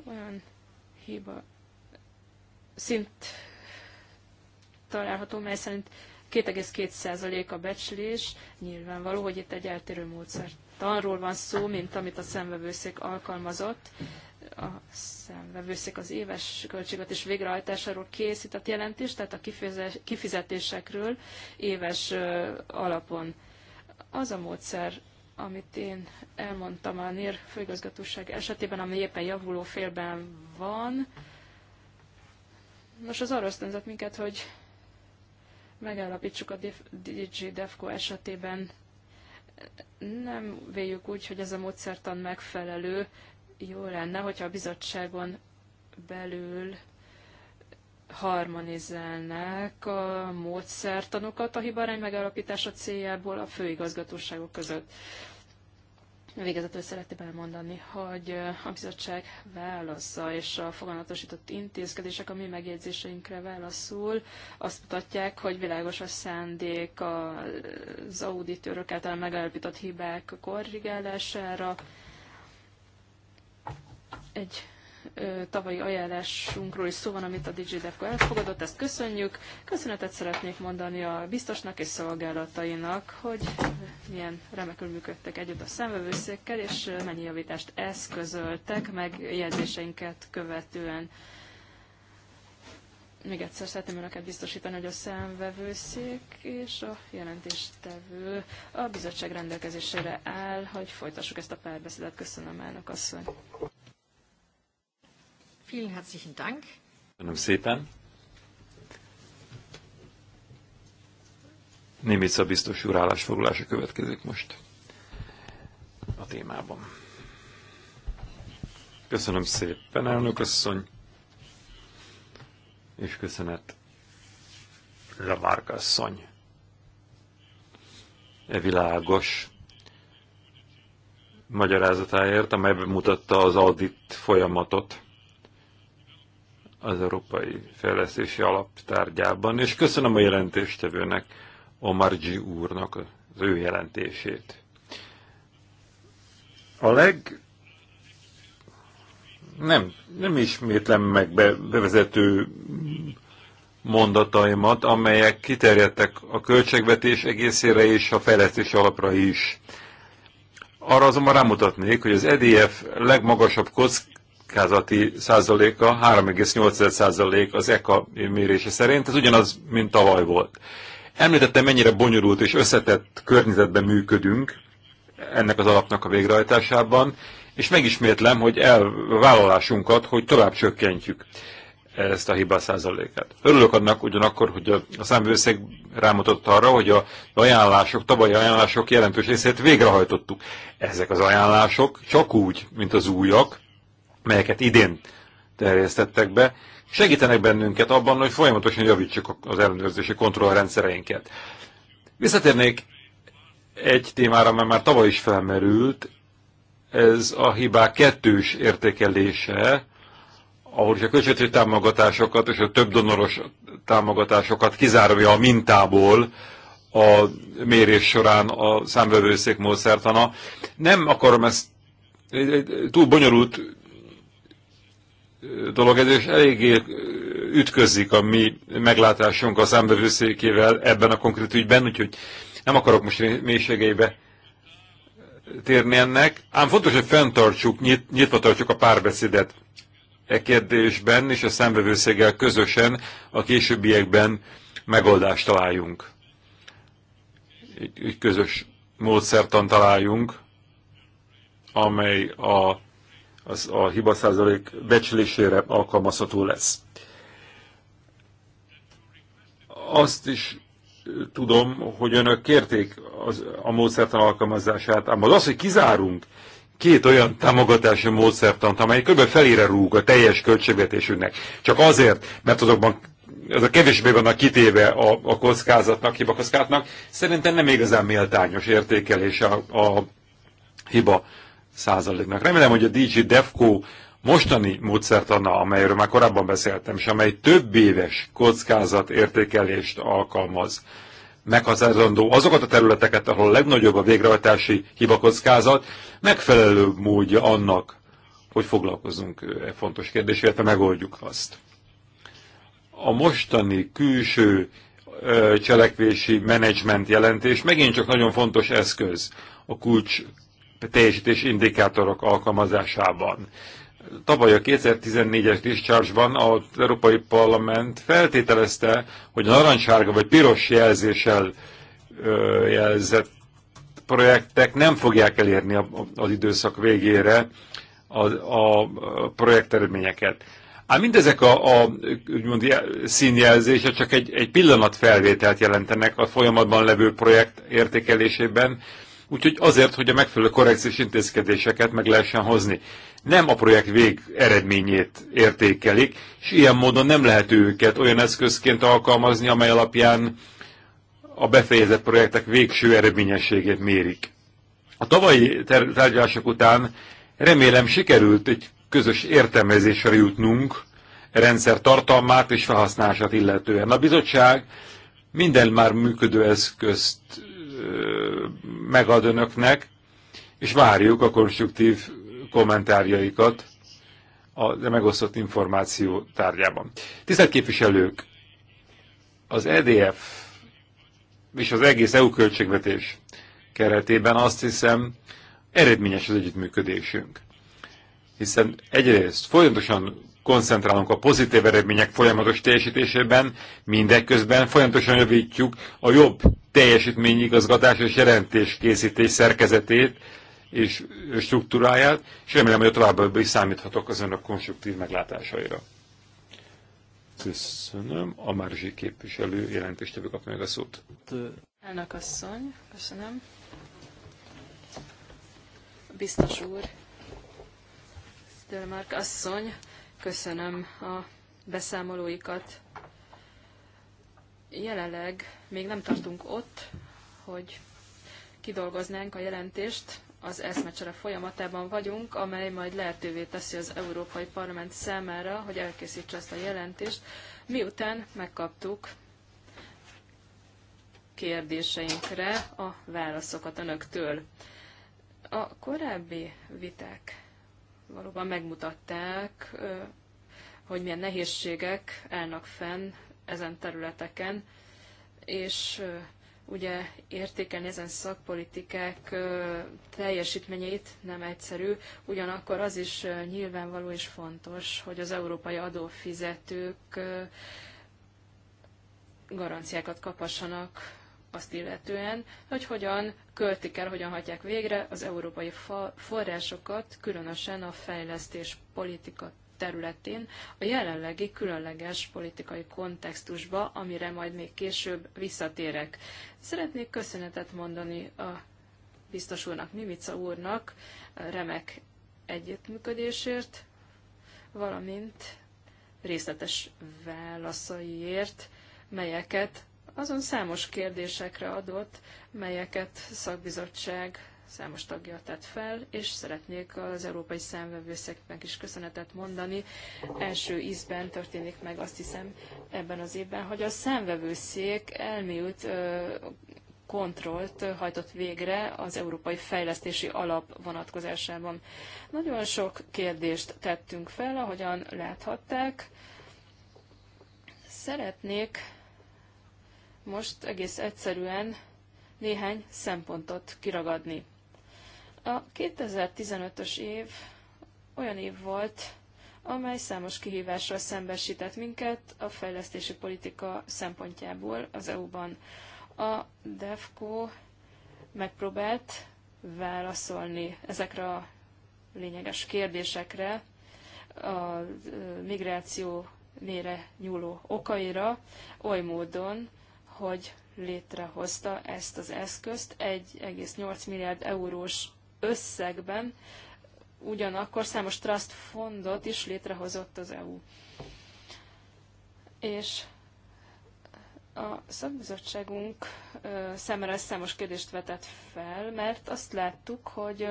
olyan hiba szint található, mely szerint 2,2% a becslés. Nyilvánvaló, hogy itt egy eltérő módszert tanról van szó, mint amit a szemvevőszék alkalmazott, a szemvevőszék az éves költségvetés végrehajtásáról készített jelentést, tehát a kifizetésekről éves alapon. Az a módszer, amit én elmondtam a NIR főigazgatóság esetében, ami éppen javuló félben van, most az arra ösztönzött minket, hogy megállapítsuk a DG DEFCO esetében, nem véljük úgy, hogy ez a módszertan megfelelő, jó lenne, hogyha a bizottságon belül harmonizálnák a módszertanokat a hibarány megállapítása céljából a főigazgatóságok között. Végezetül szeretném elmondani, hogy a bizottság válasza és a foganatosított intézkedések a mi megjegyzéseinkre válaszul azt mutatják, hogy világos a szándék az auditőrök által megállapított hibák korrigálására, egy ö, tavalyi ajánlásunkról is szó van, amit a DigiDevco elfogadott, ezt köszönjük. Köszönetet szeretnék mondani a biztosnak és szolgálatainak, hogy milyen remekül működtek együtt a szemvevőszékkel, és mennyi javítást eszközöltek, meg jegyzéseinket követően még egyszer szeretném önöket biztosítani, hogy a számvevőszék és a jelentéstevő a bizottság rendelkezésére áll, hogy folytassuk ezt a párbeszédet. Köszönöm, elnök asszony. Vielen herzlichen Dank. Köszönöm szépen. Némica biztos úr állásfoglalása következik most a témában. Köszönöm szépen, elnök asszony, és köszönet Lavárka asszony. E világos magyarázatáért, amely bemutatta az audit folyamatot, az Európai Fejlesztési Alaptárgyában, és köszönöm a jelentéstevőnek, G. úrnak az ő jelentését. A leg... Nem, nem ismétlem meg be, bevezető mondataimat, amelyek kiterjedtek a költségvetés egészére és a fejlesztési alapra is. Arra azonban rámutatnék, hogy az EDF legmagasabb kock, kockázati százaléka 3,8 százalék az ECA mérése szerint, ez ugyanaz, mint tavaly volt. Említettem, mennyire bonyolult és összetett környezetben működünk ennek az alapnak a végrehajtásában, és megismétlem, hogy elvállalásunkat, hogy tovább csökkentjük ezt a hiba százalékát. Örülök annak ugyanakkor, hogy a, számvőszeg számvőszék rámutatott arra, hogy a ajánlások, tavalyi ajánlások jelentős részét végrehajtottuk. Ezek az ajánlások csak úgy, mint az újak, melyeket idén terjesztettek be, segítenek bennünket abban, hogy folyamatosan javítsuk az ellenőrzési kontrollrendszereinket. Visszatérnék egy témára, mert már tavaly is felmerült, ez a hibák kettős értékelése, ahol is a költségvetési támogatásokat és a több donoros támogatásokat kizárja a mintából a mérés során a számvevőszék módszertana. Nem akarom ezt túl bonyolult dolog, ez is eléggé ütközik a mi meglátásunk a számbevőszékével ebben a konkrét ügyben, úgyhogy nem akarok most mélységeibe térni ennek, ám fontos, hogy fenntartsuk, nyit, nyitva tartsuk a párbeszédet e kérdésben, és a számbevőszéggel közösen a későbbiekben megoldást találjunk. Egy, egy közös módszertan találjunk, amely a az a hiba százalék becslésére alkalmazható lesz. Azt is tudom, hogy önök kérték az, a módszertan alkalmazását, ám az, az, hogy kizárunk két olyan támogatási módszertant, amely kb. felére rúg a teljes költségvetésünknek, csak azért, mert azokban az a kevésbé van a kitéve a, a kockázatnak, hibakockázatnak, szerintem nem igazán méltányos értékelése a, a hiba százaléknak. Remélem, hogy a DJ DEFCO mostani módszertana, amelyről már korábban beszéltem, és amely több éves kockázat értékelést alkalmaz, meghatározandó azokat a területeket, ahol a legnagyobb a végrehajtási hibakockázat, megfelelő módja annak, hogy foglalkozunk e fontos kérdésével, illetve megoldjuk azt. A mostani külső cselekvési menedzsment jelentés megint csak nagyon fontos eszköz a kulcs teljesítés indikátorok alkalmazásában. Tavaly a 2014-es discharge-ban az Európai Parlament feltételezte, hogy a narancsárga vagy piros jelzéssel jelzett projektek nem fogják elérni az időszak végére a, a projekt eredményeket. Ám mindezek a, a úgymond színjelzése csak egy, egy felvételt jelentenek a folyamatban levő projekt értékelésében, Úgyhogy azért, hogy a megfelelő korrekciós intézkedéseket meg lehessen hozni. Nem a projekt vég eredményét értékelik, és ilyen módon nem lehet őket olyan eszközként alkalmazni, amely alapján a befejezett projektek végső eredményességét mérik. A tavalyi tárgyalások után remélem sikerült egy közös értelmezésre jutnunk e rendszer tartalmát és felhasználását illetően. A bizottság minden már működő eszközt megad önöknek, és várjuk a konstruktív kommentárjaikat a megosztott információ tárgyában. Tisztelt képviselők, az EDF és az egész EU költségvetés keretében azt hiszem eredményes az együttműködésünk. Hiszen egyrészt folyamatosan koncentrálunk a pozitív eredmények folyamatos teljesítésében, mindeközben folyamatosan javítjuk a jobb teljesítményigazgatás és jelentéskészítés szerkezetét és struktúráját, és remélem, hogy továbbá is számíthatok az önök konstruktív meglátásaira. Köszönöm. A Márzsi képviselő jelentéstevő kapja meg a szót. Elnök asszony, köszönöm. Biztos úr, Dölmark asszony, köszönöm a beszámolóikat. Jelenleg még nem tartunk ott, hogy kidolgoznánk a jelentést, az eszmecsere folyamatában vagyunk, amely majd lehetővé teszi az Európai Parlament számára, hogy elkészítse ezt a jelentést, miután megkaptuk kérdéseinkre a válaszokat önöktől. A korábbi viták valóban megmutatták, hogy milyen nehézségek állnak fenn ezen területeken, és ugye értékelni ezen szakpolitikák teljesítményeit nem egyszerű, ugyanakkor az is nyilvánvaló és fontos, hogy az európai adófizetők garanciákat kapassanak azt illetően, hogy hogyan költik el, hogyan hagyják végre az európai forrásokat, különösen a fejlesztés politika területén, a jelenlegi különleges politikai kontextusba, amire majd még később visszatérek. Szeretnék köszönetet mondani a biztos úrnak, Mimica úrnak remek együttműködésért, valamint részletes válaszaiért, melyeket azon számos kérdésekre adott, melyeket szakbizottság számos tagja tett fel, és szeretnék az Európai Számvevőszeknek is köszönetet mondani. Első ízben történik meg azt hiszem ebben az évben, hogy a számvevőszék elmélyült kontrollt hajtott végre az Európai Fejlesztési Alap vonatkozásában. Nagyon sok kérdést tettünk fel, ahogyan láthatták. Szeretnék most egész egyszerűen néhány szempontot kiragadni. A 2015-ös év olyan év volt, amely számos kihívással szembesített minket a fejlesztési politika szempontjából az EU-ban. A DEFCO megpróbált válaszolni ezekre a lényeges kérdésekre, a migráció mére nyúló okaira, oly módon, hogy létrehozta ezt az eszközt 1,8 milliárd eurós összegben, ugyanakkor számos trust fondot is létrehozott az EU. És a szakbizottságunk számára számos kérdést vetett fel, mert azt láttuk, hogy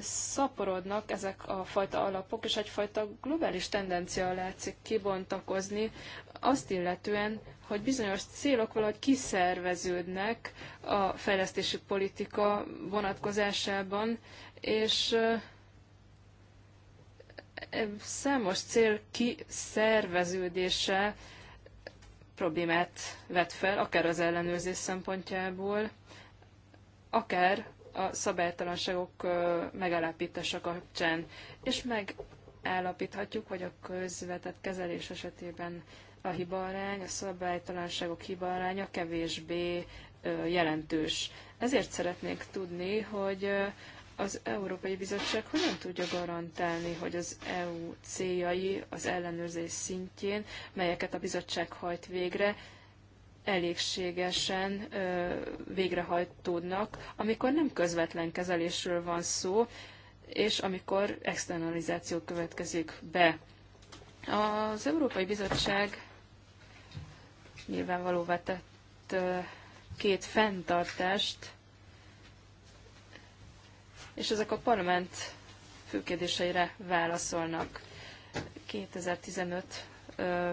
szaporodnak ezek a fajta alapok, és egyfajta globális tendencia látszik kibontakozni, azt illetően, hogy bizonyos célok valahogy kiszerveződnek a fejlesztési politika vonatkozásában, és e, számos cél kiszerveződése problémát vet fel, akár az ellenőrzés szempontjából, akár a szabálytalanságok megállapítása kapcsán. És megállapíthatjuk, hogy a közvetett kezelés esetében a hibarány, a szabálytalanságok hibaránya kevésbé jelentős. Ezért szeretnék tudni, hogy az Európai Bizottság hogyan tudja garantálni, hogy az EU céljai az ellenőrzés szintjén, melyeket a bizottság hajt végre, elégségesen végrehajtódnak, amikor nem közvetlen kezelésről van szó, és amikor externalizáció következik be. Az Európai Bizottság nyilvánvalóvá tett két fenntartást, és ezek a parlament főkérdéseire válaszolnak. 2015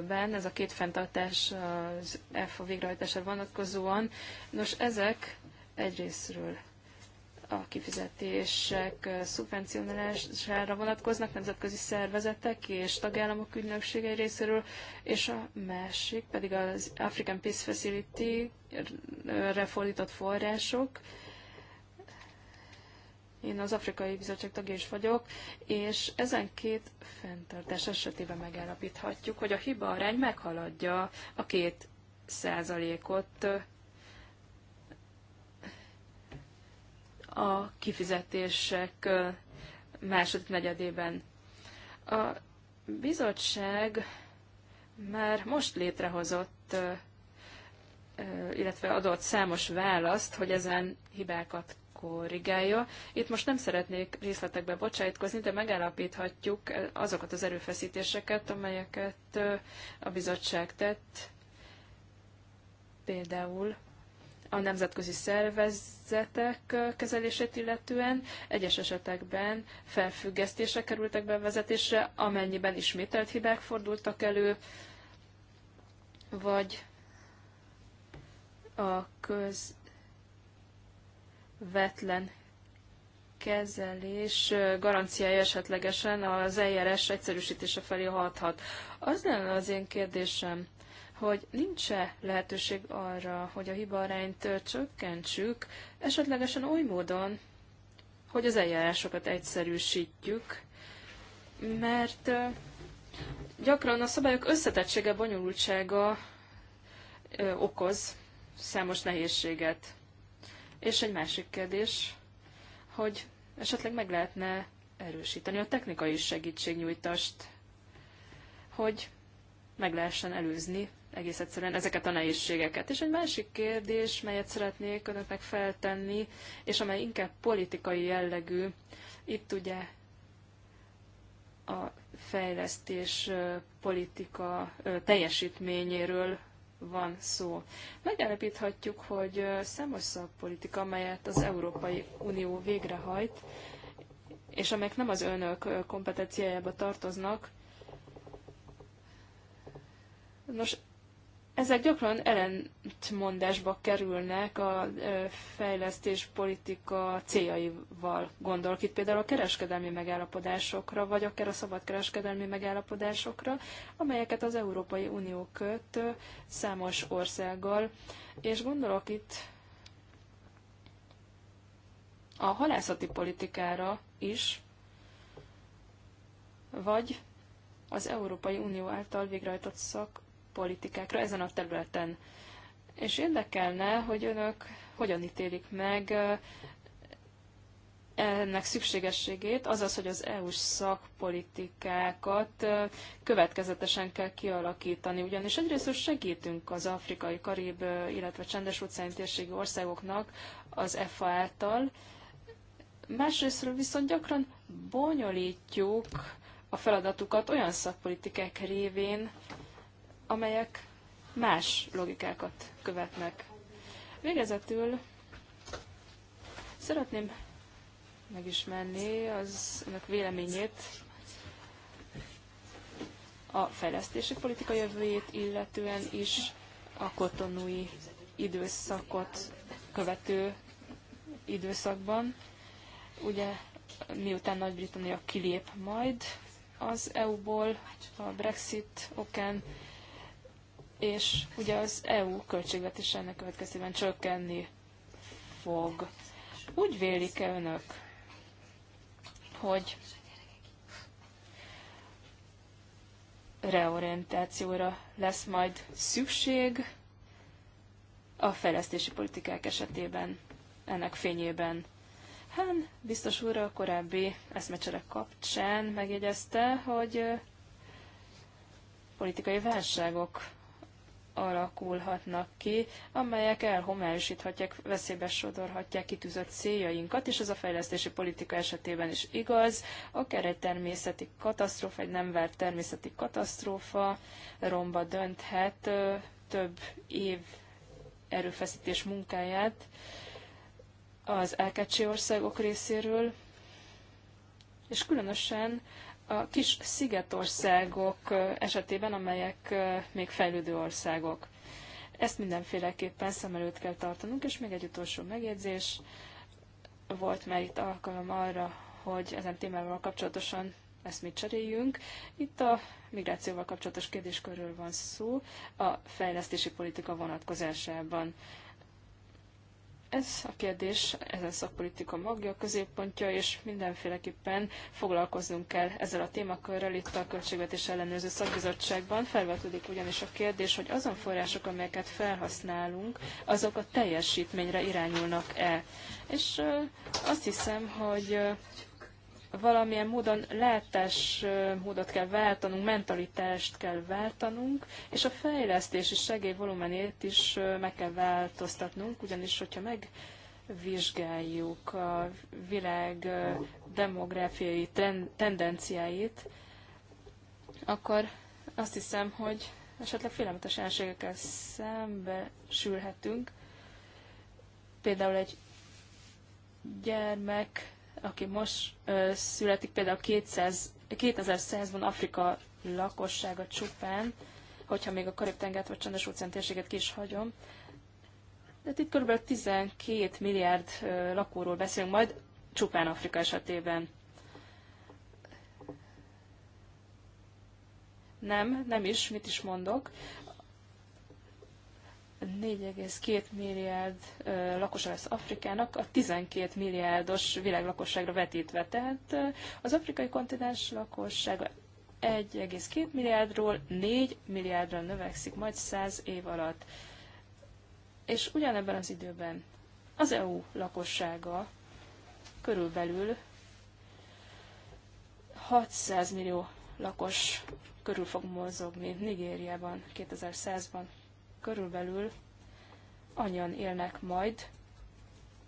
ben ez a két fenntartás az EFA végrehajtására vonatkozóan. Nos, ezek egyrésztről a kifizetések szubvencionálására vonatkoznak nemzetközi szervezetek és tagállamok ügynökségei részéről, és a másik pedig az African Peace Facility-re fordított források, én az Afrikai Bizottság tagja is vagyok, és ezen két fenntartás esetében megállapíthatjuk, hogy a hiba arány meghaladja a két százalékot a kifizetések második negyedében. A bizottság már most létrehozott, illetve adott számos választ, hogy ezen hibákat korrigálja. Itt most nem szeretnék részletekbe bocsájtkozni, de megállapíthatjuk azokat az erőfeszítéseket, amelyeket a bizottság tett, például a nemzetközi szervezetek kezelését illetően egyes esetekben felfüggesztések kerültek bevezetésre, amennyiben ismételt hibák fordultak elő, vagy a köz vetlen kezelés garanciája esetlegesen az eljárás egyszerűsítése felé hathat. Az lenne az én kérdésem, hogy nincs-e lehetőség arra, hogy a hibarányt csökkentsük, esetlegesen oly módon, hogy az eljárásokat egyszerűsítjük, mert gyakran a szabályok összetettsége, bonyolultsága okoz számos nehézséget. És egy másik kérdés, hogy esetleg meg lehetne erősíteni a technikai segítségnyújtást, hogy meg lehessen előzni egész egyszerűen ezeket a nehézségeket. És egy másik kérdés, melyet szeretnék önöknek feltenni, és amely inkább politikai jellegű, itt ugye a fejlesztés politika teljesítményéről van szó. Megállapíthatjuk, hogy számos szakpolitika, amelyet az Európai Unió végrehajt, és amelyek nem az önök kompetenciájába tartoznak, Nos, ezek gyakran ellentmondásba kerülnek a fejlesztés politika céljaival. Gondolok itt például a kereskedelmi megállapodásokra, vagy akár a szabadkereskedelmi megállapodásokra, amelyeket az Európai Unió köt számos országgal. És gondolok itt a halászati politikára is, vagy az Európai Unió által végrehajtott szak politikákra ezen a területen. És érdekelne, hogy önök hogyan ítélik meg ennek szükségességét, azaz, hogy az EU-s szakpolitikákat következetesen kell kialakítani, ugyanis egyrészt segítünk az afrikai, karib, illetve csendes utcai térségi országoknak az EFA által, másrésztről viszont gyakran bonyolítjuk a feladatukat olyan szakpolitikák révén, amelyek más logikákat követnek. Végezetül szeretném megismerni az önök véleményét a fejlesztési politika jövőjét illetően is a kotonúi időszakot követő időszakban. Ugye miután Nagy-Britannia kilép majd az EU-ból a Brexit okán, és ugye az EU költségvetés ennek következtében csökkenni fog. Úgy vélik-e önök, hogy reorientációra lesz majd szükség a fejlesztési politikák esetében, ennek fényében. Hát, biztos úr a korábbi eszmecsere kapcsán megjegyezte, hogy politikai válságok alakulhatnak ki, amelyek elhomályosíthatják, veszélybe sodorhatják kitűzött céljainkat, és ez a fejlesztési politika esetében is igaz, akár egy természeti katasztrófa, egy nem várt természeti katasztrófa romba dönthet több év erőfeszítés munkáját az elkecsi országok részéről, és különösen a kis szigetországok esetében, amelyek még fejlődő országok. Ezt mindenféleképpen szem előtt kell tartanunk, és még egy utolsó megjegyzés. Volt már itt alkalom arra, hogy ezen témával kapcsolatosan ezt mit cseréljünk. Itt a migrációval kapcsolatos kérdéskörről van szó a fejlesztési politika vonatkozásában. Ez a kérdés ezen szakpolitika magja, középpontja, és mindenféleképpen foglalkoznunk kell ezzel a témakörrel itt a Költségvetés Ellenőrző Szakbizottságban. Felvetődik ugyanis a kérdés, hogy azon források, amelyeket felhasználunk, azok a teljesítményre irányulnak-e. És azt hiszem, hogy valamilyen módon módot kell váltanunk, mentalitást kell váltanunk, és a fejlesztés segély volumenét is meg kell változtatnunk, ugyanis hogyha megvizsgáljuk a világ demográfiai tendenciáit, akkor azt hiszem, hogy esetleg félelmetes elségekkel szembesülhetünk. Például egy gyermek aki most születik, például 200, 2100 van Afrika lakossága csupán, hogyha még a Karib-tengert vagy csendes óceán térséget ki is hagyom. Tehát itt kb. 12 milliárd lakóról beszélünk majd, csupán Afrika esetében. Nem, nem is, mit is mondok. 4,2 milliárd lakosa lesz Afrikának, a 12 milliárdos világ lakosságra vetítve. Tehát az afrikai kontinens lakossága 1,2 milliárdról 4 milliárdra növekszik majd 100 év alatt. És ugyanebben az időben az EU lakossága körülbelül 600 millió lakos körül fog mozogni Nigériában 2100-ban körülbelül annyian élnek majd,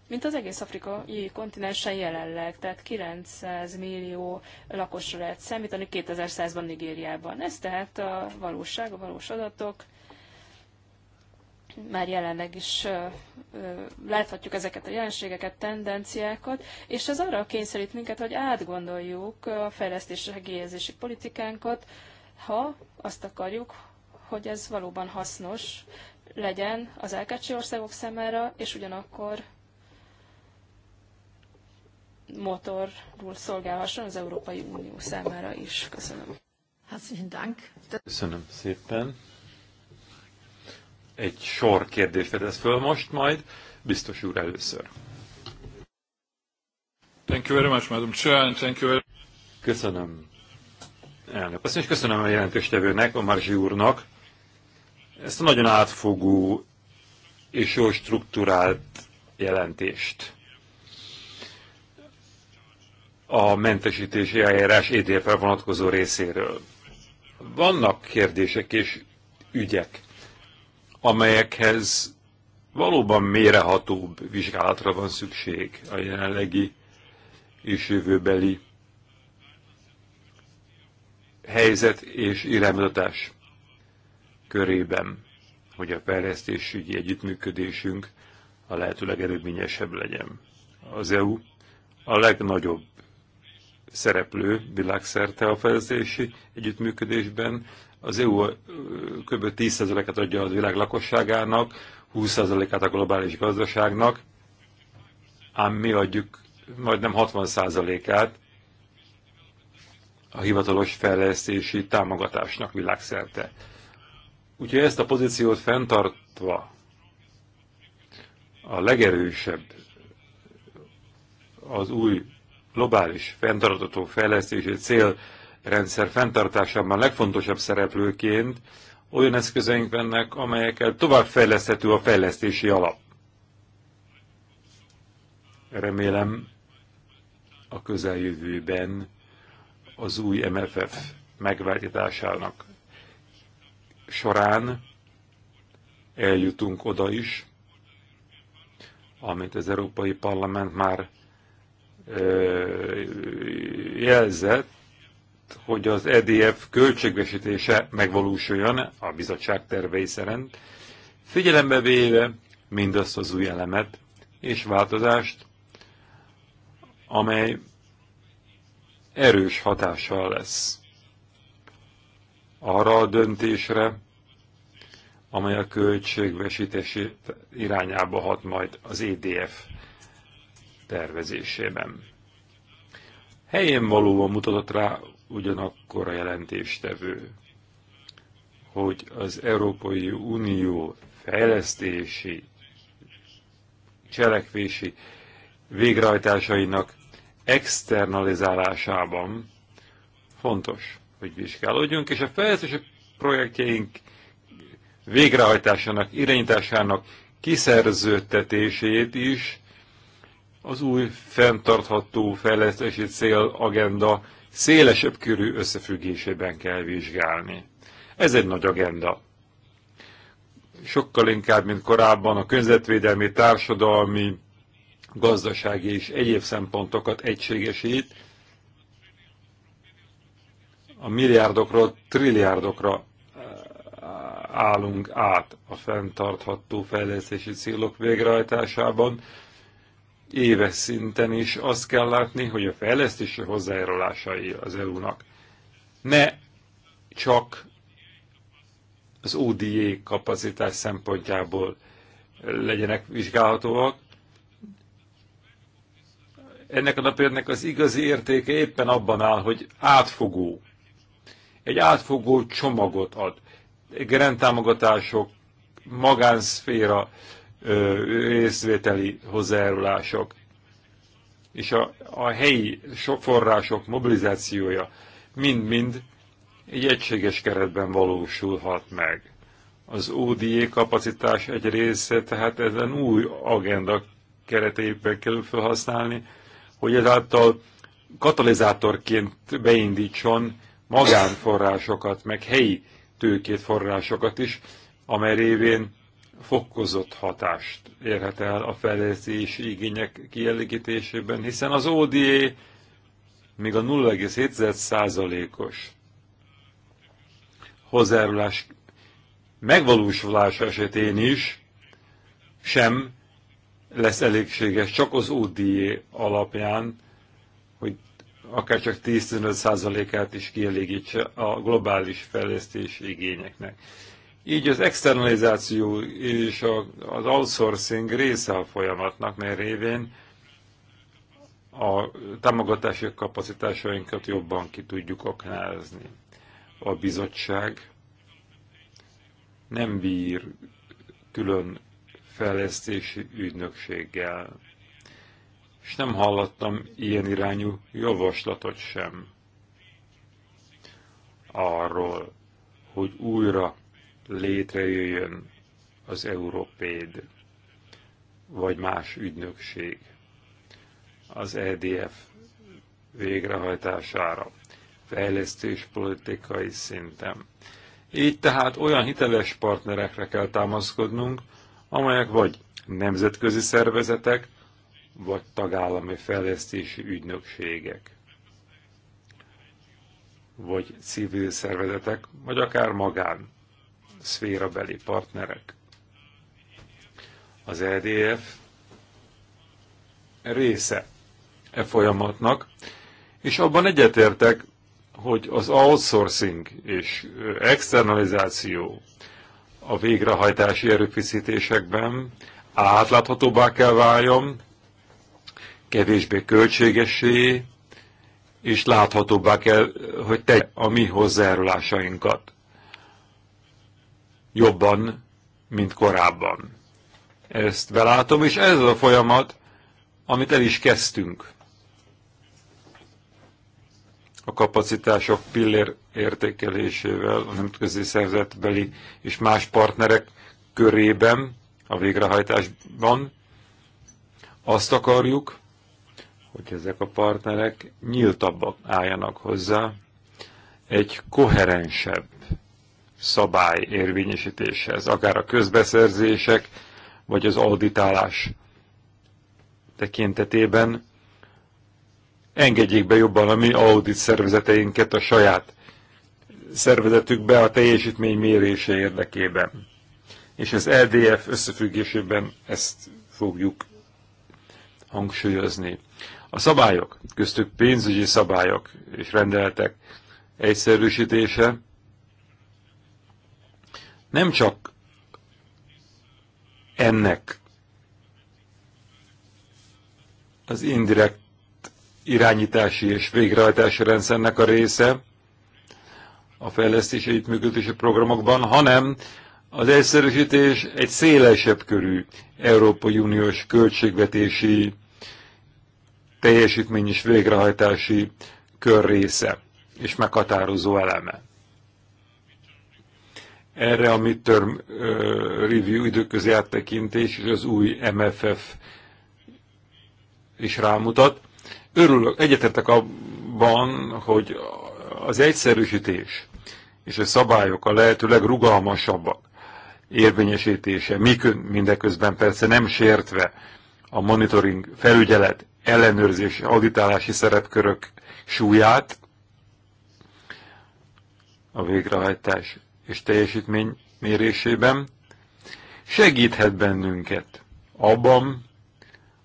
mint az egész afrikai kontinensen jelenleg, tehát 900 millió lakosra lehet számítani 2100-ban Nigériában. Ez tehát a valóság, a valós adatok. Már jelenleg is láthatjuk ezeket a jelenségeket, tendenciákat, és ez arra kényszerít minket, hogy átgondoljuk a fejlesztésre helyezési politikánkat, ha azt akarjuk, hogy ez valóban hasznos legyen az elkecsi országok számára, és ugyanakkor motorul szolgálhasson az Európai Unió számára is. Köszönöm. Köszönöm szépen. Egy sor kérdést fedez föl most majd, biztos úr először. Thank you very much, Madam Chair, thank you very... Köszönöm. Elnök. Azt is köszönöm a jelentéstevőnek, a Marzsi úrnak ezt a nagyon átfogó és jól struktúrált jelentést. A mentesítési eljárás EDF-re vonatkozó részéről. Vannak kérdések és ügyek, amelyekhez valóban mérehatóbb vizsgálatra van szükség a jelenlegi és jövőbeli helyzet és iránymutatás körében, hogy a fejlesztésügyi együttműködésünk a lehető legerőményesebb legyen. Az EU a legnagyobb szereplő világszerte a fejlesztési együttműködésben. Az EU kb. 10%-át adja a világ lakosságának, 20%-át a globális gazdaságnak, ám mi adjuk majdnem 60%-át a hivatalos fejlesztési támogatásnak világszerte. Úgyhogy ezt a pozíciót fenntartva a legerősebb az új globális fenntartató fejlesztési célrendszer fenntartásában legfontosabb szereplőként olyan eszközeink vannak, amelyekkel továbbfejleszthető a fejlesztési alap. Remélem a közeljövőben az új MFF megváltításának során eljutunk oda is, amit az Európai Parlament már jelzett, hogy az EDF költségvesítése megvalósuljon a bizottság tervei szerint, figyelembe véve mindazt az új elemet és változást, amely erős hatással lesz arra a döntésre, amely a költségvesítési irányába hat majd az EDF tervezésében. Helyén valóban mutatott rá ugyanakkor a jelentéstevő, hogy az Európai Unió fejlesztési, cselekvési végrehajtásainak externalizálásában fontos, hogy vizsgálódjunk, és a fejlesztési projektjeink végrehajtásának, irányításának kiszerződtetését is az új fenntartható fejlesztési cél agenda szélesebb körű összefüggésében kell vizsgálni. Ez egy nagy agenda. Sokkal inkább, mint korábban a környezetvédelmi, társadalmi, gazdasági és egyéb szempontokat egységesít, a milliárdokról trilliárdokra eh, állunk át a fenntartható fejlesztési célok végrehajtásában. Éves szinten is azt kell látni, hogy a fejlesztési hozzájárulásai az EU-nak ne csak az ODA kapacitás szempontjából legyenek vizsgálhatóak. Ennek a napérnek az igazi értéke éppen abban áll, hogy átfogó egy átfogó csomagot ad. Grendtámogatások, magánszféra részvételi hozzájárulások, és a, a helyi források mobilizációja mind-mind egy egységes keretben valósulhat meg. Az ODA kapacitás egy része, tehát ezen új agenda keretében kell felhasználni, hogy ezáltal katalizátorként beindítson magánforrásokat, meg helyi tőkét forrásokat is, amely révén fokozott hatást érhet el a fejlesztési igények kielégítésében, hiszen az ODA még a 0,7%-os hozzárulás megvalósulása esetén is sem lesz elégséges, csak az ODA alapján akár csak 10 15 százalékát is kielégítse a globális fejlesztés igényeknek. Így az externalizáció és az outsourcing része a folyamatnak, mert révén a támogatási kapacitásainkat jobban ki tudjuk aknázni. A bizottság nem bír külön fejlesztési ügynökséggel és nem hallottam ilyen irányú javaslatot sem arról, hogy újra létrejöjjön az Európéd, vagy más ügynökség az EDF végrehajtására, fejlesztéspolitikai szinten. Így tehát olyan hiteles partnerekre kell támaszkodnunk, amelyek vagy nemzetközi szervezetek, vagy tagállami fejlesztési ügynökségek, vagy civil szervezetek, vagy akár magán szférabeli partnerek. Az EDF része e folyamatnak, és abban egyetértek, hogy az outsourcing és externalizáció a végrehajtási erőfeszítésekben átláthatóbbá kell váljon, kevésbé költségesé, és láthatóbbá kell, hogy te a mi hozzájárulásainkat jobban, mint korábban. Ezt belátom, és ez a folyamat, amit el is kezdtünk. A kapacitások pillér értékelésével, a nemzetközi szerzetbeli és más partnerek körében, a végrehajtásban azt akarjuk, hogy ezek a partnerek nyíltabbak álljanak hozzá egy koherensebb szabály érvényesítéshez, akár a közbeszerzések, vagy az auditálás tekintetében engedjék be jobban a mi audit szervezeteinket a saját szervezetükbe a teljesítmény mérése érdekében. És az LDF e összefüggésében ezt fogjuk hangsúlyozni. A szabályok, köztük pénzügyi szabályok és rendeletek egyszerűsítése nem csak ennek az indirekt irányítási és végrehajtási rendszernek a része a fejlesztési együttműködési programokban, hanem az egyszerűsítés egy szélesebb körű Európai Uniós költségvetési teljesítmény és végrehajtási kör része és meghatározó eleme. Erre a midterm review időközi áttekintés és az új MFF is rámutat. Örülök, egyetetek abban, hogy az egyszerűsítés és a szabályok a lehető legrugalmasabbak érvényesítése, mindeközben persze nem sértve a monitoring felügyelet ellenőrzés, auditálási szerepkörök súlyát, a végrehajtás és teljesítmény mérésében, segíthet bennünket abban,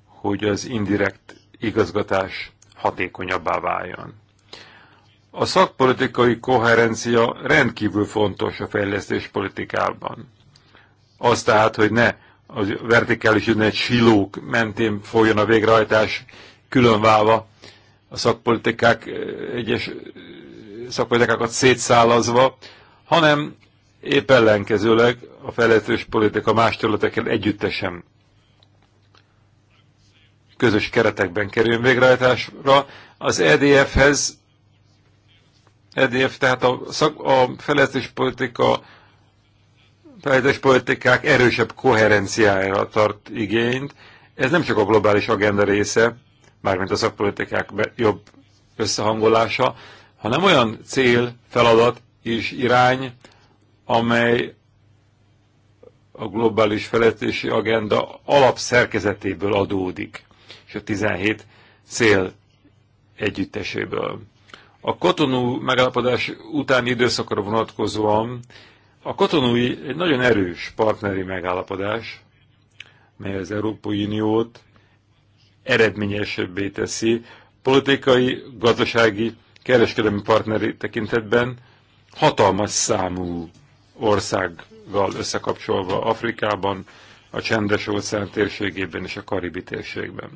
hogy az indirekt igazgatás hatékonyabbá váljon. A szakpolitikai koherencia rendkívül fontos a fejlesztés politikában. Az tehát, hogy ne az vertikális egy silók mentén folyjon a végrehajtás különválva, a szakpolitikák eh, egyes eh, szakpolitikákat szétszálazva, hanem épp ellenkezőleg a fejlesztős politika más területekkel együttesen közös keretekben kerüljön végrehajtásra. Az EDF-hez, EDF tehát a, a fejlesztős politika fejlesztés politikák erősebb koherenciájára tart igényt. Ez nem csak a globális agenda része, mármint a szakpolitikák jobb összehangolása, hanem olyan cél, feladat és irány, amely a globális fejlesztési agenda alapszerkezetéből adódik, és a 17 cél együtteséből. A kotonú megállapodás utáni időszakra vonatkozóan a katonai egy nagyon erős partneri megállapodás, mely az Európai Uniót eredményesebbé teszi politikai, gazdasági, kereskedelmi partneri tekintetben hatalmas számú országgal összekapcsolva Afrikában, a csendes óceán térségében és a karibi térségben.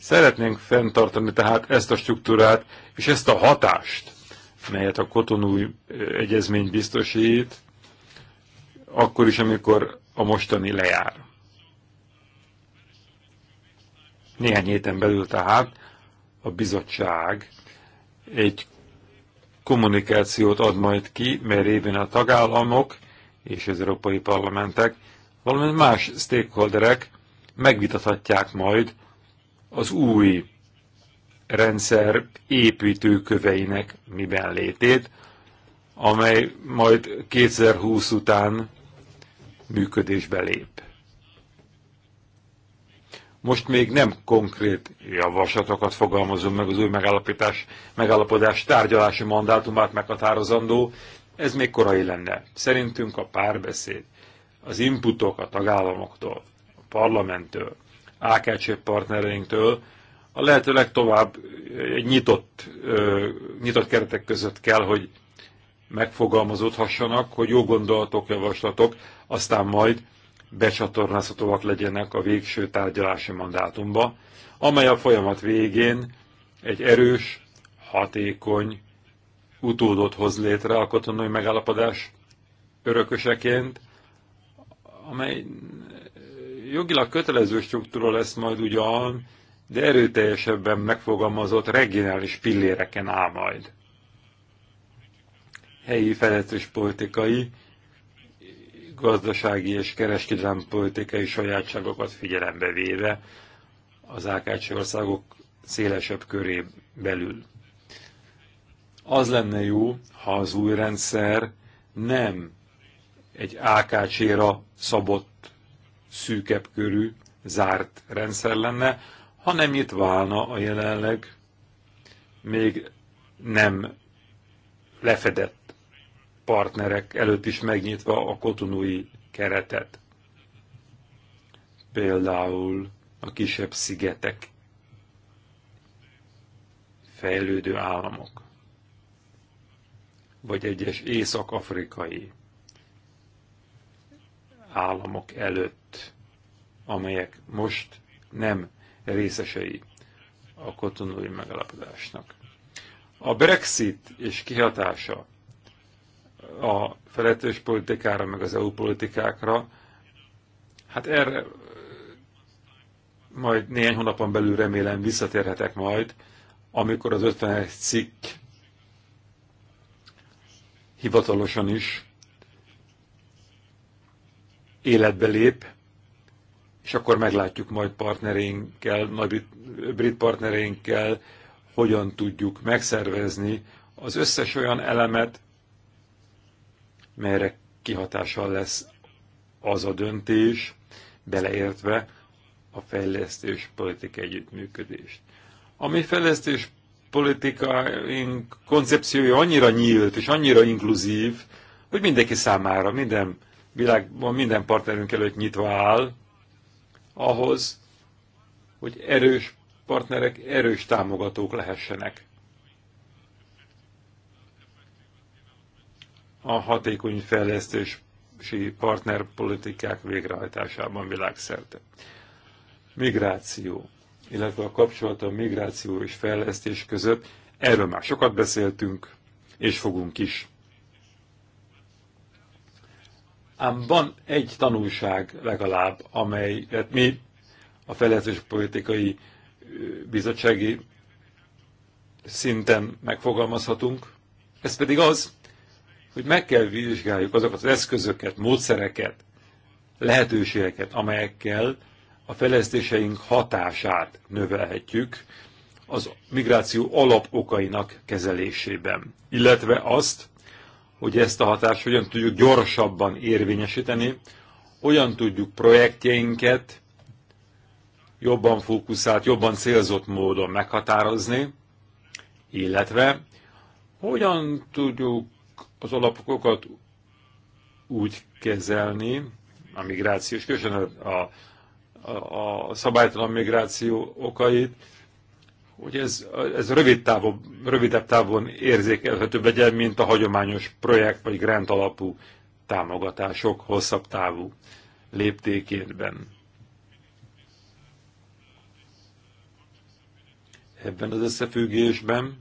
Szeretnénk fenntartani tehát ezt a struktúrát és ezt a hatást, melyet a kotonúi egyezmény biztosít, akkor is, amikor a mostani lejár. Néhány héten belül tehát a bizottság egy kommunikációt ad majd ki, mert révén a tagállamok és az európai parlamentek, valamint más stakeholderek megvitathatják majd az új rendszer építőköveinek miben létét, amely majd 2020 után működésbe lép. Most még nem konkrét javaslatokat fogalmazom meg az új megállapítás, megállapodás tárgyalási mandátumát meghatározandó, ez még korai lenne. Szerintünk a párbeszéd, az inputok a tagállamoktól, a parlamenttől, AKC partnereinktől a lehető legtovább egy nyitott, nyitott keretek között kell, hogy megfogalmazódhassanak, hogy jó gondolatok, javaslatok, aztán majd becsatornázhatóak legyenek a végső tárgyalási mandátumba, amely a folyamat végén egy erős, hatékony utódot hoz létre a katonai megállapodás örököseként, amely jogilag kötelező struktúra lesz majd ugyan, de erőteljesebben megfogalmazott regionális pilléreken áll majd. Helyi fejlesztés politikai, gazdasági és kereskedelmi politikai sajátságokat figyelembe véve az AKC országok szélesebb köré belül. Az lenne jó, ha az új rendszer nem egy AKC-ra szabott, szűkebb körű, zárt rendszer lenne, hanem itt válna a jelenleg még nem lefedett partnerek előtt is megnyitva a kotonói keretet. Például a kisebb szigetek, fejlődő államok, vagy egyes észak-afrikai államok előtt, amelyek most nem részesei a kotonói megalapodásnak. A Brexit és kihatása a felettős politikára, meg az EU politikákra, hát erre majd néhány hónapon belül remélem visszatérhetek majd, amikor az 51 cikk hivatalosan is életbe lép, és akkor meglátjuk majd partnereinkkel, nagy brit partnereinkkel, hogyan tudjuk megszervezni az összes olyan elemet, melyre kihatással lesz az a döntés, beleértve a fejlesztés politika együttműködést. A mi fejlesztés politikaink koncepciója annyira nyílt és annyira inkluzív, hogy mindenki számára, minden világban, minden partnerünk előtt nyitva áll, ahhoz, hogy erős partnerek, erős támogatók lehessenek. A hatékony fejlesztési partnerpolitikák végrehajtásában világszerte. Migráció, illetve a kapcsolat a migráció és fejlesztés között, erről már sokat beszéltünk, és fogunk is. Ám van egy tanulság legalább, amelyet hát mi a fejlesztés politikai bizottsági szinten megfogalmazhatunk. Ez pedig az, hogy meg kell vizsgáljuk azokat az eszközöket, módszereket, lehetőségeket, amelyekkel a fejlesztéseink hatását növelhetjük az migráció alapokainak kezelésében, illetve azt, hogy ezt a hatást hogyan tudjuk gyorsabban érvényesíteni, hogyan tudjuk projektjeinket jobban fókuszált, jobban célzott módon meghatározni, illetve hogyan tudjuk az alapokat úgy kezelni, a migrációs, különösen a, a, a szabálytalan migráció okait, hogy ez, ez rövid távon, rövidebb távon érzékelhetőbb legyen, mint a hagyományos projekt vagy grant alapú támogatások hosszabb távú léptékétben. Ebben az összefüggésben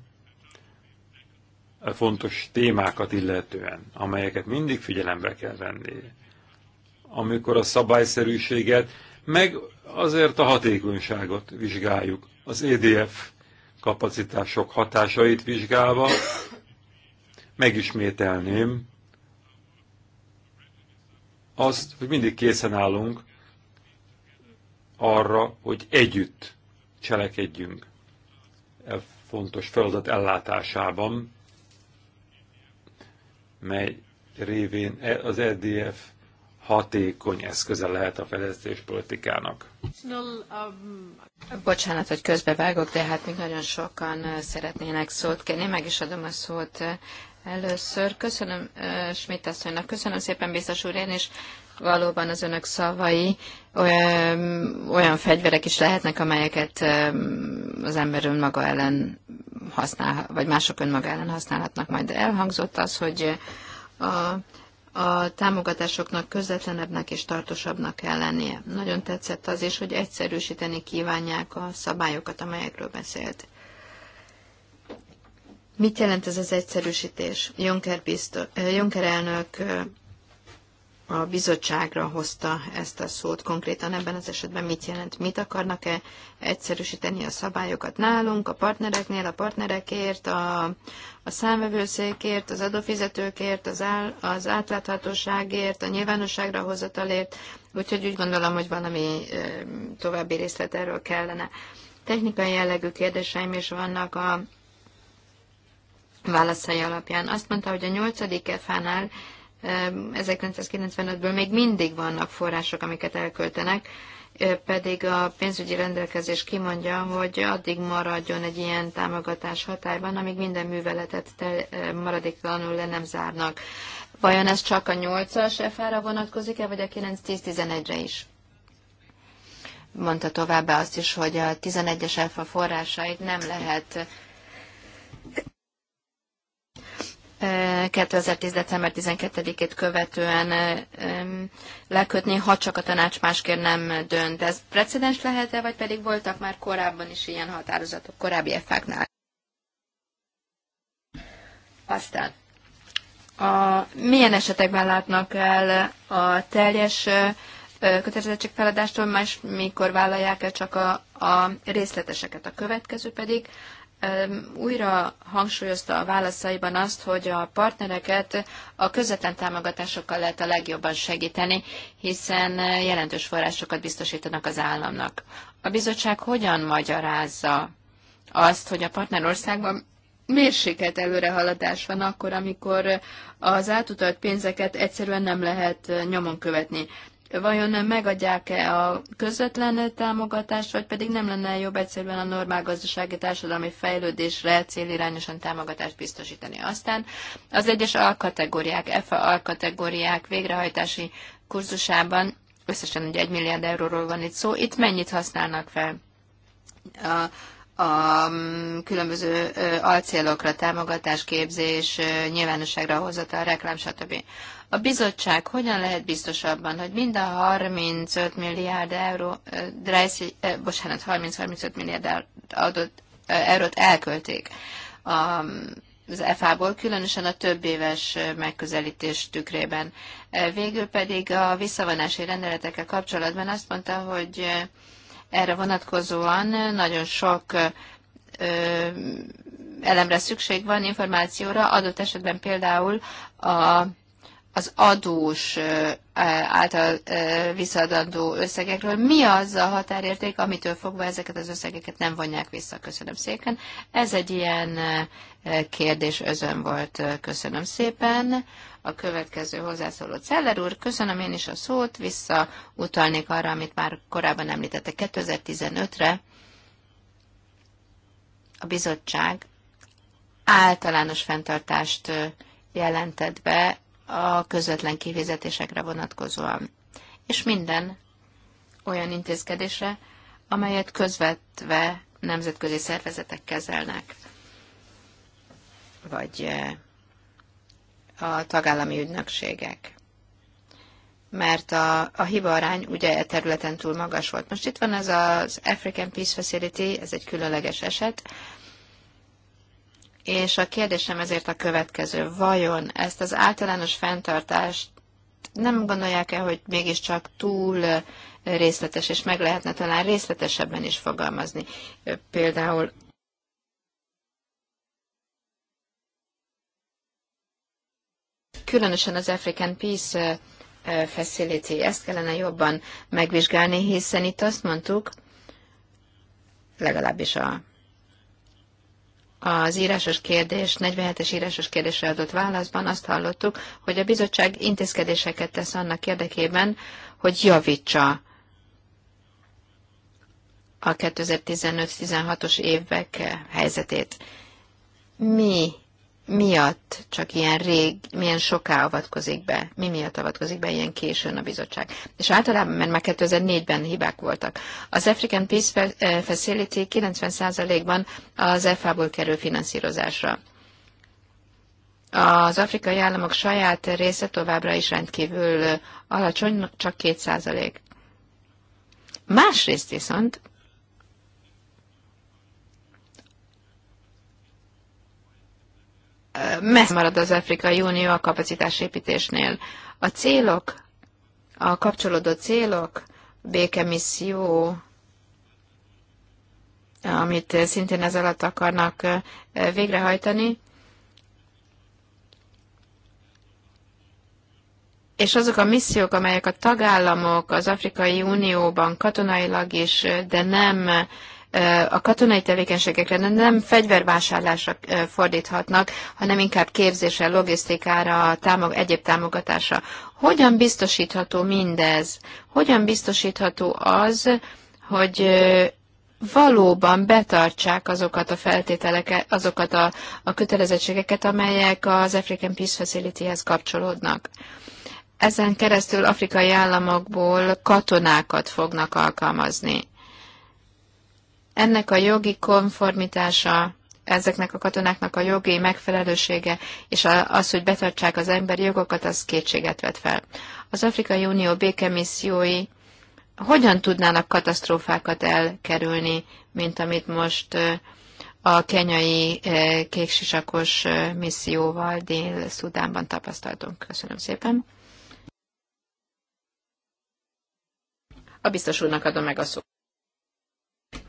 a fontos témákat illetően, amelyeket mindig figyelembe kell venni, amikor a szabályszerűséget, meg azért a hatékonyságot vizsgáljuk az EDF kapacitások hatásait vizsgálva megismételném azt, hogy mindig készen állunk arra, hogy együtt cselekedjünk e fontos feladat ellátásában, mely révén e- az EDF hatékony eszköze lehet a politikának. Bocsánat, hogy közbevágok, de hát még nagyon sokan eh, szeretnének szót kérni. Meg is adom a szót eh, először. Köszönöm eh, Schmidt asszonynak, köszönöm szépen biztos úr, én is valóban az önök szavai olyan fegyverek is lehetnek, amelyeket az ember önmaga ellen használ, vagy mások önmaga ellen használhatnak. Majd elhangzott az, hogy a a támogatásoknak közvetlenebbnek és tartósabbnak kell lennie. Nagyon tetszett az is, hogy egyszerűsíteni kívánják a szabályokat, amelyekről beszélt. Mit jelent ez az egyszerűsítés? Juncker, biztos, Juncker elnök a bizottságra hozta ezt a szót konkrétan ebben az esetben mit jelent, mit akarnak-e egyszerűsíteni a szabályokat nálunk, a partnereknél, a partnerekért, a, a számvevőszékért, az adófizetőkért, az, áll, az átláthatóságért, a nyilvánosságra hozatalért, úgyhogy úgy gondolom, hogy valami további részlet erről kellene. Technikai jellegű kérdéseim is vannak a válaszai alapján. Azt mondta, hogy a nyolcadik EFA-nál 1995-ből még mindig vannak források, amiket elköltenek, pedig a pénzügyi rendelkezés kimondja, hogy addig maradjon egy ilyen támogatás hatályban, amíg minden műveletet tel- maradéktalanul le nem zárnak. Vajon ez csak a 8-as fr ra vonatkozik-e, vagy a 9-10-11-re is? Mondta továbbá azt is, hogy a 11-es FA forrásait nem lehet 2010. december 12-ét követően lekötni, ha csak a tanács másképp nem dönt. Ez precedens lehet-e, vagy pedig voltak már korábban is ilyen határozatok korábbi effáknál? Aztán a, milyen esetekben látnak el a teljes kötelezettség feladástól, más mikor vállalják el csak a, a részleteseket. A következő pedig újra hangsúlyozta a válaszaiban azt, hogy a partnereket a közvetlen támogatásokkal lehet a legjobban segíteni, hiszen eh, jelentős forrásokat biztosítanak az államnak. A bizottság hogyan magyarázza azt, hogy a partnerországban miért sikert előrehaladás van akkor, amikor az átutalt pénzeket egyszerűen nem lehet eh, nyomon követni vajon megadják-e a közvetlen támogatást, vagy pedig nem lenne jobb egyszerűen a normál gazdasági társadalmi fejlődésre célirányosan támogatást biztosítani. Aztán az egyes alkategóriák, EFA alkategóriák végrehajtási kurzusában, összesen ugye egy milliárd euróról van itt szó, itt mennyit használnak fel a, a mm, különböző alcélokra, támogatás, képzés, nyilvánosságra hozatal, reklám, stb. A bizottság hogyan lehet biztosabban, hogy mind a 35 milliárd euró, Dreiszi, eh, bocsánat, 30-35 milliárd adott, eh, eurót elkölték a, az efa ból különösen a több éves megközelítés tükrében. Végül pedig a visszavonási rendeletekkel kapcsolatban azt mondta, hogy erre vonatkozóan nagyon sok elemre szükség van, információra, adott esetben például a az adós által visszaadandó összegekről. Mi az a határérték, amitől fogva ezeket az összegeket nem vonják vissza? Köszönöm szépen. Ez egy ilyen kérdés özön volt. Köszönöm szépen. A következő hozzászóló Celler úr, köszönöm én is a szót, visszautalnék arra, amit már korábban említettek 2015-re. A bizottság általános fenntartást jelentett be a közvetlen kifizetésekre vonatkozóan, és minden olyan intézkedésre, amelyet közvetve nemzetközi szervezetek kezelnek, vagy eh, a tagállami ügynökségek. Mert a, a hiba arány ugye e területen túl magas volt. Most itt van ez az African Peace Facility, ez egy különleges eset, és a kérdésem ezért a következő. Vajon ezt az általános fenntartást nem gondolják-e, hogy mégiscsak túl részletes, és meg lehetne talán részletesebben is fogalmazni? Például különösen az African Peace eh, eh, Facility, ezt kellene jobban megvizsgálni, hiszen itt azt mondtuk, legalábbis a az írásos kérdés, 47-es írásos kérdésre adott válaszban azt hallottuk, hogy a bizottság intézkedéseket tesz annak érdekében, hogy javítsa a 2015-16-os évek helyzetét. Mi miatt csak ilyen rég, milyen soká avatkozik be, mi miatt avatkozik be ilyen későn a bizottság. És általában, mert már 2004-ben hibák voltak. Az African Peace eh, Facility 90%-ban az FA-ból kerül finanszírozásra. Az afrikai államok saját része továbbra is rendkívül eh, alacsony, csak 2%. Másrészt viszont messze marad az Afrikai Unió a kapacitásépítésnél. A célok, a kapcsolódó célok, békemisszió, amit szintén ez alatt akarnak végrehajtani, és azok a missziók, amelyek a tagállamok az Afrikai Unióban katonailag is, de nem a katonai tevékenységekre nem fegyvervásárlásra fordíthatnak, hanem inkább képzésre, logisztikára, támog, egyéb támogatásra. Hogyan biztosítható mindez? Hogyan biztosítható az, hogy valóban betartsák azokat a feltételeket, azokat a, a kötelezettségeket, amelyek az African Peace Facility-hez kapcsolódnak. Ezen keresztül afrikai államokból katonákat fognak alkalmazni. Ennek a jogi konformitása, ezeknek a katonáknak a jogi megfelelősége és az, hogy betartsák az emberi jogokat, az kétséget vet fel. Az Afrikai Unió békemissziói hogyan tudnának katasztrófákat elkerülni, mint amit most a kenyai kéksisakos misszióval Dél-Szudánban tapasztaltunk. Köszönöm szépen. A biztos úrnak adom meg a szót.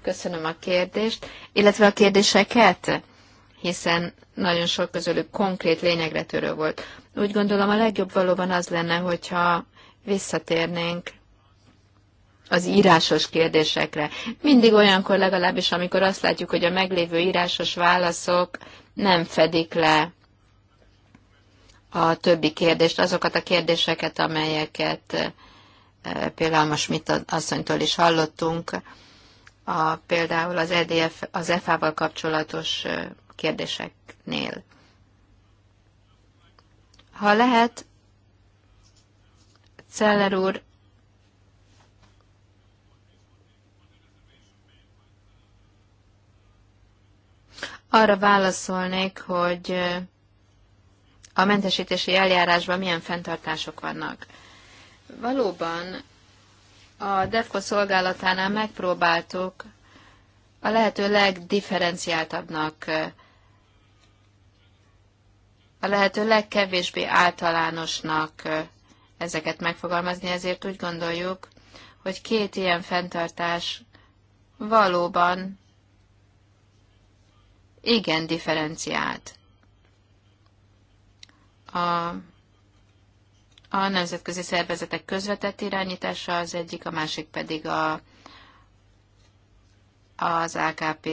Köszönöm a kérdést, illetve a kérdéseket, hiszen nagyon sok közülük konkrét lényegre törő volt. Úgy gondolom a legjobb valóban az lenne, hogyha visszatérnénk az írásos kérdésekre. Mindig olyankor legalábbis, amikor azt látjuk, hogy a meglévő írásos válaszok nem fedik le a többi kérdést, azokat a kérdéseket, amelyeket eh, például most mit asszonytól is hallottunk, a, például az EDF, az efa val kapcsolatos kérdéseknél. Ha lehet, Celler úr, arra válaszolnék, hogy a mentesítési eljárásban milyen fenntartások vannak. Valóban a DEFCO szolgálatánál megpróbáltuk a lehető legdifferenciáltabbnak, a lehető legkevésbé általánosnak ezeket megfogalmazni, ezért úgy gondoljuk, hogy két ilyen fenntartás valóban igen differenciált. A a nemzetközi szervezetek közvetett irányítása az egyik, a másik pedig a, az AKP,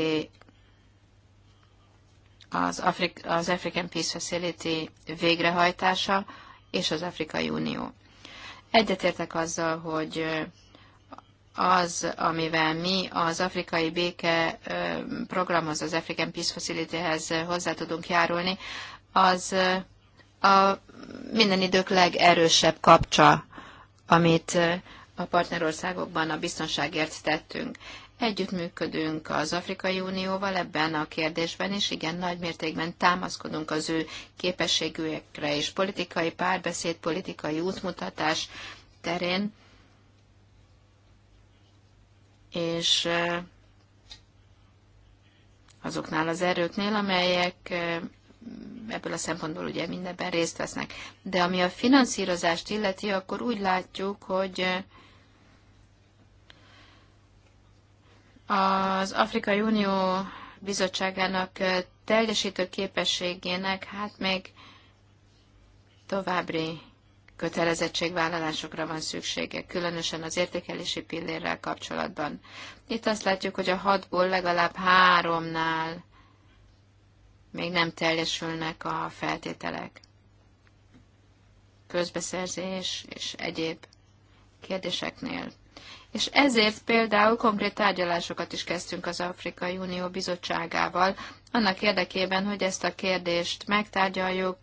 az, Afrik, az African Peace Facility végrehajtása és az Afrikai Unió. Egyetértek azzal, hogy az, amivel mi az afrikai béke programhoz, az African Peace Facilityhez hozzá tudunk járulni, az a minden idők legerősebb kapcsa, amit a partnerországokban a biztonságért tettünk. Együttműködünk az Afrikai Unióval ebben a kérdésben, és igen, nagy mértékben támaszkodunk az ő képességükre és politikai párbeszéd, politikai útmutatás terén. És azoknál az erőknél, amelyek ebből a szempontból ugye mindenben részt vesznek. De ami a finanszírozást illeti, akkor úgy látjuk, hogy eh, az Afrikai Unió bizottságának eh, teljesítő képességének hát még további kötelezettségvállalásokra van szüksége, különösen az értékelési pillérrel kapcsolatban. Itt azt látjuk, hogy a hatból legalább háromnál még nem teljesülnek a feltételek. Közbeszerzés és egyéb kérdéseknél. És ezért például konkrét tárgyalásokat is kezdtünk az Afrikai Unió Bizottságával, annak érdekében, hogy ezt a kérdést megtárgyaljuk,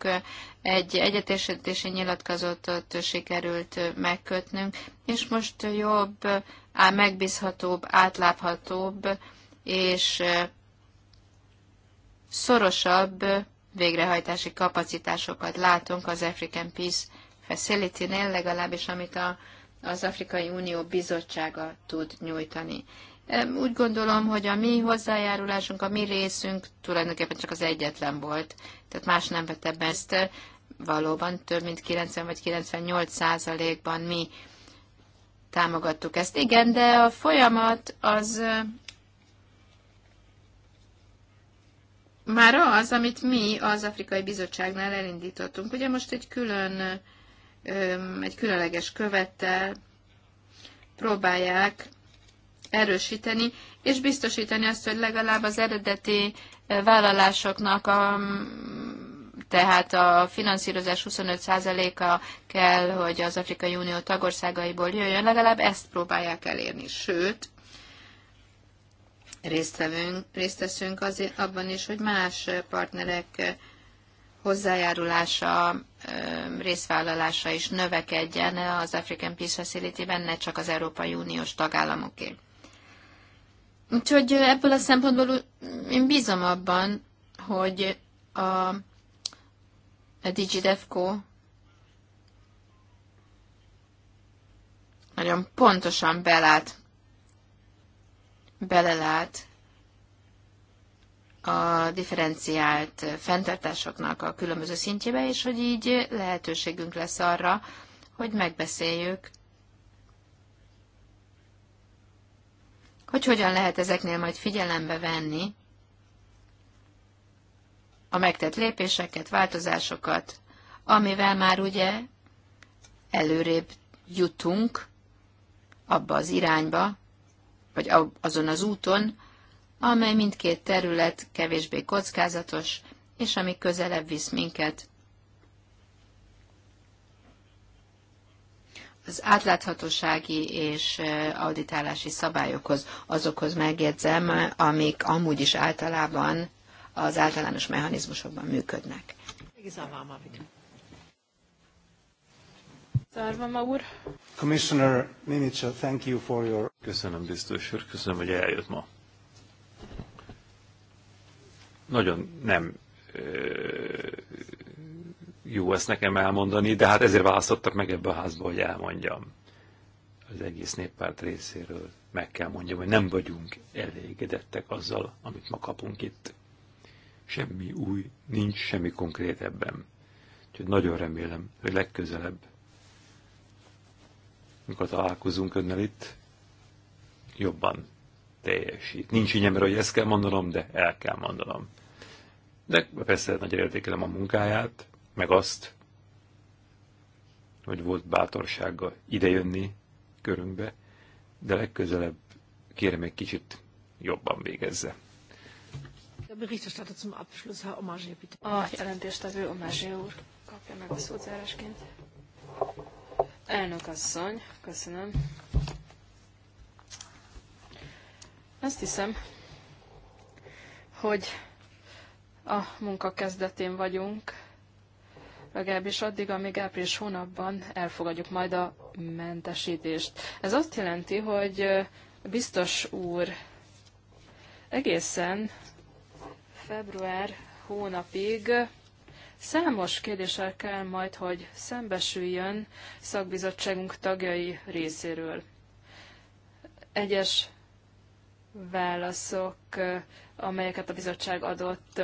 egy egyetértési nyilatkozatot sikerült megkötnünk, és most jobb, megbízhatóbb, átláthatóbb és szorosabb végrehajtási kapacitásokat látunk az African Peace Facility-nél, legalábbis amit a, az Afrikai Unió Bizottsága tud nyújtani. Úgy gondolom, hogy a mi hozzájárulásunk, a mi részünk tulajdonképpen csak az egyetlen volt, tehát más nem vette be ezt. Valóban több mint 90 vagy 98 százalékban mi támogattuk ezt. Igen, de a folyamat az már az, amit mi az Afrikai Bizottságnál elindítottunk. Ugye most egy külön, egy különleges követtel próbálják erősíteni, és biztosítani azt, hogy legalább az eredeti vállalásoknak a tehát a finanszírozás 25%-a kell, hogy az Afrikai Unió tagországaiból jöjjön, legalább ezt próbálják elérni. Sőt, részt, vevünk, részt veszünk az, abban is, hogy más partnerek eh, hozzájárulása, eh, részvállalása is növekedjen az African Peace Facility-ben, ne csak az Európai Uniós tagállamoké. Úgyhogy ebből a szempontból én bízom abban, hogy a, a DigiDefco nagyon pontosan belát belelát a differenciált fenntartásoknak a különböző szintjébe, és hogy így lehetőségünk lesz arra, hogy megbeszéljük, hogy hogyan lehet ezeknél majd figyelembe venni a megtett lépéseket, változásokat, amivel már ugye előrébb jutunk abba az irányba, vagy azon az úton, amely mindkét terület kevésbé kockázatos, és ami közelebb visz minket az átláthatósági és auditálási szabályokhoz, azokhoz megjegyzem, amik amúgy is általában az általános mechanizmusokban működnek úr. Commissioner Mimica, thank you for your... Köszönöm, biztos úr, köszönöm, hogy eljött ma. Nagyon nem jó ezt nekem elmondani, de hát ezért választottak meg ebbe a házba, hogy elmondjam. Az egész néppárt részéről meg kell mondjam, hogy nem vagyunk elégedettek azzal, amit ma kapunk itt. Semmi új, nincs semmi konkrét ebben. Úgyhogy nagyon remélem, hogy legközelebb mikor találkozunk önnel itt, jobban teljesít. Nincs így ember, hogy ezt kell mondanom, de el kell mondanom. De persze nagy értékelem a munkáját, meg azt, hogy volt bátorsága idejönni körünkbe, de legközelebb kérem egy kicsit jobban végezze. A berichterstatter zum Abschluss, Herr Omagé, bitte. A jelentéstevő Omagé úr kapja meg a szót zárásként. Elnök asszony, köszönöm. Azt hiszem, hogy a munka kezdetén vagyunk, legalábbis addig, amíg április hónapban elfogadjuk majd a mentesítést. Ez azt jelenti, hogy biztos úr egészen február hónapig Számos kérdéssel kell majd, hogy szembesüljön szakbizottságunk tagjai részéről. Egyes válaszok, amelyeket a bizottság adott,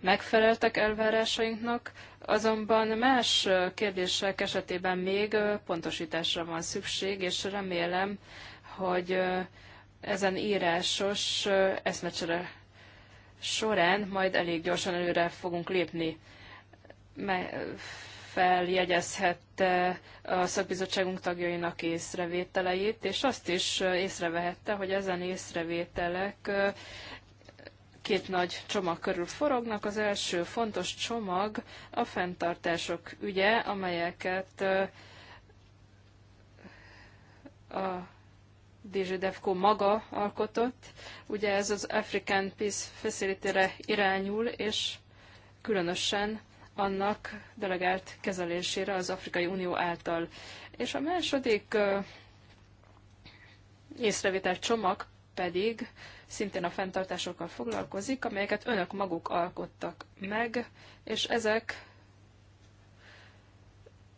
megfeleltek elvárásainknak, azonban más kérdések esetében még pontosításra van szükség, és remélem, hogy ezen írásos eszmecsere során majd elég gyorsan előre fogunk lépni feljegyezhette a szakbizottságunk tagjainak észrevételeit, és azt is észrevehette, hogy ezen észrevételek két nagy csomag körül forognak. Az első fontos csomag a fenntartások ügye, amelyeket a DG Defco maga alkotott. Ugye ez az African Peace Facility-re irányul, és különösen annak delegált kezelésére az Afrikai Unió által. És a második észrevétel csomag pedig szintén a fenntartásokkal foglalkozik, amelyeket önök maguk alkottak meg, és ezek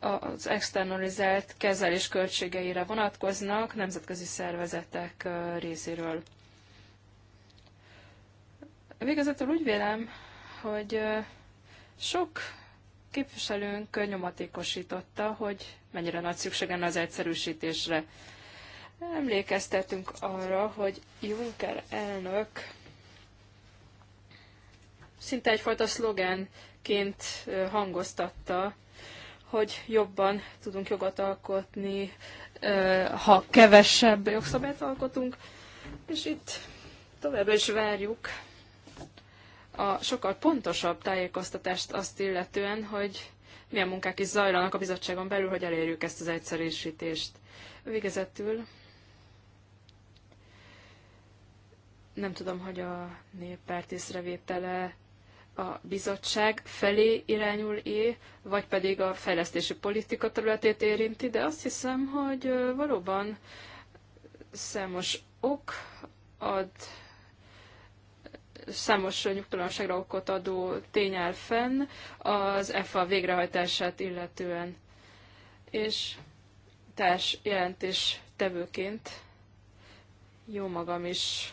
az externalizált kezelés költségeire vonatkoznak nemzetközi szervezetek részéről. Végezetül úgy vélem, hogy sok képviselőnk nyomatékosította, hogy mennyire nagy szükség az egyszerűsítésre. Emlékeztetünk arra, hogy Juncker elnök szinte egyfajta szlogenként hangoztatta, hogy jobban tudunk jogot alkotni, ha kevesebb jogszabályt alkotunk, és itt továbbra is várjuk a sokkal pontosabb tájékoztatást azt illetően, hogy milyen munkák is zajlanak a bizottságon belül, hogy elérjük ezt az egyszerűsítést. Végezetül nem tudom, hogy a néppárt észrevétele a bizottság felé irányul-é, vagy pedig a fejlesztési politika területét érinti, de azt hiszem, hogy valóban számos ok ad számos nyugtalanságra okot adó tényel fenn az EFA végrehajtását illetően. És társ jelentés tevőként jó magam is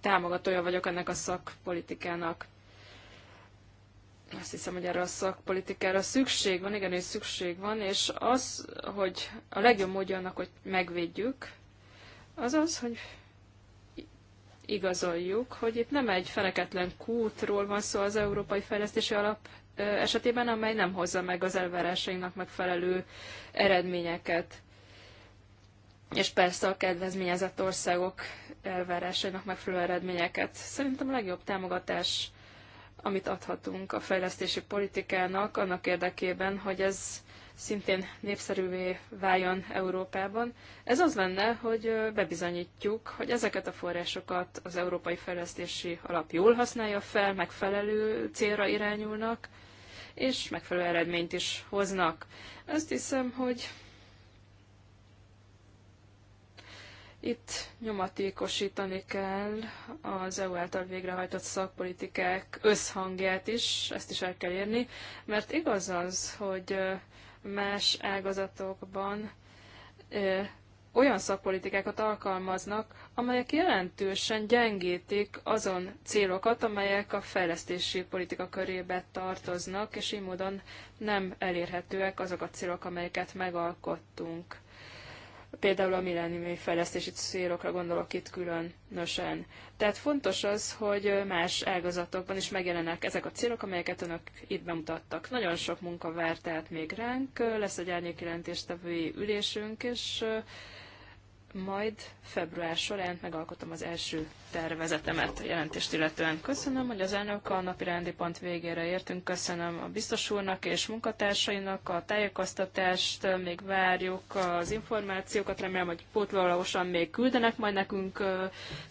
támogatója vagyok ennek a szakpolitikának. Azt hiszem, hogy erre a szakpolitikára szükség van, igenis szükség van, és az, hogy a legjobb módja annak, hogy megvédjük, az az, hogy igazoljuk, hogy itt nem egy feneketlen kútról van szó az Európai Fejlesztési Alap esetében, amely nem hozza meg az elvárásainknak megfelelő eredményeket. És persze a kedvezményezett országok elvárásainak megfelelő eredményeket. Szerintem a legjobb támogatás, amit adhatunk a fejlesztési politikának annak érdekében, hogy ez szintén népszerűvé váljon Európában. Ez az lenne, hogy bebizonyítjuk, hogy ezeket a forrásokat az Európai Fejlesztési Alap jól használja fel, megfelelő célra irányulnak, és megfelelő eredményt is hoznak. Azt hiszem, hogy Itt nyomatékosítani kell az EU által végrehajtott szakpolitikák összhangját is, ezt is el kell érni, mert igaz az, hogy más ágazatokban ö, olyan szakpolitikákat alkalmaznak, amelyek jelentősen gyengítik azon célokat, amelyek a fejlesztési politika körébe tartoznak, és így módon nem elérhetőek azok a célok, amelyeket megalkottunk. Például a millenniumi fejlesztési célokra gondolok itt különösen. Tehát fontos az, hogy más ágazatokban is megjelennek ezek a célok, amelyeket önök itt bemutattak. Nagyon sok munka vár tehát még ránk, lesz egy jelentéstevői ülésünk, és majd február során megalkotom az első tervezetemet a jelentést illetően. Köszönöm, hogy az elnök a napi rendi pont végére értünk. Köszönöm a biztos úrnak és munkatársainak a tájékoztatást. Még várjuk az információkat. Remélem, hogy pótlalósan még küldenek majd nekünk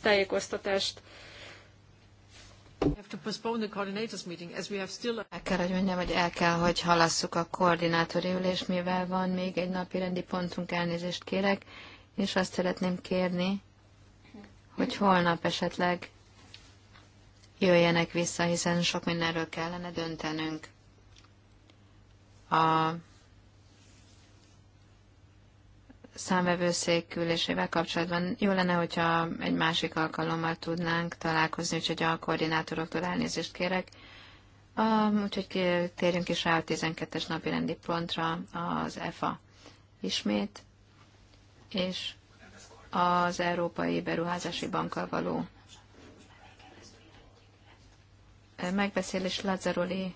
tájékoztatást. El kell, hogy mondjam, hogy el kell, hogy halasszuk a koordinátori ülést, mivel van még egy napi rendi pontunk, elnézést kérek és azt szeretném kérni, hogy holnap esetleg jöjjenek vissza, hiszen sok mindenről kellene döntenünk. A számvevőszék ülésével kapcsolatban jó lenne, hogyha egy másik alkalommal tudnánk találkozni, úgyhogy a koordinátoroktól elnézést kérek. Um, úgyhogy térjünk is rá a 12-es napi rendi pontra az EFA ismét és az Európai Beruházási Bankkal való megbeszélés Lazzaroli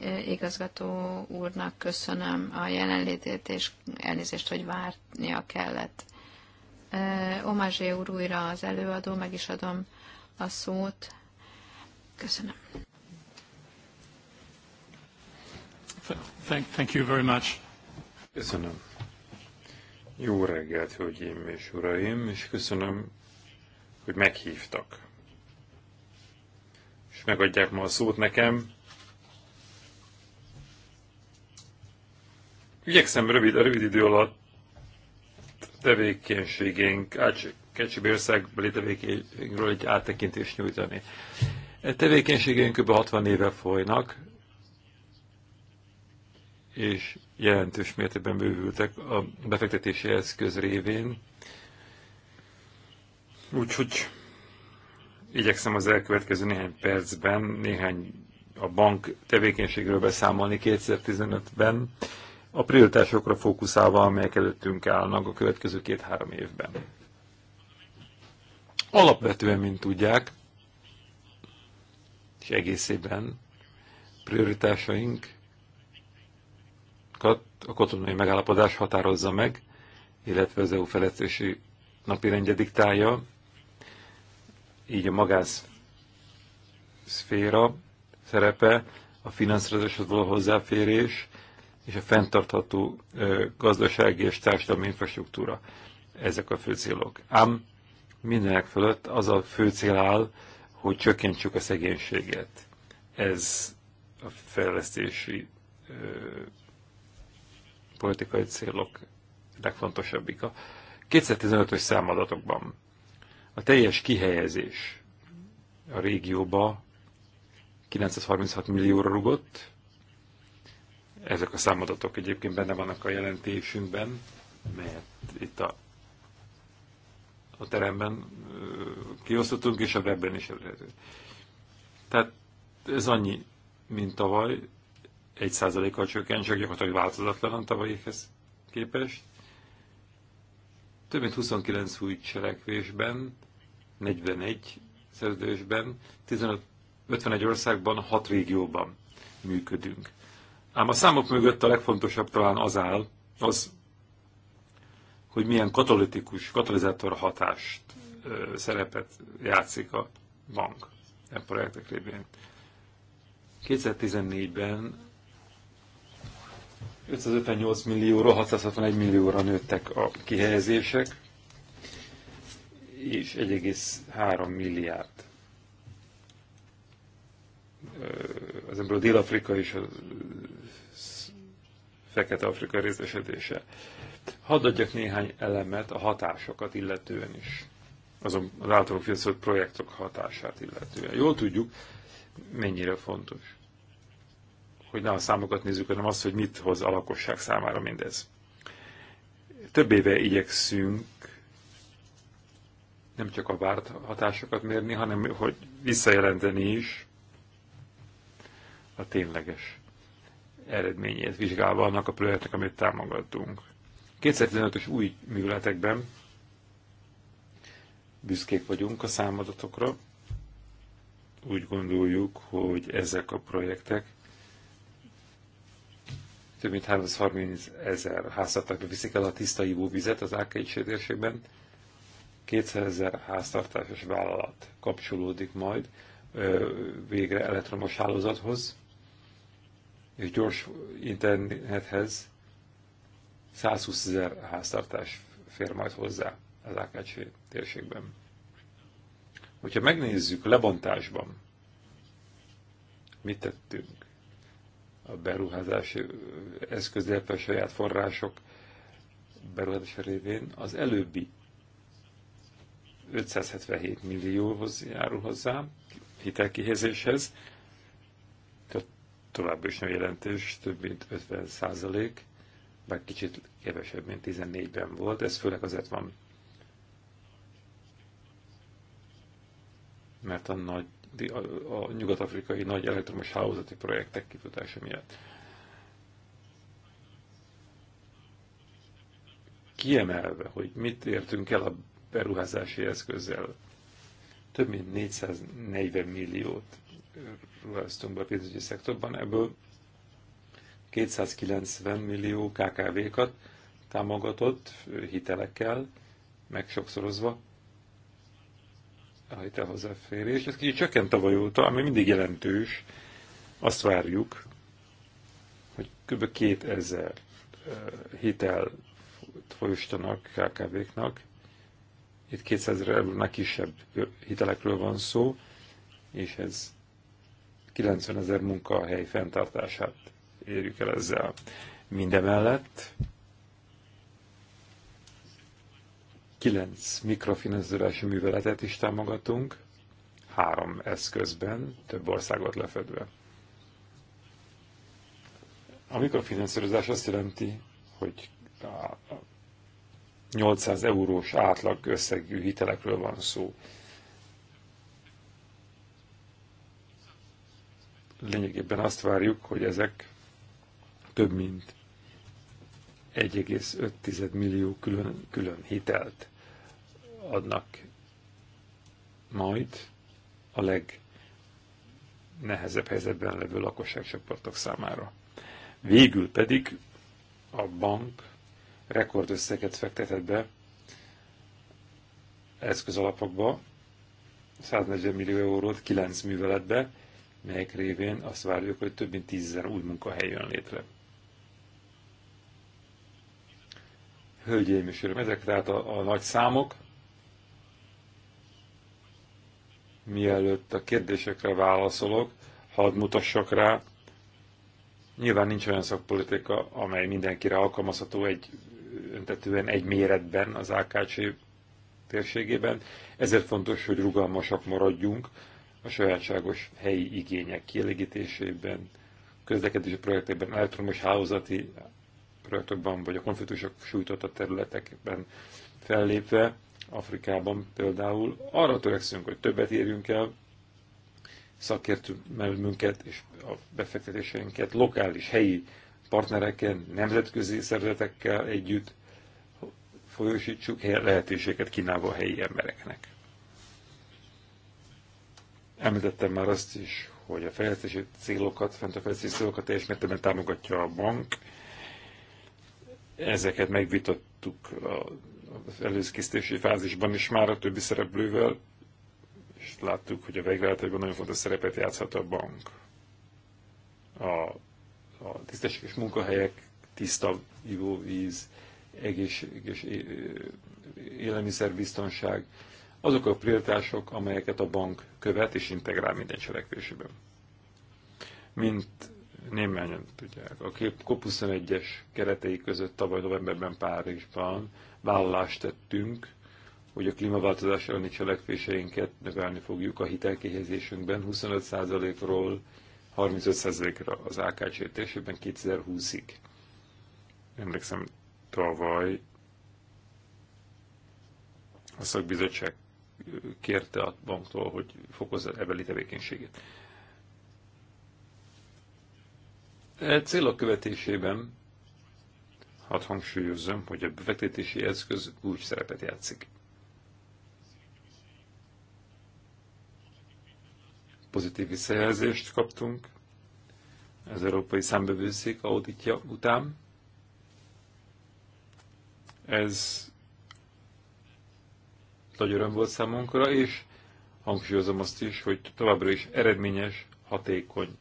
e, igazgató úrnak köszönöm a jelenlétét, és elnézést, hogy várnia kellett. E, Omázsé úr újra az előadó, meg is adom a szót. Köszönöm. Thank, thank you very much. Köszönöm. Jó reggelt, hölgyeim és uraim, és köszönöm, hogy meghívtak. És megadják ma a szót nekem. Igyekszem rövid, a rövid idő alatt tevékenységénk, Kecsibérszágbeli tevékenységről egy áttekintést nyújtani. A e tevékenységünk kb. 60 éve folynak, és jelentős mértékben bővültek a befektetési eszköz révén. Úgyhogy igyekszem az elkövetkező néhány percben, néhány a bank tevékenységről beszámolni 2015-ben, a prioritásokra fókuszálva, amelyek előttünk állnak a következő két-három évben. Alapvetően, mint tudják, és egészében prioritásaink a kotonai megállapodás határozza meg, illetve az EU napi napirendje diktálja, így a magász szféra szerepe, a finanszírozáshoz való hozzáférés és a fenntartható gazdasági és társadalmi infrastruktúra. Ezek a fő célok. Ám mindenek fölött az a fő cél áll, hogy csökkentsük a szegénységet. Ez a fejlesztési politikai célok legfontosabbik. A 2015-ös számadatokban a teljes kihelyezés a régióba 936 millióra rugott. Ezek a számadatok egyébként benne vannak a jelentésünkben, melyet itt a, a teremben kiosztottunk, és a webben is elérhető. Tehát ez annyi, mint tavaly, 1%-kal csökkent, csak gyakorlatilag változatlan tavalyihez képest. Több mint 29 új cselekvésben, 41 szerződésben, 15, 51 országban, 6 régióban működünk. Ám a számok mögött a legfontosabb talán az áll, az, hogy milyen katalitikus, katalizátor hatást, ö, szerepet játszik a bank e projektek révén. 2014-ben 558 millióra, 661 millióra nőttek a kihelyezések, és 1,3 milliárd az ebből a Dél-Afrika és a Fekete-Afrika részesedése. Hadd adjak néhány elemet a hatásokat illetően is, azon az általunk projektok hatását illetően. Jól tudjuk, mennyire fontos hogy nem a számokat nézzük, hanem azt, hogy mit hoz a lakosság számára mindez. Több éve igyekszünk nem csak a várt hatásokat mérni, hanem hogy visszajelenteni is a tényleges eredményét vizsgálva annak a projektnek, amit támogattunk. 2015-ös új műletekben büszkék vagyunk a számadatokra. Úgy gondoljuk, hogy ezek a projektek több mint 330 ezer háztartásba viszik el a tiszta ivóvizet az AKI térségben. 200 ezer háztartásos vállalat kapcsolódik majd végre elektromos hálózathoz és gyors internethez 120 ezer háztartás fér majd hozzá az AKC térségben. Hogyha megnézzük lebontásban, mit tettünk a beruházási eszköz, a saját források beruházása révén az előbbi 577 millióhoz járul hozzá, hitelkihelyezéshez, tehát továbbra is nem jelentős, több mint 50 százalék, bár kicsit kevesebb, mint 14-ben volt, ez főleg azért van, mert a nagy a nyugat-afrikai nagy elektromos hálózati projektek kifutása miatt. Kiemelve, hogy mit értünk el a beruházási eszközzel, több mint 440 milliót ruháztunk be a pénzügyi szektorban, ebből 290 millió KKV-kat támogatott hitelekkel, meg sokszorozva, a hozzáférés, Ez kicsit csökkent tavaly óta, ami mindig jelentős. Azt várjuk, hogy kb. 2000 eh, hitel folyóstanak KKV-knak. Itt 200 ezer kisebb hitelekről van szó, és ez 90 ezer munkahely fenntartását érjük el ezzel. Mindemellett Kilenc mikrofinanszírozási műveletet is támogatunk, három eszközben, több országot lefedve. A mikrofinanszírozás azt jelenti, hogy 800 eurós átlag összegű hitelekről van szó. Lényegében azt várjuk, hogy ezek több mint 1,5 millió külön, külön hitelt adnak majd a legnehezebb helyzetben levő lakosságcsoportok számára. Végül pedig a bank rekordösszeget fektetett be eszközalapokba, 140 millió eurót 9 műveletbe, melyek révén azt várjuk, hogy több mint 10 új munkahely jön létre. Hölgyeim és Uram, ezek tehát a, a nagy számok, Mielőtt a kérdésekre válaszolok, hadd mutassak rá, nyilván nincs olyan szakpolitika, amely mindenkire alkalmazható egy öntetően egy méretben az AKC térségében, ezért fontos, hogy rugalmasak maradjunk a sajátságos helyi igények kielégítésében, közlekedési projektekben, elektromos hálózati projektokban, vagy a konfliktusok a területekben fellépve, Afrikában például arra törekszünk, hogy többet érjünk el, szakértőmünket és a befektetéseinket lokális, helyi partnereken, nemzetközi szervezetekkel együtt folyosítsuk lehetőséget kínálva a helyi embereknek. Említettem már azt is, hogy a fejlesztési célokat, fent a fejlesztési célokat teljes mértékben támogatja a bank. Ezeket megvitattuk a az előzkészítési fázisban is már a többi szereplővel, és láttuk, hogy a végrehajtásban nagyon fontos szerepet játszhat a bank. A, a tisztességes munkahelyek, tiszta ivóvíz, egészséges élelmiszerbiztonság, azok a prioritások, amelyeket a bank követ és integrál minden cselekvésében. Mint némányan tudják, a kopuszon egyes es keretei között tavaly novemberben Párizsban vállalást tettünk, hogy a klímaváltozás elleni cselekvéseinket növelni fogjuk a hitelkihézésünkben 25%-ról 35%-ra az AKC térségben 2020-ig. Emlékszem, tavaly a szakbizottság kérte a banktól, hogy fokozza ebeli tevékenységét. E célok követésében hadd hangsúlyozzam, hogy a befektetési eszköz úgy szerepet játszik. Pozitív visszajelzést kaptunk az Európai Számbevőszék auditja után. Ez nagy öröm volt számunkra, és hangsúlyozom azt is, hogy továbbra is eredményes, hatékony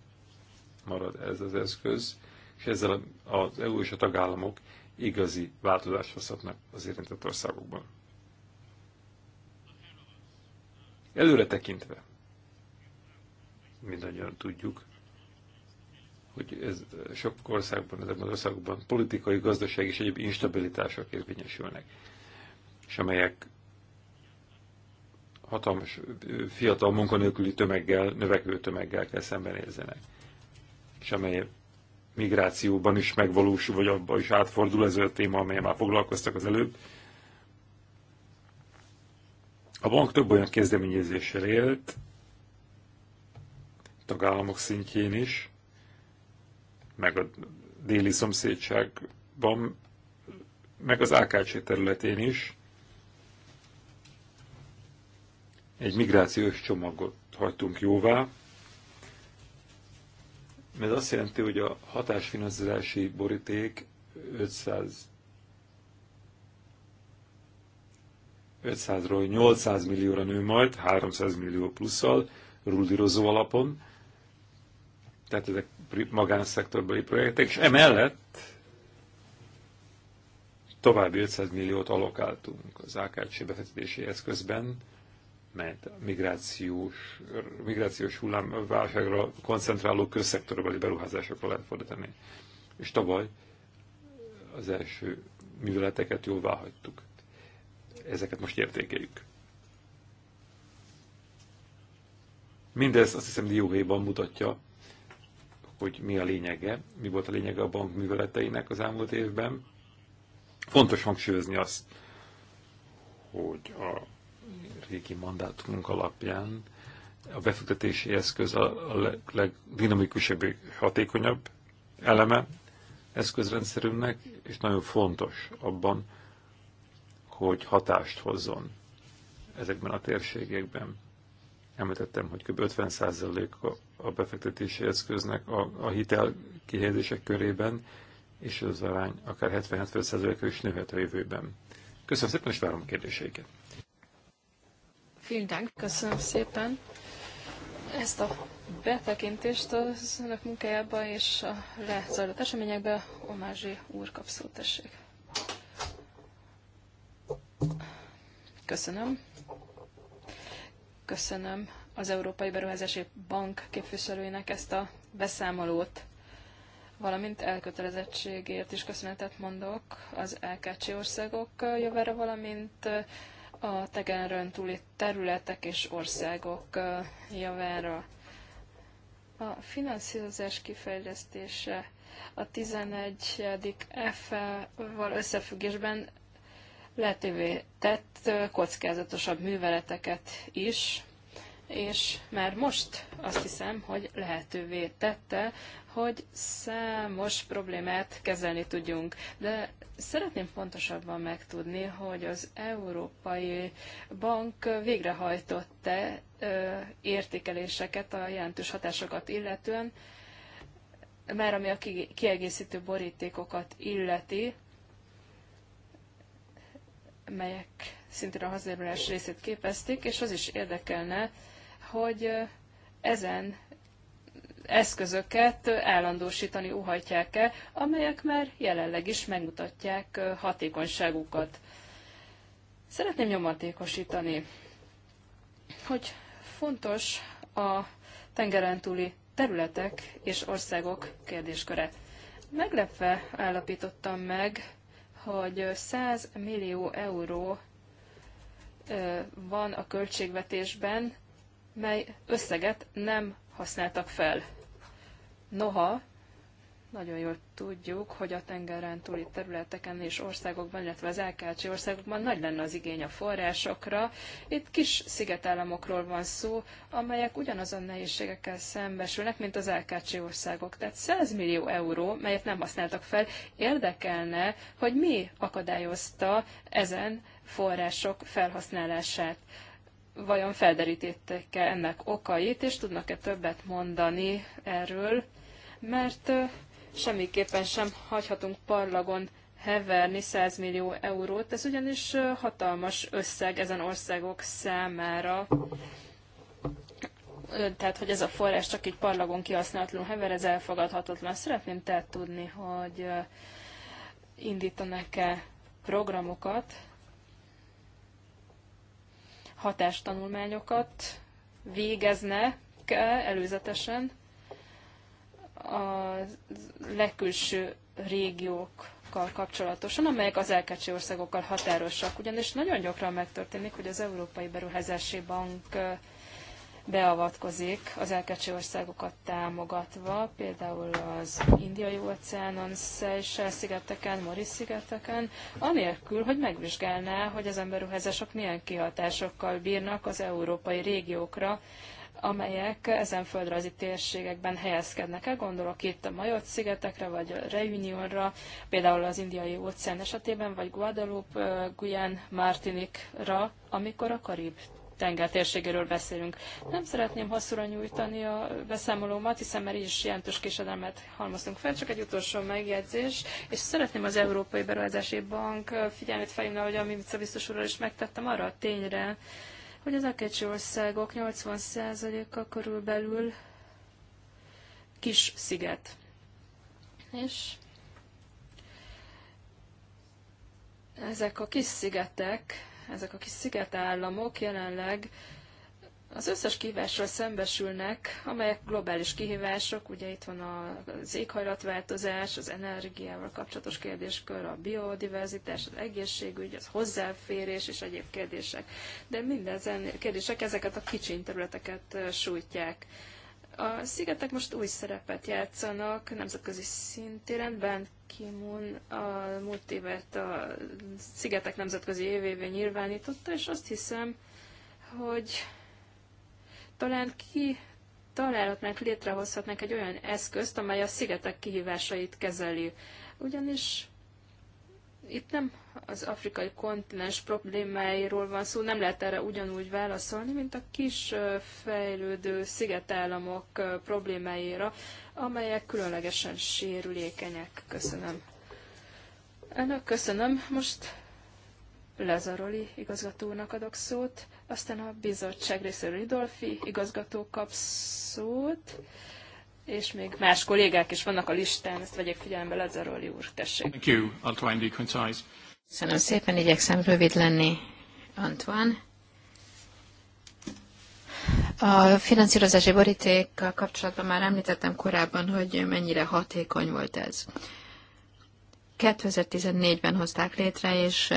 marad ez az eszköz, és ezzel az EU és a tagállamok igazi változást hozhatnak az érintett országokban. Előre tekintve, mindannyian tudjuk, hogy ez sok országban, ezekben az országokban politikai, gazdaság és egyéb instabilitások érvényesülnek, és amelyek hatalmas fiatal munkanélküli tömeggel, növekvő tömeggel kell szembenézzenek és amely migrációban is megvalósul, vagy abban is átfordul ez a téma, amelyen már foglalkoztak az előbb. A bank több olyan kezdeményezéssel élt, tagállamok szintjén is, meg a déli szomszédságban, meg az AKC területén is egy migrációs csomagot hagytunk jóvá, ez azt jelenti, hogy a hatásfinanszírozási boríték 500 500-ról 800 millióra nő majd, 300 millió plusszal, rullírozó alapon, tehát ezek magánszektorbeli projektek, és emellett további 500 milliót alokáltunk az AKC befektetési eszközben, mert a migrációs, migrációs hullámválságra koncentráló közszektorbeli beruházásokra lehet fordítani. És tavaly az első műveleteket jóvá hagytuk. Ezeket most értékeljük. Mindez azt hiszem dióhéjban mutatja, hogy mi a lényege, mi volt a lényege a bank műveleteinek az elmúlt évben. Fontos hangsúlyozni azt, hogy a régi mandátumunk alapján a befektetési eszköz a legdinamikusabb, hatékonyabb eleme eszközrendszerünknek, és nagyon fontos abban, hogy hatást hozzon ezekben a térségekben. Említettem, hogy kb. 50% a befektetési eszköznek a, a hitel kihelyezések körében, és az arány akár 70-70%-ra is nőhet a jövőben. Köszönöm szépen, és várom a kérdéseiket. Vielen Köszönöm szépen ezt a betekintést az önök munkájába és a lezajlott eseményekbe. Omázsi úr kap tessék. Köszönöm. Köszönöm az Európai Beruházási Bank képviselőinek ezt a beszámolót, valamint elkötelezettségért is köszönetet mondok az LKC országok jövőre, valamint a tegenrön túli területek és országok javára. A finanszírozás kifejlesztése a 11. F-val összefüggésben lehetővé tett kockázatosabb műveleteket is, és már most azt hiszem, hogy lehetővé tette, hogy számos problémát kezelni tudjunk. De szeretném pontosabban megtudni, hogy az Európai Bank végrehajtott-e értékeléseket a jelentős hatásokat illetően, már ami a kiegészítő borítékokat illeti, melyek szintén a hazérülés részét képezték, és az is érdekelne, hogy ezen eszközöket állandósítani óhajtják-e, amelyek már jelenleg is megmutatják hatékonyságukat. Szeretném nyomatékosítani, hogy fontos a tengeren túli területek és országok kérdésköre. Meglepve állapítottam meg, hogy 100 millió euró van a költségvetésben, mely összeget nem használtak fel. Noha, nagyon jól tudjuk, hogy a tengeren túli területeken és országokban, illetve az elkácsi országokban nagy lenne az igény a forrásokra. Itt kis szigetállamokról van szó, amelyek ugyanazon nehézségekkel szembesülnek, mint az elkácsi országok. Tehát 100 millió euró, melyet nem használtak fel, érdekelne, hogy mi akadályozta ezen források felhasználását vajon felderítették e ennek okait, és tudnak-e többet mondani erről, mert semmiképpen sem hagyhatunk parlagon heverni 100 millió eurót, ez ugyanis hatalmas összeg ezen országok számára, tehát hogy ez a forrás csak egy parlagon kihasználatlanul hever, ez elfogadhatatlan. Szeretném tehát tudni, hogy indítanak-e programokat, hatástanulmányokat végezne előzetesen a legkülső régiókkal kapcsolatosan, amelyek az elkecsi országokkal határosak. Ugyanis nagyon gyakran megtörténik, hogy az Európai Beruházási Bank beavatkozik az elkecsi országokat támogatva, például az indiai óceánon, Seychelles szigeteken, Moris szigeteken, anélkül, hogy megvizsgálná, hogy az emberuházások milyen kihatásokkal bírnak az európai régiókra, amelyek ezen földrajzi térségekben helyezkednek el. Gondolok itt a Majot szigetekre, vagy a Reunionra, például az indiai óceán esetében, vagy Guadeloupe, Guyana, Martinikra, amikor a Karib tenger térségéről beszélünk. Nem szeretném hosszúra nyújtani a beszámolómat, hiszen már így is jelentős késedelmet halmoztunk fel, csak egy utolsó megjegyzés, és szeretném az Európai Beruházási Bank figyelmét felhívni, hogy a Mimica biztos úrral is megtettem arra a tényre, hogy az akecsi országok 80%-a körülbelül kis sziget. És ezek a kis szigetek ezek a kis szigetállamok jelenleg az összes kihívással szembesülnek, amelyek globális kihívások, ugye itt van az éghajlatváltozás, az energiával kapcsolatos kérdéskör, a biodiverzitás, az egészségügy, az hozzáférés és egyéb kérdések. De mindezen kérdések ezeket a kicsi területeket sújtják. A szigetek most új szerepet játszanak nemzetközi szintéren. Ben ki a múlt évet a szigetek nemzetközi évévé nyilvánította, és azt hiszem, hogy talán ki találhatnánk, létrehozhatnánk egy olyan eszközt, amely a szigetek kihívásait kezeli. Ugyanis itt nem az afrikai kontinens problémáiról van szó, nem lehet erre ugyanúgy válaszolni, mint a kis fejlődő szigetállamok problémáira, amelyek különlegesen sérülékenyek. Köszönöm. Önök köszönöm. Most Lezaroli igazgatónak adok szót, aztán a bizottság részéről Ridolfi igazgató kap szót, és még más kollégák is vannak a listán, ezt vegyék figyelembe, Lazaroli úr, tessék. Thank you. I'll try and Köszönöm szépen, igyekszem rövid lenni, Antoine. A finanszírozási borítékkal kapcsolatban már említettem korábban, hogy mennyire hatékony volt ez. 2014-ben hozták létre, és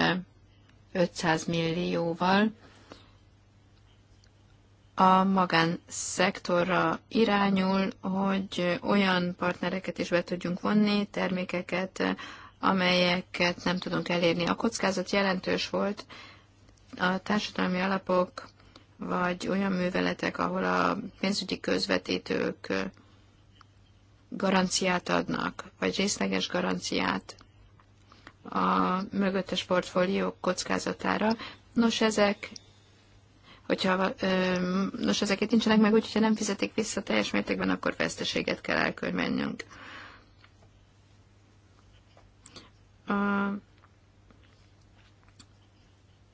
500 millióval a magánszektorra irányul, hogy olyan partnereket is be tudjunk vonni, termékeket, amelyeket nem tudunk elérni. A kockázat jelentős volt, a társadalmi alapok, vagy olyan műveletek, ahol a pénzügyi közvetítők garanciát adnak, vagy részleges garanciát a mögöttes portfóliók kockázatára. Nos, ezek hogyha nos, ezeket nincsenek meg, úgyhogy ha nem fizetik vissza teljes mértékben, akkor veszteséget kell elkönyvennünk.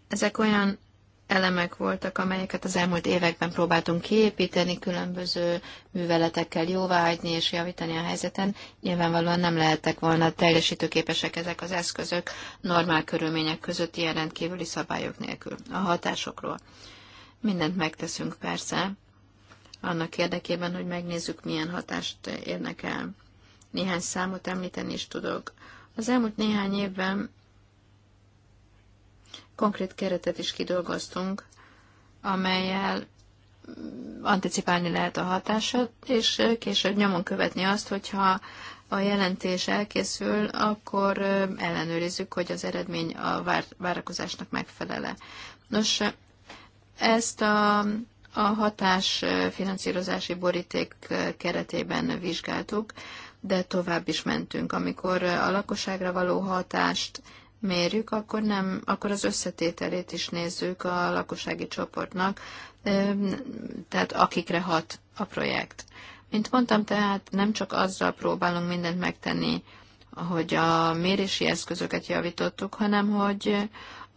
ezek olyan elemek voltak, amelyeket az elmúlt években próbáltunk kiépíteni, különböző műveletekkel jóváhagyni és javítani a helyzeten. Nyilvánvalóan nem lehettek volna teljesítőképesek ezek az eszközök normál körülmények között ilyen rendkívüli szabályok nélkül a hatásokról. Mindent megteszünk persze, annak érdekében, hogy megnézzük, milyen hatást érnek el. Néhány számot említeni is tudok. Az elmúlt néhány évben konkrét keretet is kidolgoztunk, amelyel anticipálni lehet a hatását, és később nyomon követni azt, hogyha a jelentés elkészül, akkor ellenőrizzük, hogy az eredmény a várakozásnak megfelele. Nos, ezt a, a hatás finanszírozási boríték keretében vizsgáltuk, de tovább is mentünk. Amikor a lakosságra való hatást mérjük, akkor, nem, akkor az összetételét is nézzük a lakossági csoportnak, tehát akikre hat a projekt. Mint mondtam, tehát nem csak azzal próbálunk mindent megtenni, hogy a mérési eszközöket javítottuk, hanem hogy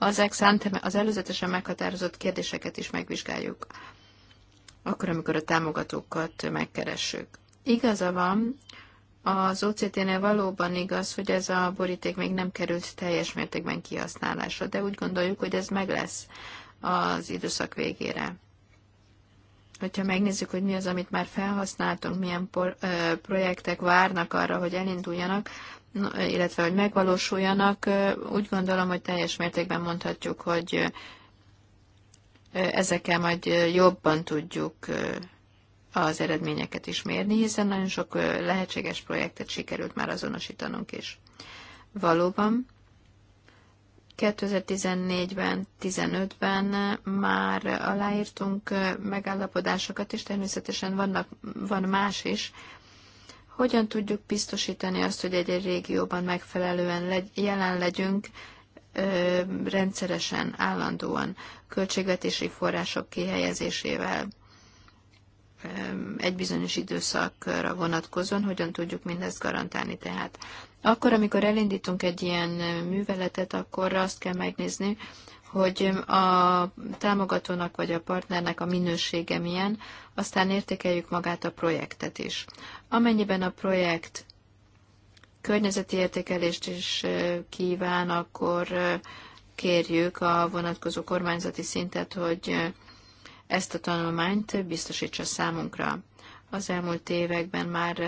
az ex ante, az előzetesen meghatározott kérdéseket is megvizsgáljuk, akkor, amikor a támogatókat megkeressük. Igaza van, az OCT-nél valóban igaz, hogy ez a boríték még nem került teljes mértékben kihasználásra, de úgy gondoljuk, hogy ez meg lesz az időszak végére. Hogyha megnézzük, hogy mi az, amit már felhasználtunk, milyen por, ö, projektek várnak arra, hogy elinduljanak, illetve hogy megvalósuljanak, úgy gondolom, hogy teljes mértékben mondhatjuk, hogy ezekkel majd jobban tudjuk az eredményeket is mérni, hiszen nagyon sok lehetséges projektet sikerült már azonosítanunk is. Valóban 2014-ben, 15-ben már aláírtunk megállapodásokat, és természetesen vannak, van más is, hogyan tudjuk biztosítani azt, hogy egy-egy régióban megfelelően legy, jelen legyünk ö, rendszeresen, állandóan, költségvetési források kihelyezésével? egy bizonyos időszakra vonatkozóan, hogyan tudjuk mindezt garantálni tehát. Akkor, amikor elindítunk egy ilyen műveletet, akkor azt kell megnézni, hogy a támogatónak vagy a partnernek a minősége milyen, aztán értékeljük magát a projektet is. Amennyiben a projekt környezeti értékelést is kíván, akkor kérjük a vonatkozó kormányzati szintet, hogy ezt a tanulmányt biztosítsa számunkra. Az elmúlt években már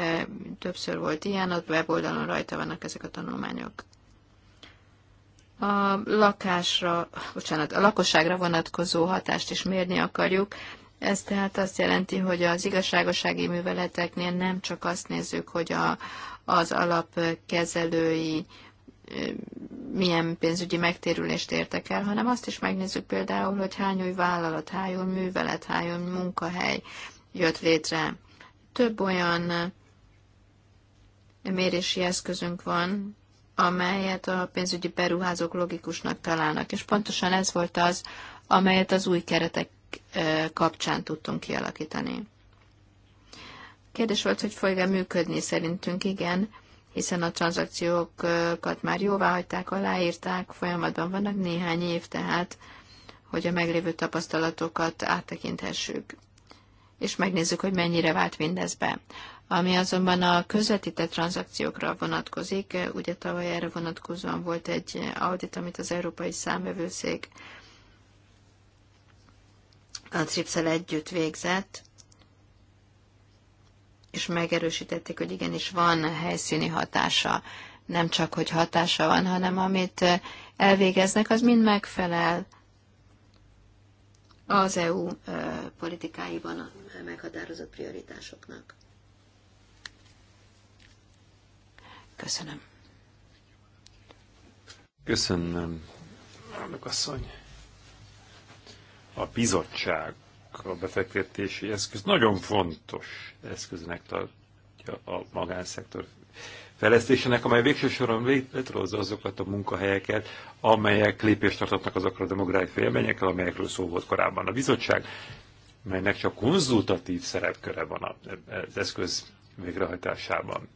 többször volt ilyen, a weboldalon rajta vannak ezek a tanulmányok a lakásra, bocsánat, a lakosságra vonatkozó hatást is mérni akarjuk. Ez tehát azt jelenti, hogy az igazságosági műveleteknél nem csak azt nézzük, hogy a, az alapkezelői milyen pénzügyi megtérülést értek el, hanem azt is megnézzük például, hogy hány új vállalat, hány új művelet, hány új munkahely jött létre. Több olyan mérési eszközünk van, amelyet a pénzügyi beruházók logikusnak találnak. És pontosan ez volt az, amelyet az új keretek kapcsán tudtunk kialakítani. Kérdés volt, hogy fog-e működni, szerintünk igen, hiszen a tranzakciókat már jóvá hagyták, aláírták, folyamatban vannak néhány év, tehát hogy a meglévő tapasztalatokat áttekinthessük, és megnézzük, hogy mennyire vált mindez be. Ami azonban a közvetített tranzakciókra vonatkozik, ugye tavaly erre vonatkozóan volt egy audit, amit az Európai Számövőszék a trips együtt végzett, és megerősítették, hogy igenis van helyszíni hatása. Nem csak, hogy hatása van, hanem amit elvégeznek, az mind megfelel az EU politikáiban meghatározott prioritásoknak. Köszönöm. Köszönöm, elnök asszony. A bizottság a befektetési eszköz nagyon fontos eszköznek tartja a magánszektor fejlesztésének, amely végső soron létrehozza azokat a munkahelyeket, amelyek lépést tartatnak azokra a demográfiai élményekkel, amelyekről szó volt korábban a bizottság, melynek csak konzultatív szerepköre van az eszköz végrehajtásában.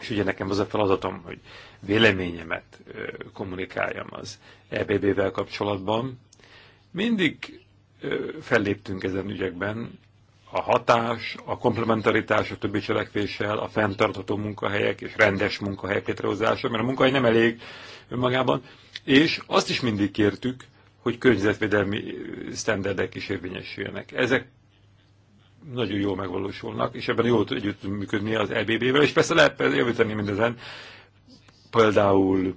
És ugye nekem az a feladatom, hogy véleményemet kommunikáljam az EBB-vel kapcsolatban. Mindig felléptünk ezen ügyekben, a hatás, a komplementaritás a többi cselekvéssel, a fenntartható munkahelyek és rendes munkahelyek létrehozása, mert a munkahely nem elég önmagában, és azt is mindig kértük, hogy környezetvédelmi sztenderdek is érvényesüljenek. Ezek nagyon jól megvalósulnak, és ebben jól együtt működni az EBB-vel, és persze lehet javítani mindezen, például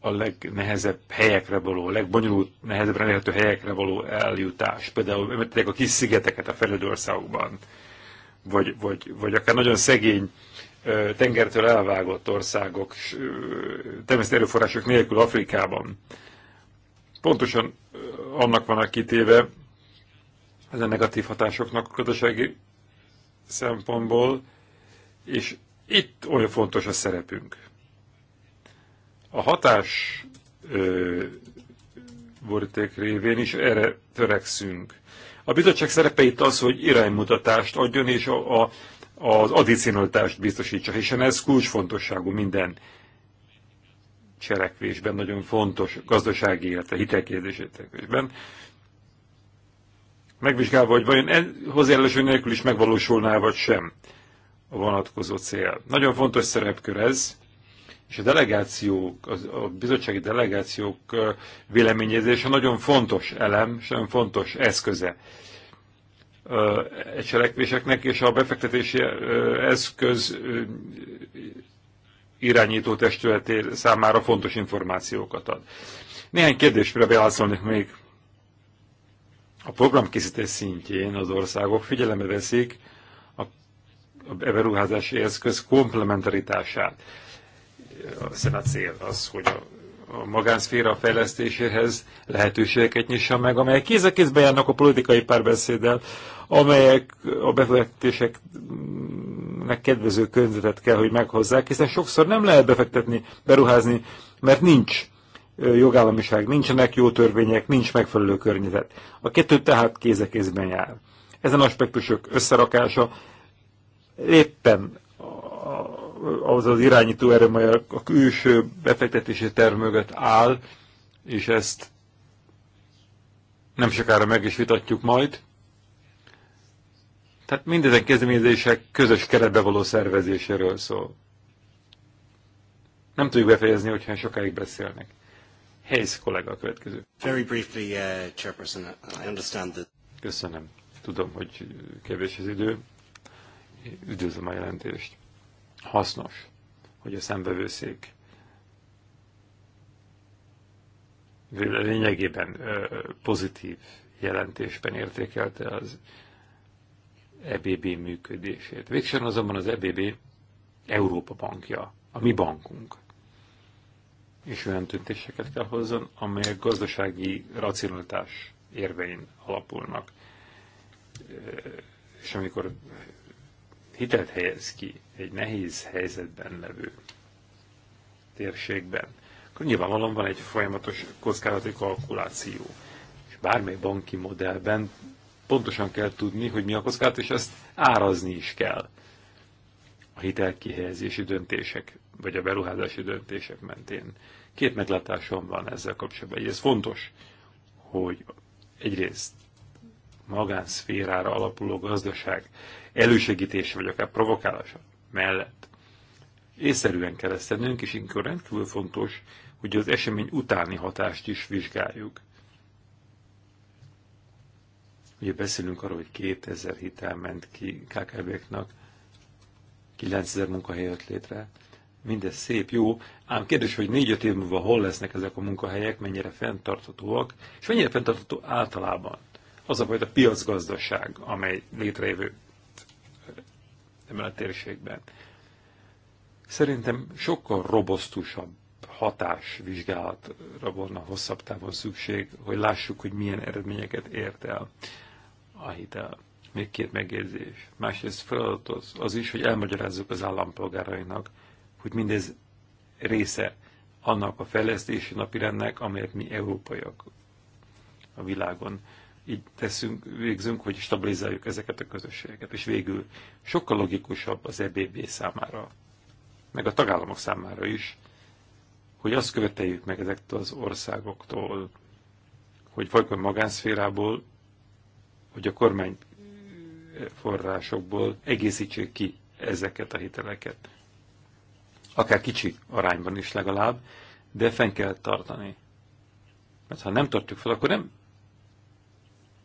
a legnehezebb helyekre való, legbonyolult, nehezebbre elérhető helyekre való eljutás, például a kis szigeteket a fejlődő vagy, vagy, vagy akár nagyon szegény tengertől elvágott országok, természeti erőforrások nélkül Afrikában. Pontosan annak van a kitéve, ezen negatív hatásoknak a gazdasági szempontból, és itt olyan fontos a szerepünk. A hatás ö, boríték révén is erre törekszünk. A bizottság szerepe itt az, hogy iránymutatást adjon, és a, a, az addicionalitást biztosítsa, hiszen ez kulcsfontosságú minden cselekvésben, nagyon fontos gazdasági, illetve hitelkérdésében megvizsgálva, hogy vajon e- hozzájárulású nélkül is megvalósulná vagy sem a vonatkozó cél. Nagyon fontos szerepkör ez, és a delegációk, a bizottsági delegációk véleményezése nagyon fontos elem, és nagyon fontos eszköze egy cselekvéseknek, és a befektetési eszköz irányító testületé számára fontos információkat ad. Néhány kérdésre beászolnék még a programkészítés szintjén az országok figyelembe veszik a, a beruházási eszköz komplementaritását. Hiszen a cél az, hogy a, a magánszféra fejlesztéséhez lehetőségeket nyissa meg, amelyek kéz a kézbe járnak a politikai párbeszéddel, amelyek a befektetéseknek kedvező környezetet kell, hogy meghozzák, hiszen sokszor nem lehet befektetni, beruházni, mert nincs jogállamiság, nincsenek jó törvények, nincs megfelelő környezet. A kettő tehát kézekézben jár. Ezen aspektusok összerakása éppen az az irányító erő, a külső befektetési terv mögött áll, és ezt nem sokára meg is vitatjuk majd. Tehát mindezen kezdeményezések közös keretbe való szervezéséről szól. Nem tudjuk befejezni, hogyha sokáig beszélnek. Hayes kollega a következő. Very briefly, uh, Chairperson, I understand that... Köszönöm. Tudom, hogy kevés az idő. Üdvözlöm a jelentést. Hasznos, hogy a szembevőszék lényegében uh, pozitív jelentésben értékelte az EBB működését. Végsősorban azonban az EBB Európa bankja, a mi bankunk és olyan döntéseket kell hozzon, amelyek gazdasági racionalitás érvein alapulnak. És amikor hitelt helyez ki egy nehéz helyzetben levő térségben, akkor nyilvánvalóan van egy folyamatos kockázati kalkuláció. És bármely banki modellben pontosan kell tudni, hogy mi a kockázat, és ezt árazni is kell a hitelkihelyezési döntések vagy a beruházási döntések mentén. Két meglátásom van ezzel kapcsolatban. Egyrészt fontos, hogy egyrészt magánszférára alapuló gazdaság elősegítése, vagy akár provokálása mellett észszerűen kell ezt tennünk, és inkább rendkívül fontos, hogy az esemény utáni hatást is vizsgáljuk. Ugye beszélünk arról, hogy 2000 hitel ment ki KKV-knak, 9000 munkahelyet létre, mindez szép, jó, ám kérdés, hogy négy-öt év múlva hol lesznek ezek a munkahelyek, mennyire fenntarthatóak, és mennyire fenntartható általában az a fajta piacgazdaság, amely létrejövő ebben a térségben. Szerintem sokkal robosztusabb hatásvizsgálatra volna hosszabb távon szükség, hogy lássuk, hogy milyen eredményeket ért el a hitel. Még két megjegyzés. Másrészt feladat az, az is, hogy elmagyarázzuk az állampolgárainak, hogy mindez része annak a fejlesztési napirendnek, amelyet mi európaiak a világon így teszünk, végzünk, hogy stabilizáljuk ezeket a közösségeket. És végül sokkal logikusabb az EBB számára, meg a tagállamok számára is, hogy azt követeljük meg ezektől az országoktól, hogy vagy a magánszférából, hogy a kormány forrásokból egészítsék ki ezeket a hiteleket akár kicsi arányban is legalább, de fenn kell tartani. Mert ha nem tartjuk fel, akkor nem,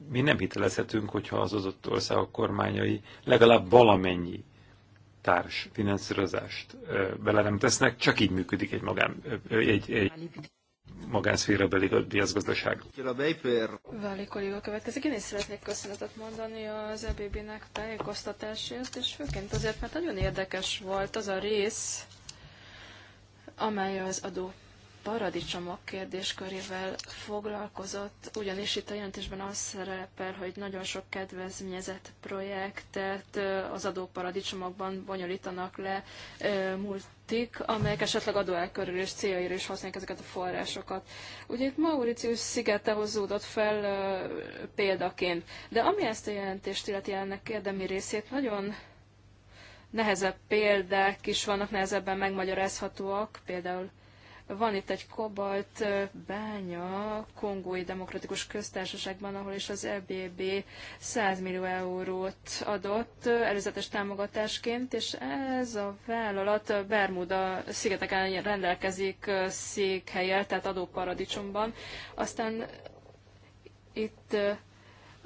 mi nem hitelezhetünk, hogyha az adott országok kormányai legalább valamennyi társ finanszírozást bele nem tesznek, csak így működik egy, magán, egy, egy magánszféra beli piacgazdaság. Váli kolléga következik. Én is szeretnék köszönetet mondani az EBB-nek tájékoztatásért, és főként azért, mert nagyon érdekes volt az a rész, amely az adó paradicsomok kérdéskörével foglalkozott, ugyanis itt a jelentésben az szerepel, hogy nagyon sok kedvezményezett projektet az adóparadicsomokban bonyolítanak le multik, amelyek esetleg adóelkerülés céljaira is használják ezeket a forrásokat. Ugye itt Mauritius szigete hozódott fel példaként, de ami ezt a jelentést illeti ennek érdemi részét, nagyon nehezebb példák is vannak, nehezebben megmagyarázhatóak. Például van itt egy kobalt bánya Kongói Demokratikus Köztársaságban, ahol is az EBB 100 millió eurót adott előzetes támogatásként, és ez a vállalat Bermuda szigeteken rendelkezik székhelyel, tehát adóparadicsomban. Aztán itt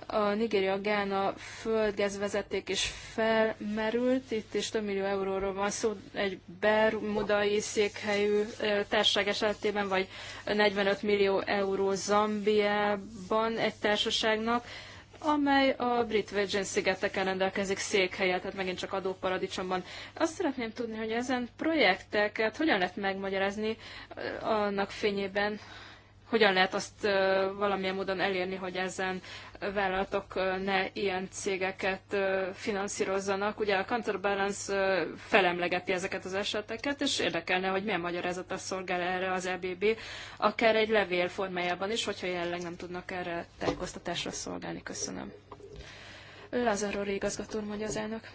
a Nigéria Gána földgázvezeték is felmerült, itt is több millió euróról van szó, egy bermudai székhelyű társaság esetében, vagy 45 millió euró Zambiában egy társaságnak, amely a Brit Virgin szigeteken rendelkezik székhelyet, tehát megint csak adóparadicsomban. Azt szeretném tudni, hogy ezen projekteket hogyan lehet megmagyarázni annak fényében, hogyan lehet azt valamilyen módon elérni, hogy ezen vállalatok ne ilyen cégeket finanszírozzanak. Ugye a Counterbalance felemlegeti ezeket az eseteket, és érdekelne, hogy milyen magyarázata szolgál erre az EBB, akár egy levél formájában is, hogyha jelenleg nem tudnak erre tájékoztatásra szolgálni. Köszönöm. Lazaro igazgató mondja az elnök.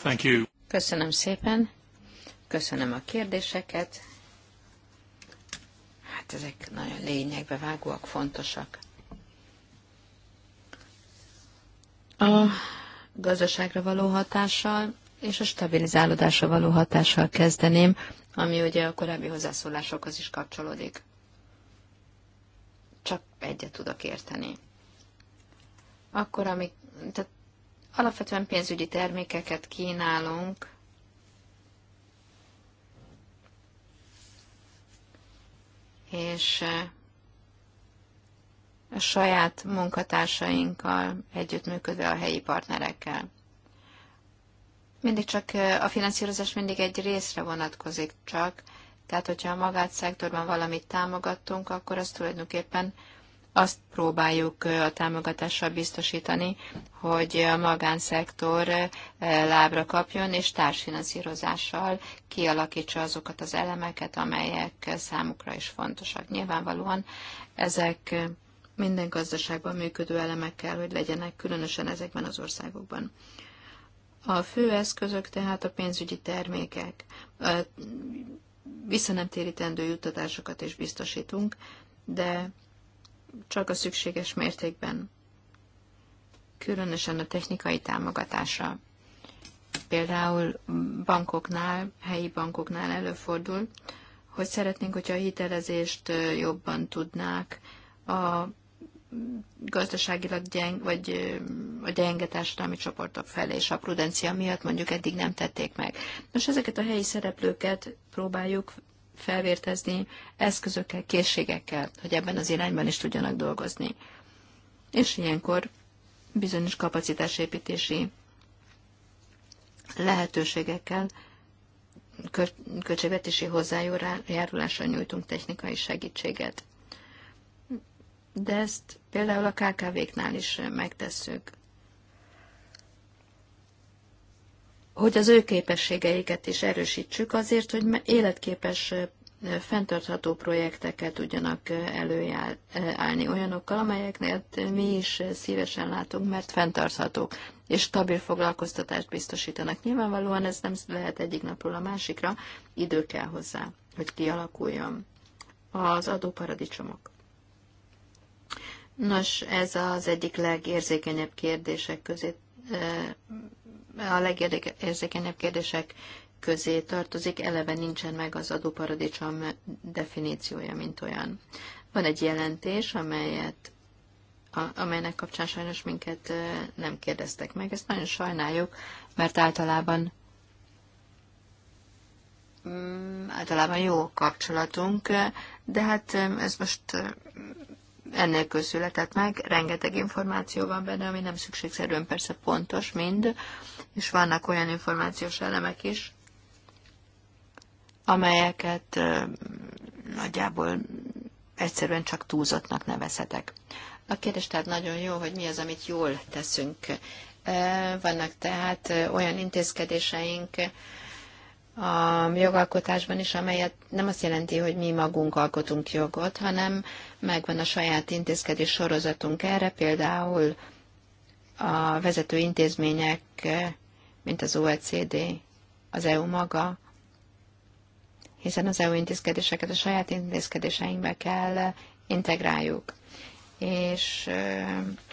Thank you. Köszönöm szépen. Köszönöm a kérdéseket Hát ezek nagyon lényegbe vágóak, fontosak. A gazdaságra való hatással és a stabilizálódásra való hatással kezdeném, ami ugye a korábbi hozzászólásokhoz is kapcsolódik. Csak egyet tudok érteni. Akkor, amik, tehát alapvetően pénzügyi termékeket kínálunk, és a saját munkatársainkkal együttműködve a helyi partnerekkel. Mindig csak a finanszírozás mindig egy részre vonatkozik csak, tehát hogyha a magát szektorban valamit támogattunk, akkor az tulajdonképpen azt próbáljuk a támogatással biztosítani, hogy a magánszektor lábra kapjon, és társfinanszírozással kialakítsa azokat az elemeket, amelyek számukra is fontosak. Nyilvánvalóan ezek minden gazdaságban működő elemek kell, hogy legyenek, különösen ezekben az országokban. A fő eszközök tehát a pénzügyi termékek. Visszanemtérítendő juttatásokat is biztosítunk, de csak a szükséges mértékben, különösen a technikai támogatása, Például bankoknál, helyi bankoknál előfordul, hogy szeretnénk, hogyha a hitelezést jobban tudnák a gazdaságilag gyeng, vagy a gyenge társadalmi csoportok felé, és a prudencia miatt mondjuk eddig nem tették meg. Most ezeket a helyi szereplőket próbáljuk felvértezni eszközökkel, készségekkel, hogy ebben az irányban is tudjanak dolgozni. És ilyenkor bizonyos kapacitásépítési lehetőségekkel költségvetési hozzájárulással nyújtunk technikai segítséget. De ezt például a KKV-knál is megtesszük. hogy az ő képességeiket is erősítsük azért, hogy életképes fenntartható projekteket tudjanak előállni, olyanokkal, amelyeknél mi is szívesen látunk, mert fenntarthatók, és stabil foglalkoztatást biztosítanak. Nyilvánvalóan ez nem lehet egyik napról a másikra, idő kell hozzá, hogy kialakuljon az adóparadicsomok. Nos, ez az egyik legérzékenyebb kérdések között a legérzékenyebb kérdések közé tartozik, eleve nincsen meg az adóparadicsom definíciója, mint olyan. Van egy jelentés, amelyet a, amelynek kapcsán sajnos minket nem kérdeztek meg. Ezt nagyon sajnáljuk, mert általában mm, általában jó kapcsolatunk, de hát ez most ennél született meg, rengeteg információ van benne, ami nem szükségszerűen persze pontos mind, és vannak olyan információs elemek is, amelyeket nagyjából egyszerűen csak túlzottnak nevezhetek. A kérdés tehát nagyon jó, hogy mi az, amit jól teszünk. Vannak tehát olyan intézkedéseink a jogalkotásban is, amelyet nem azt jelenti, hogy mi magunk alkotunk jogot, hanem megvan a saját intézkedés sorozatunk erre, például a vezető intézmények mint az OECD, az EU maga, hiszen az EU intézkedéseket a saját intézkedéseinkbe kell integráljuk. És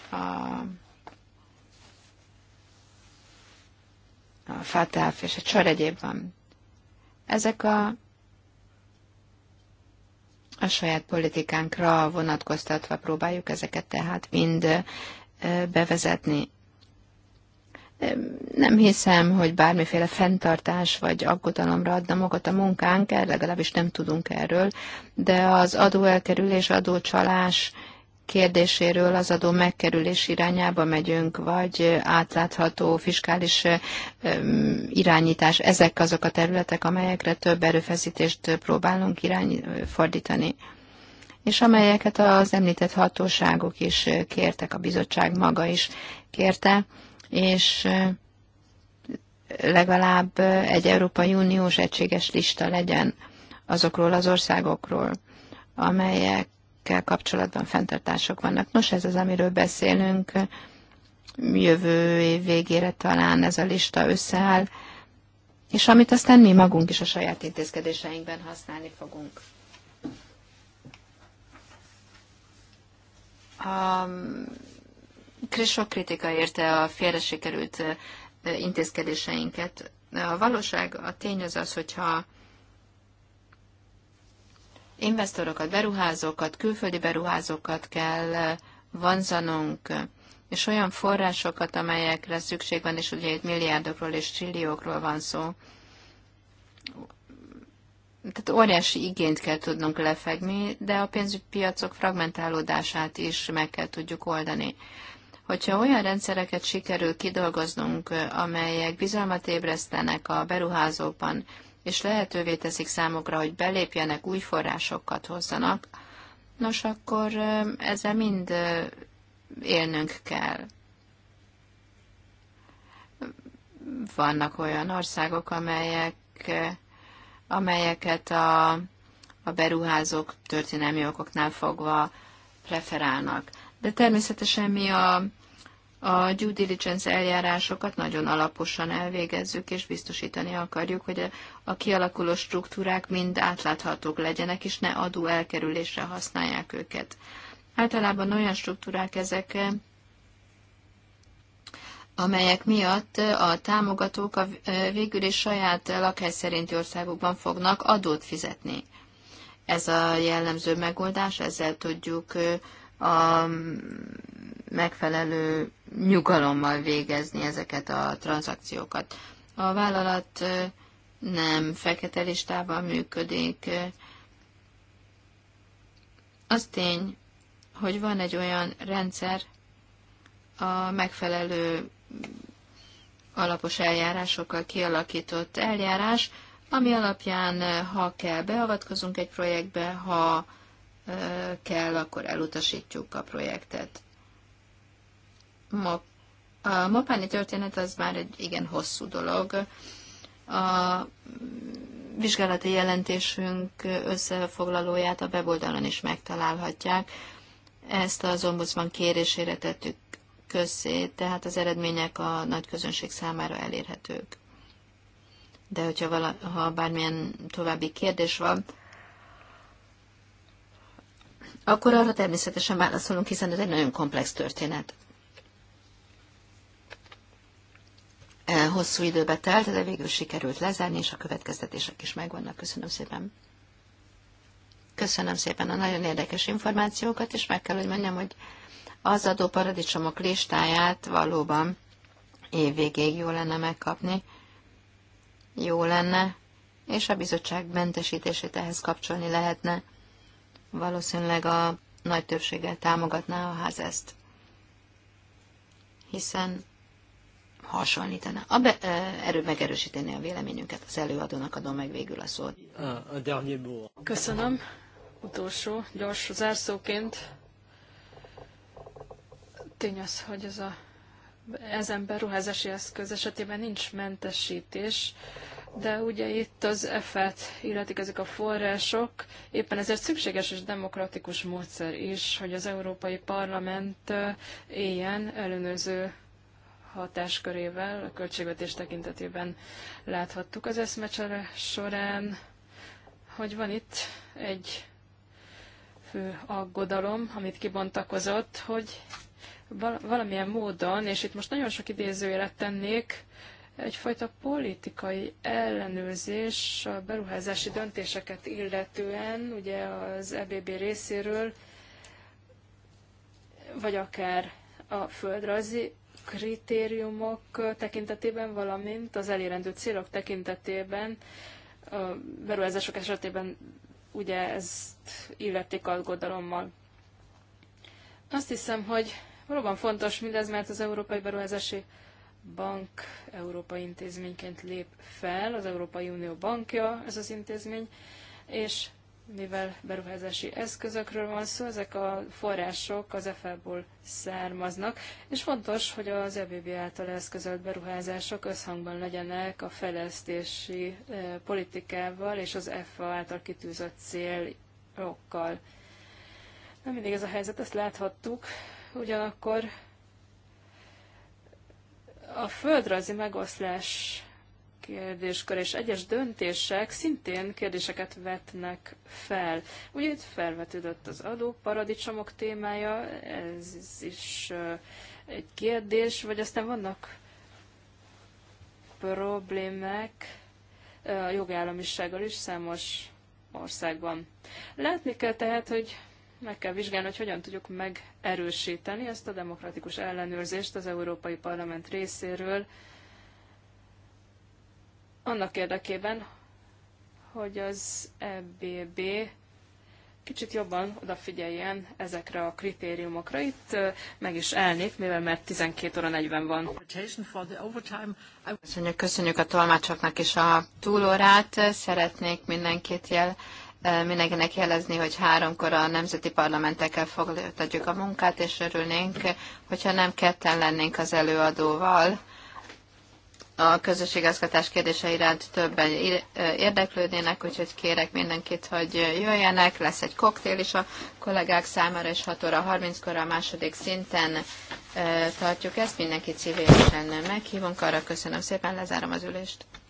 a, a FATF és egy sor egyéb van. Ezek a a saját politikánkra vonatkoztatva próbáljuk ezeket tehát mind bevezetni. Nem hiszem, hogy bármiféle fenntartás vagy aggodalomra adna magat a munkánk, el legalábbis nem tudunk erről, de az adóelkerülés, adócsalás kérdéséről az adó megkerülés irányába megyünk, vagy átlátható fiskális irányítás. Ezek azok a területek, amelyekre több erőfeszítést próbálunk irány, fordítani és amelyeket az említett hatóságok is kértek, a bizottság maga is kérte és legalább egy Európai Uniós egységes lista legyen azokról az országokról, amelyekkel kapcsolatban fenntartások vannak. Nos, ez az, amiről beszélünk. Jövő év végére talán ez a lista összeáll, és amit aztán mi magunk is a saját intézkedéseinkben használni fogunk. A sok kritika érte a félre sikerült intézkedéseinket. A valóság, a tény az az, hogyha investorokat, beruházókat, külföldi beruházókat kell vonzanunk, és olyan forrásokat, amelyekre szükség van, és ugye itt milliárdokról és trilliókról van szó. Tehát óriási igényt kell tudnunk lefegni, de a pénzügypiacok fragmentálódását is meg kell tudjuk oldani. Hogyha olyan rendszereket sikerül kidolgoznunk, amelyek bizalmat ébresztenek a beruházókban, és lehetővé teszik számukra, hogy belépjenek, új forrásokat hozzanak, nos akkor ezzel mind élnünk kell. Vannak olyan országok, amelyek, amelyeket a, a beruházók történelmi okoknál fogva preferálnak. De természetesen mi a, a due diligence eljárásokat nagyon alaposan elvégezzük, és biztosítani akarjuk, hogy a kialakuló struktúrák mind átláthatók legyenek, és ne adó elkerülésre használják őket. Általában olyan struktúrák ezek, amelyek miatt a támogatók a végül is saját lakás szerinti országokban fognak adót fizetni. Ez a jellemző megoldás, ezzel tudjuk a megfelelő nyugalommal végezni ezeket a tranzakciókat. A vállalat nem fekete listában működik. Az tény, hogy van egy olyan rendszer a megfelelő alapos eljárásokkal kialakított eljárás, ami alapján, ha kell, beavatkozunk egy projektbe, ha kell, akkor elutasítjuk a projektet. Ma, a mapáni történet az már egy igen hosszú dolog. A vizsgálati jelentésünk összefoglalóját a weboldalon is megtalálhatják. Ezt az ombudsman kérésére tettük közzé, tehát az eredmények a nagy közönség számára elérhetők. De hogyha vala, ha bármilyen további kérdés van, akkor arra természetesen válaszolunk, hiszen ez egy nagyon komplex történet. E, hosszú időbe telt, de végül sikerült lezárni, és a következtetések is megvannak. Köszönöm szépen. Köszönöm szépen a nagyon érdekes információkat, és meg kell, hogy mondjam, hogy az adó paradicsomok listáját valóban évvégéig jó lenne megkapni. Jó lenne, és a bizottság mentesítését ehhez kapcsolni lehetne valószínűleg a nagy többséggel támogatná a ház ezt, hiszen hasonlítaná. A be, erő megerősíteni a véleményünket, az előadónak adom meg végül a szót. Uh, Köszönöm. Utolsó, gyors zárszóként. Tény az, hogy ez a ezen beruházási eszköz esetében nincs mentesítés, de ugye itt az EFET illetik ezek a források, éppen ezért szükséges és demokratikus módszer is, hogy az Európai Parlament éljen előnöző hatáskörével, a költségvetés tekintetében láthattuk az eszmecsere során, hogy van itt egy fő aggodalom, amit kibontakozott, hogy valamilyen módon, és itt most nagyon sok idézőjelet tennék, egyfajta politikai ellenőrzés a beruházási döntéseket illetően, ugye az EBB részéről, vagy akár a földrajzi kritériumok tekintetében, valamint az elérendő célok tekintetében, a beruházások esetében ugye ezt illették aggodalommal. Azt hiszem, hogy valóban fontos mindez, mert az Európai Beruházási bank európai intézményként lép fel, az Európai Unió bankja ez az intézmény, és mivel beruházási eszközökről van szó, ezek a források az EFE-ból származnak, és fontos, hogy az EBB által eszközölt beruházások összhangban legyenek a fejlesztési e, politikával és az EFA által kitűzött célokkal. Nem mindig ez a helyzet, ezt láthattuk, ugyanakkor a földrajzi megoszlás kérdéskör és egyes döntések szintén kérdéseket vetnek fel. Ugye itt felvetődött az adóparadicsomok témája, ez is egy kérdés, vagy aztán vannak problémák a jogállamisággal is számos országban. Látni kell tehát, hogy meg kell vizsgálni, hogy hogyan tudjuk megerősíteni ezt a demokratikus ellenőrzést az Európai Parlament részéről, annak érdekében, hogy az EBB kicsit jobban odafigyeljen ezekre a kritériumokra. Itt meg is elnék, mivel mert 12 óra 40 van. Köszönjük, köszönjük a tolmácsoknak is a túlórát. Szeretnék mindenkit jel mindenkinek jelezni, hogy háromkor a nemzeti parlamentekkel folytatjuk a munkát, és örülnénk, hogyha nem ketten lennénk az előadóval, a közösségigazgatás kérdése iránt többen érdeklődnének, úgyhogy kérek mindenkit, hogy jöjjenek, lesz egy koktél is a kollégák számára, és 6 óra 30-kor a második szinten tartjuk ezt, mindenkit szívélyesen meghívunk, arra köszönöm szépen, lezárom az ülést.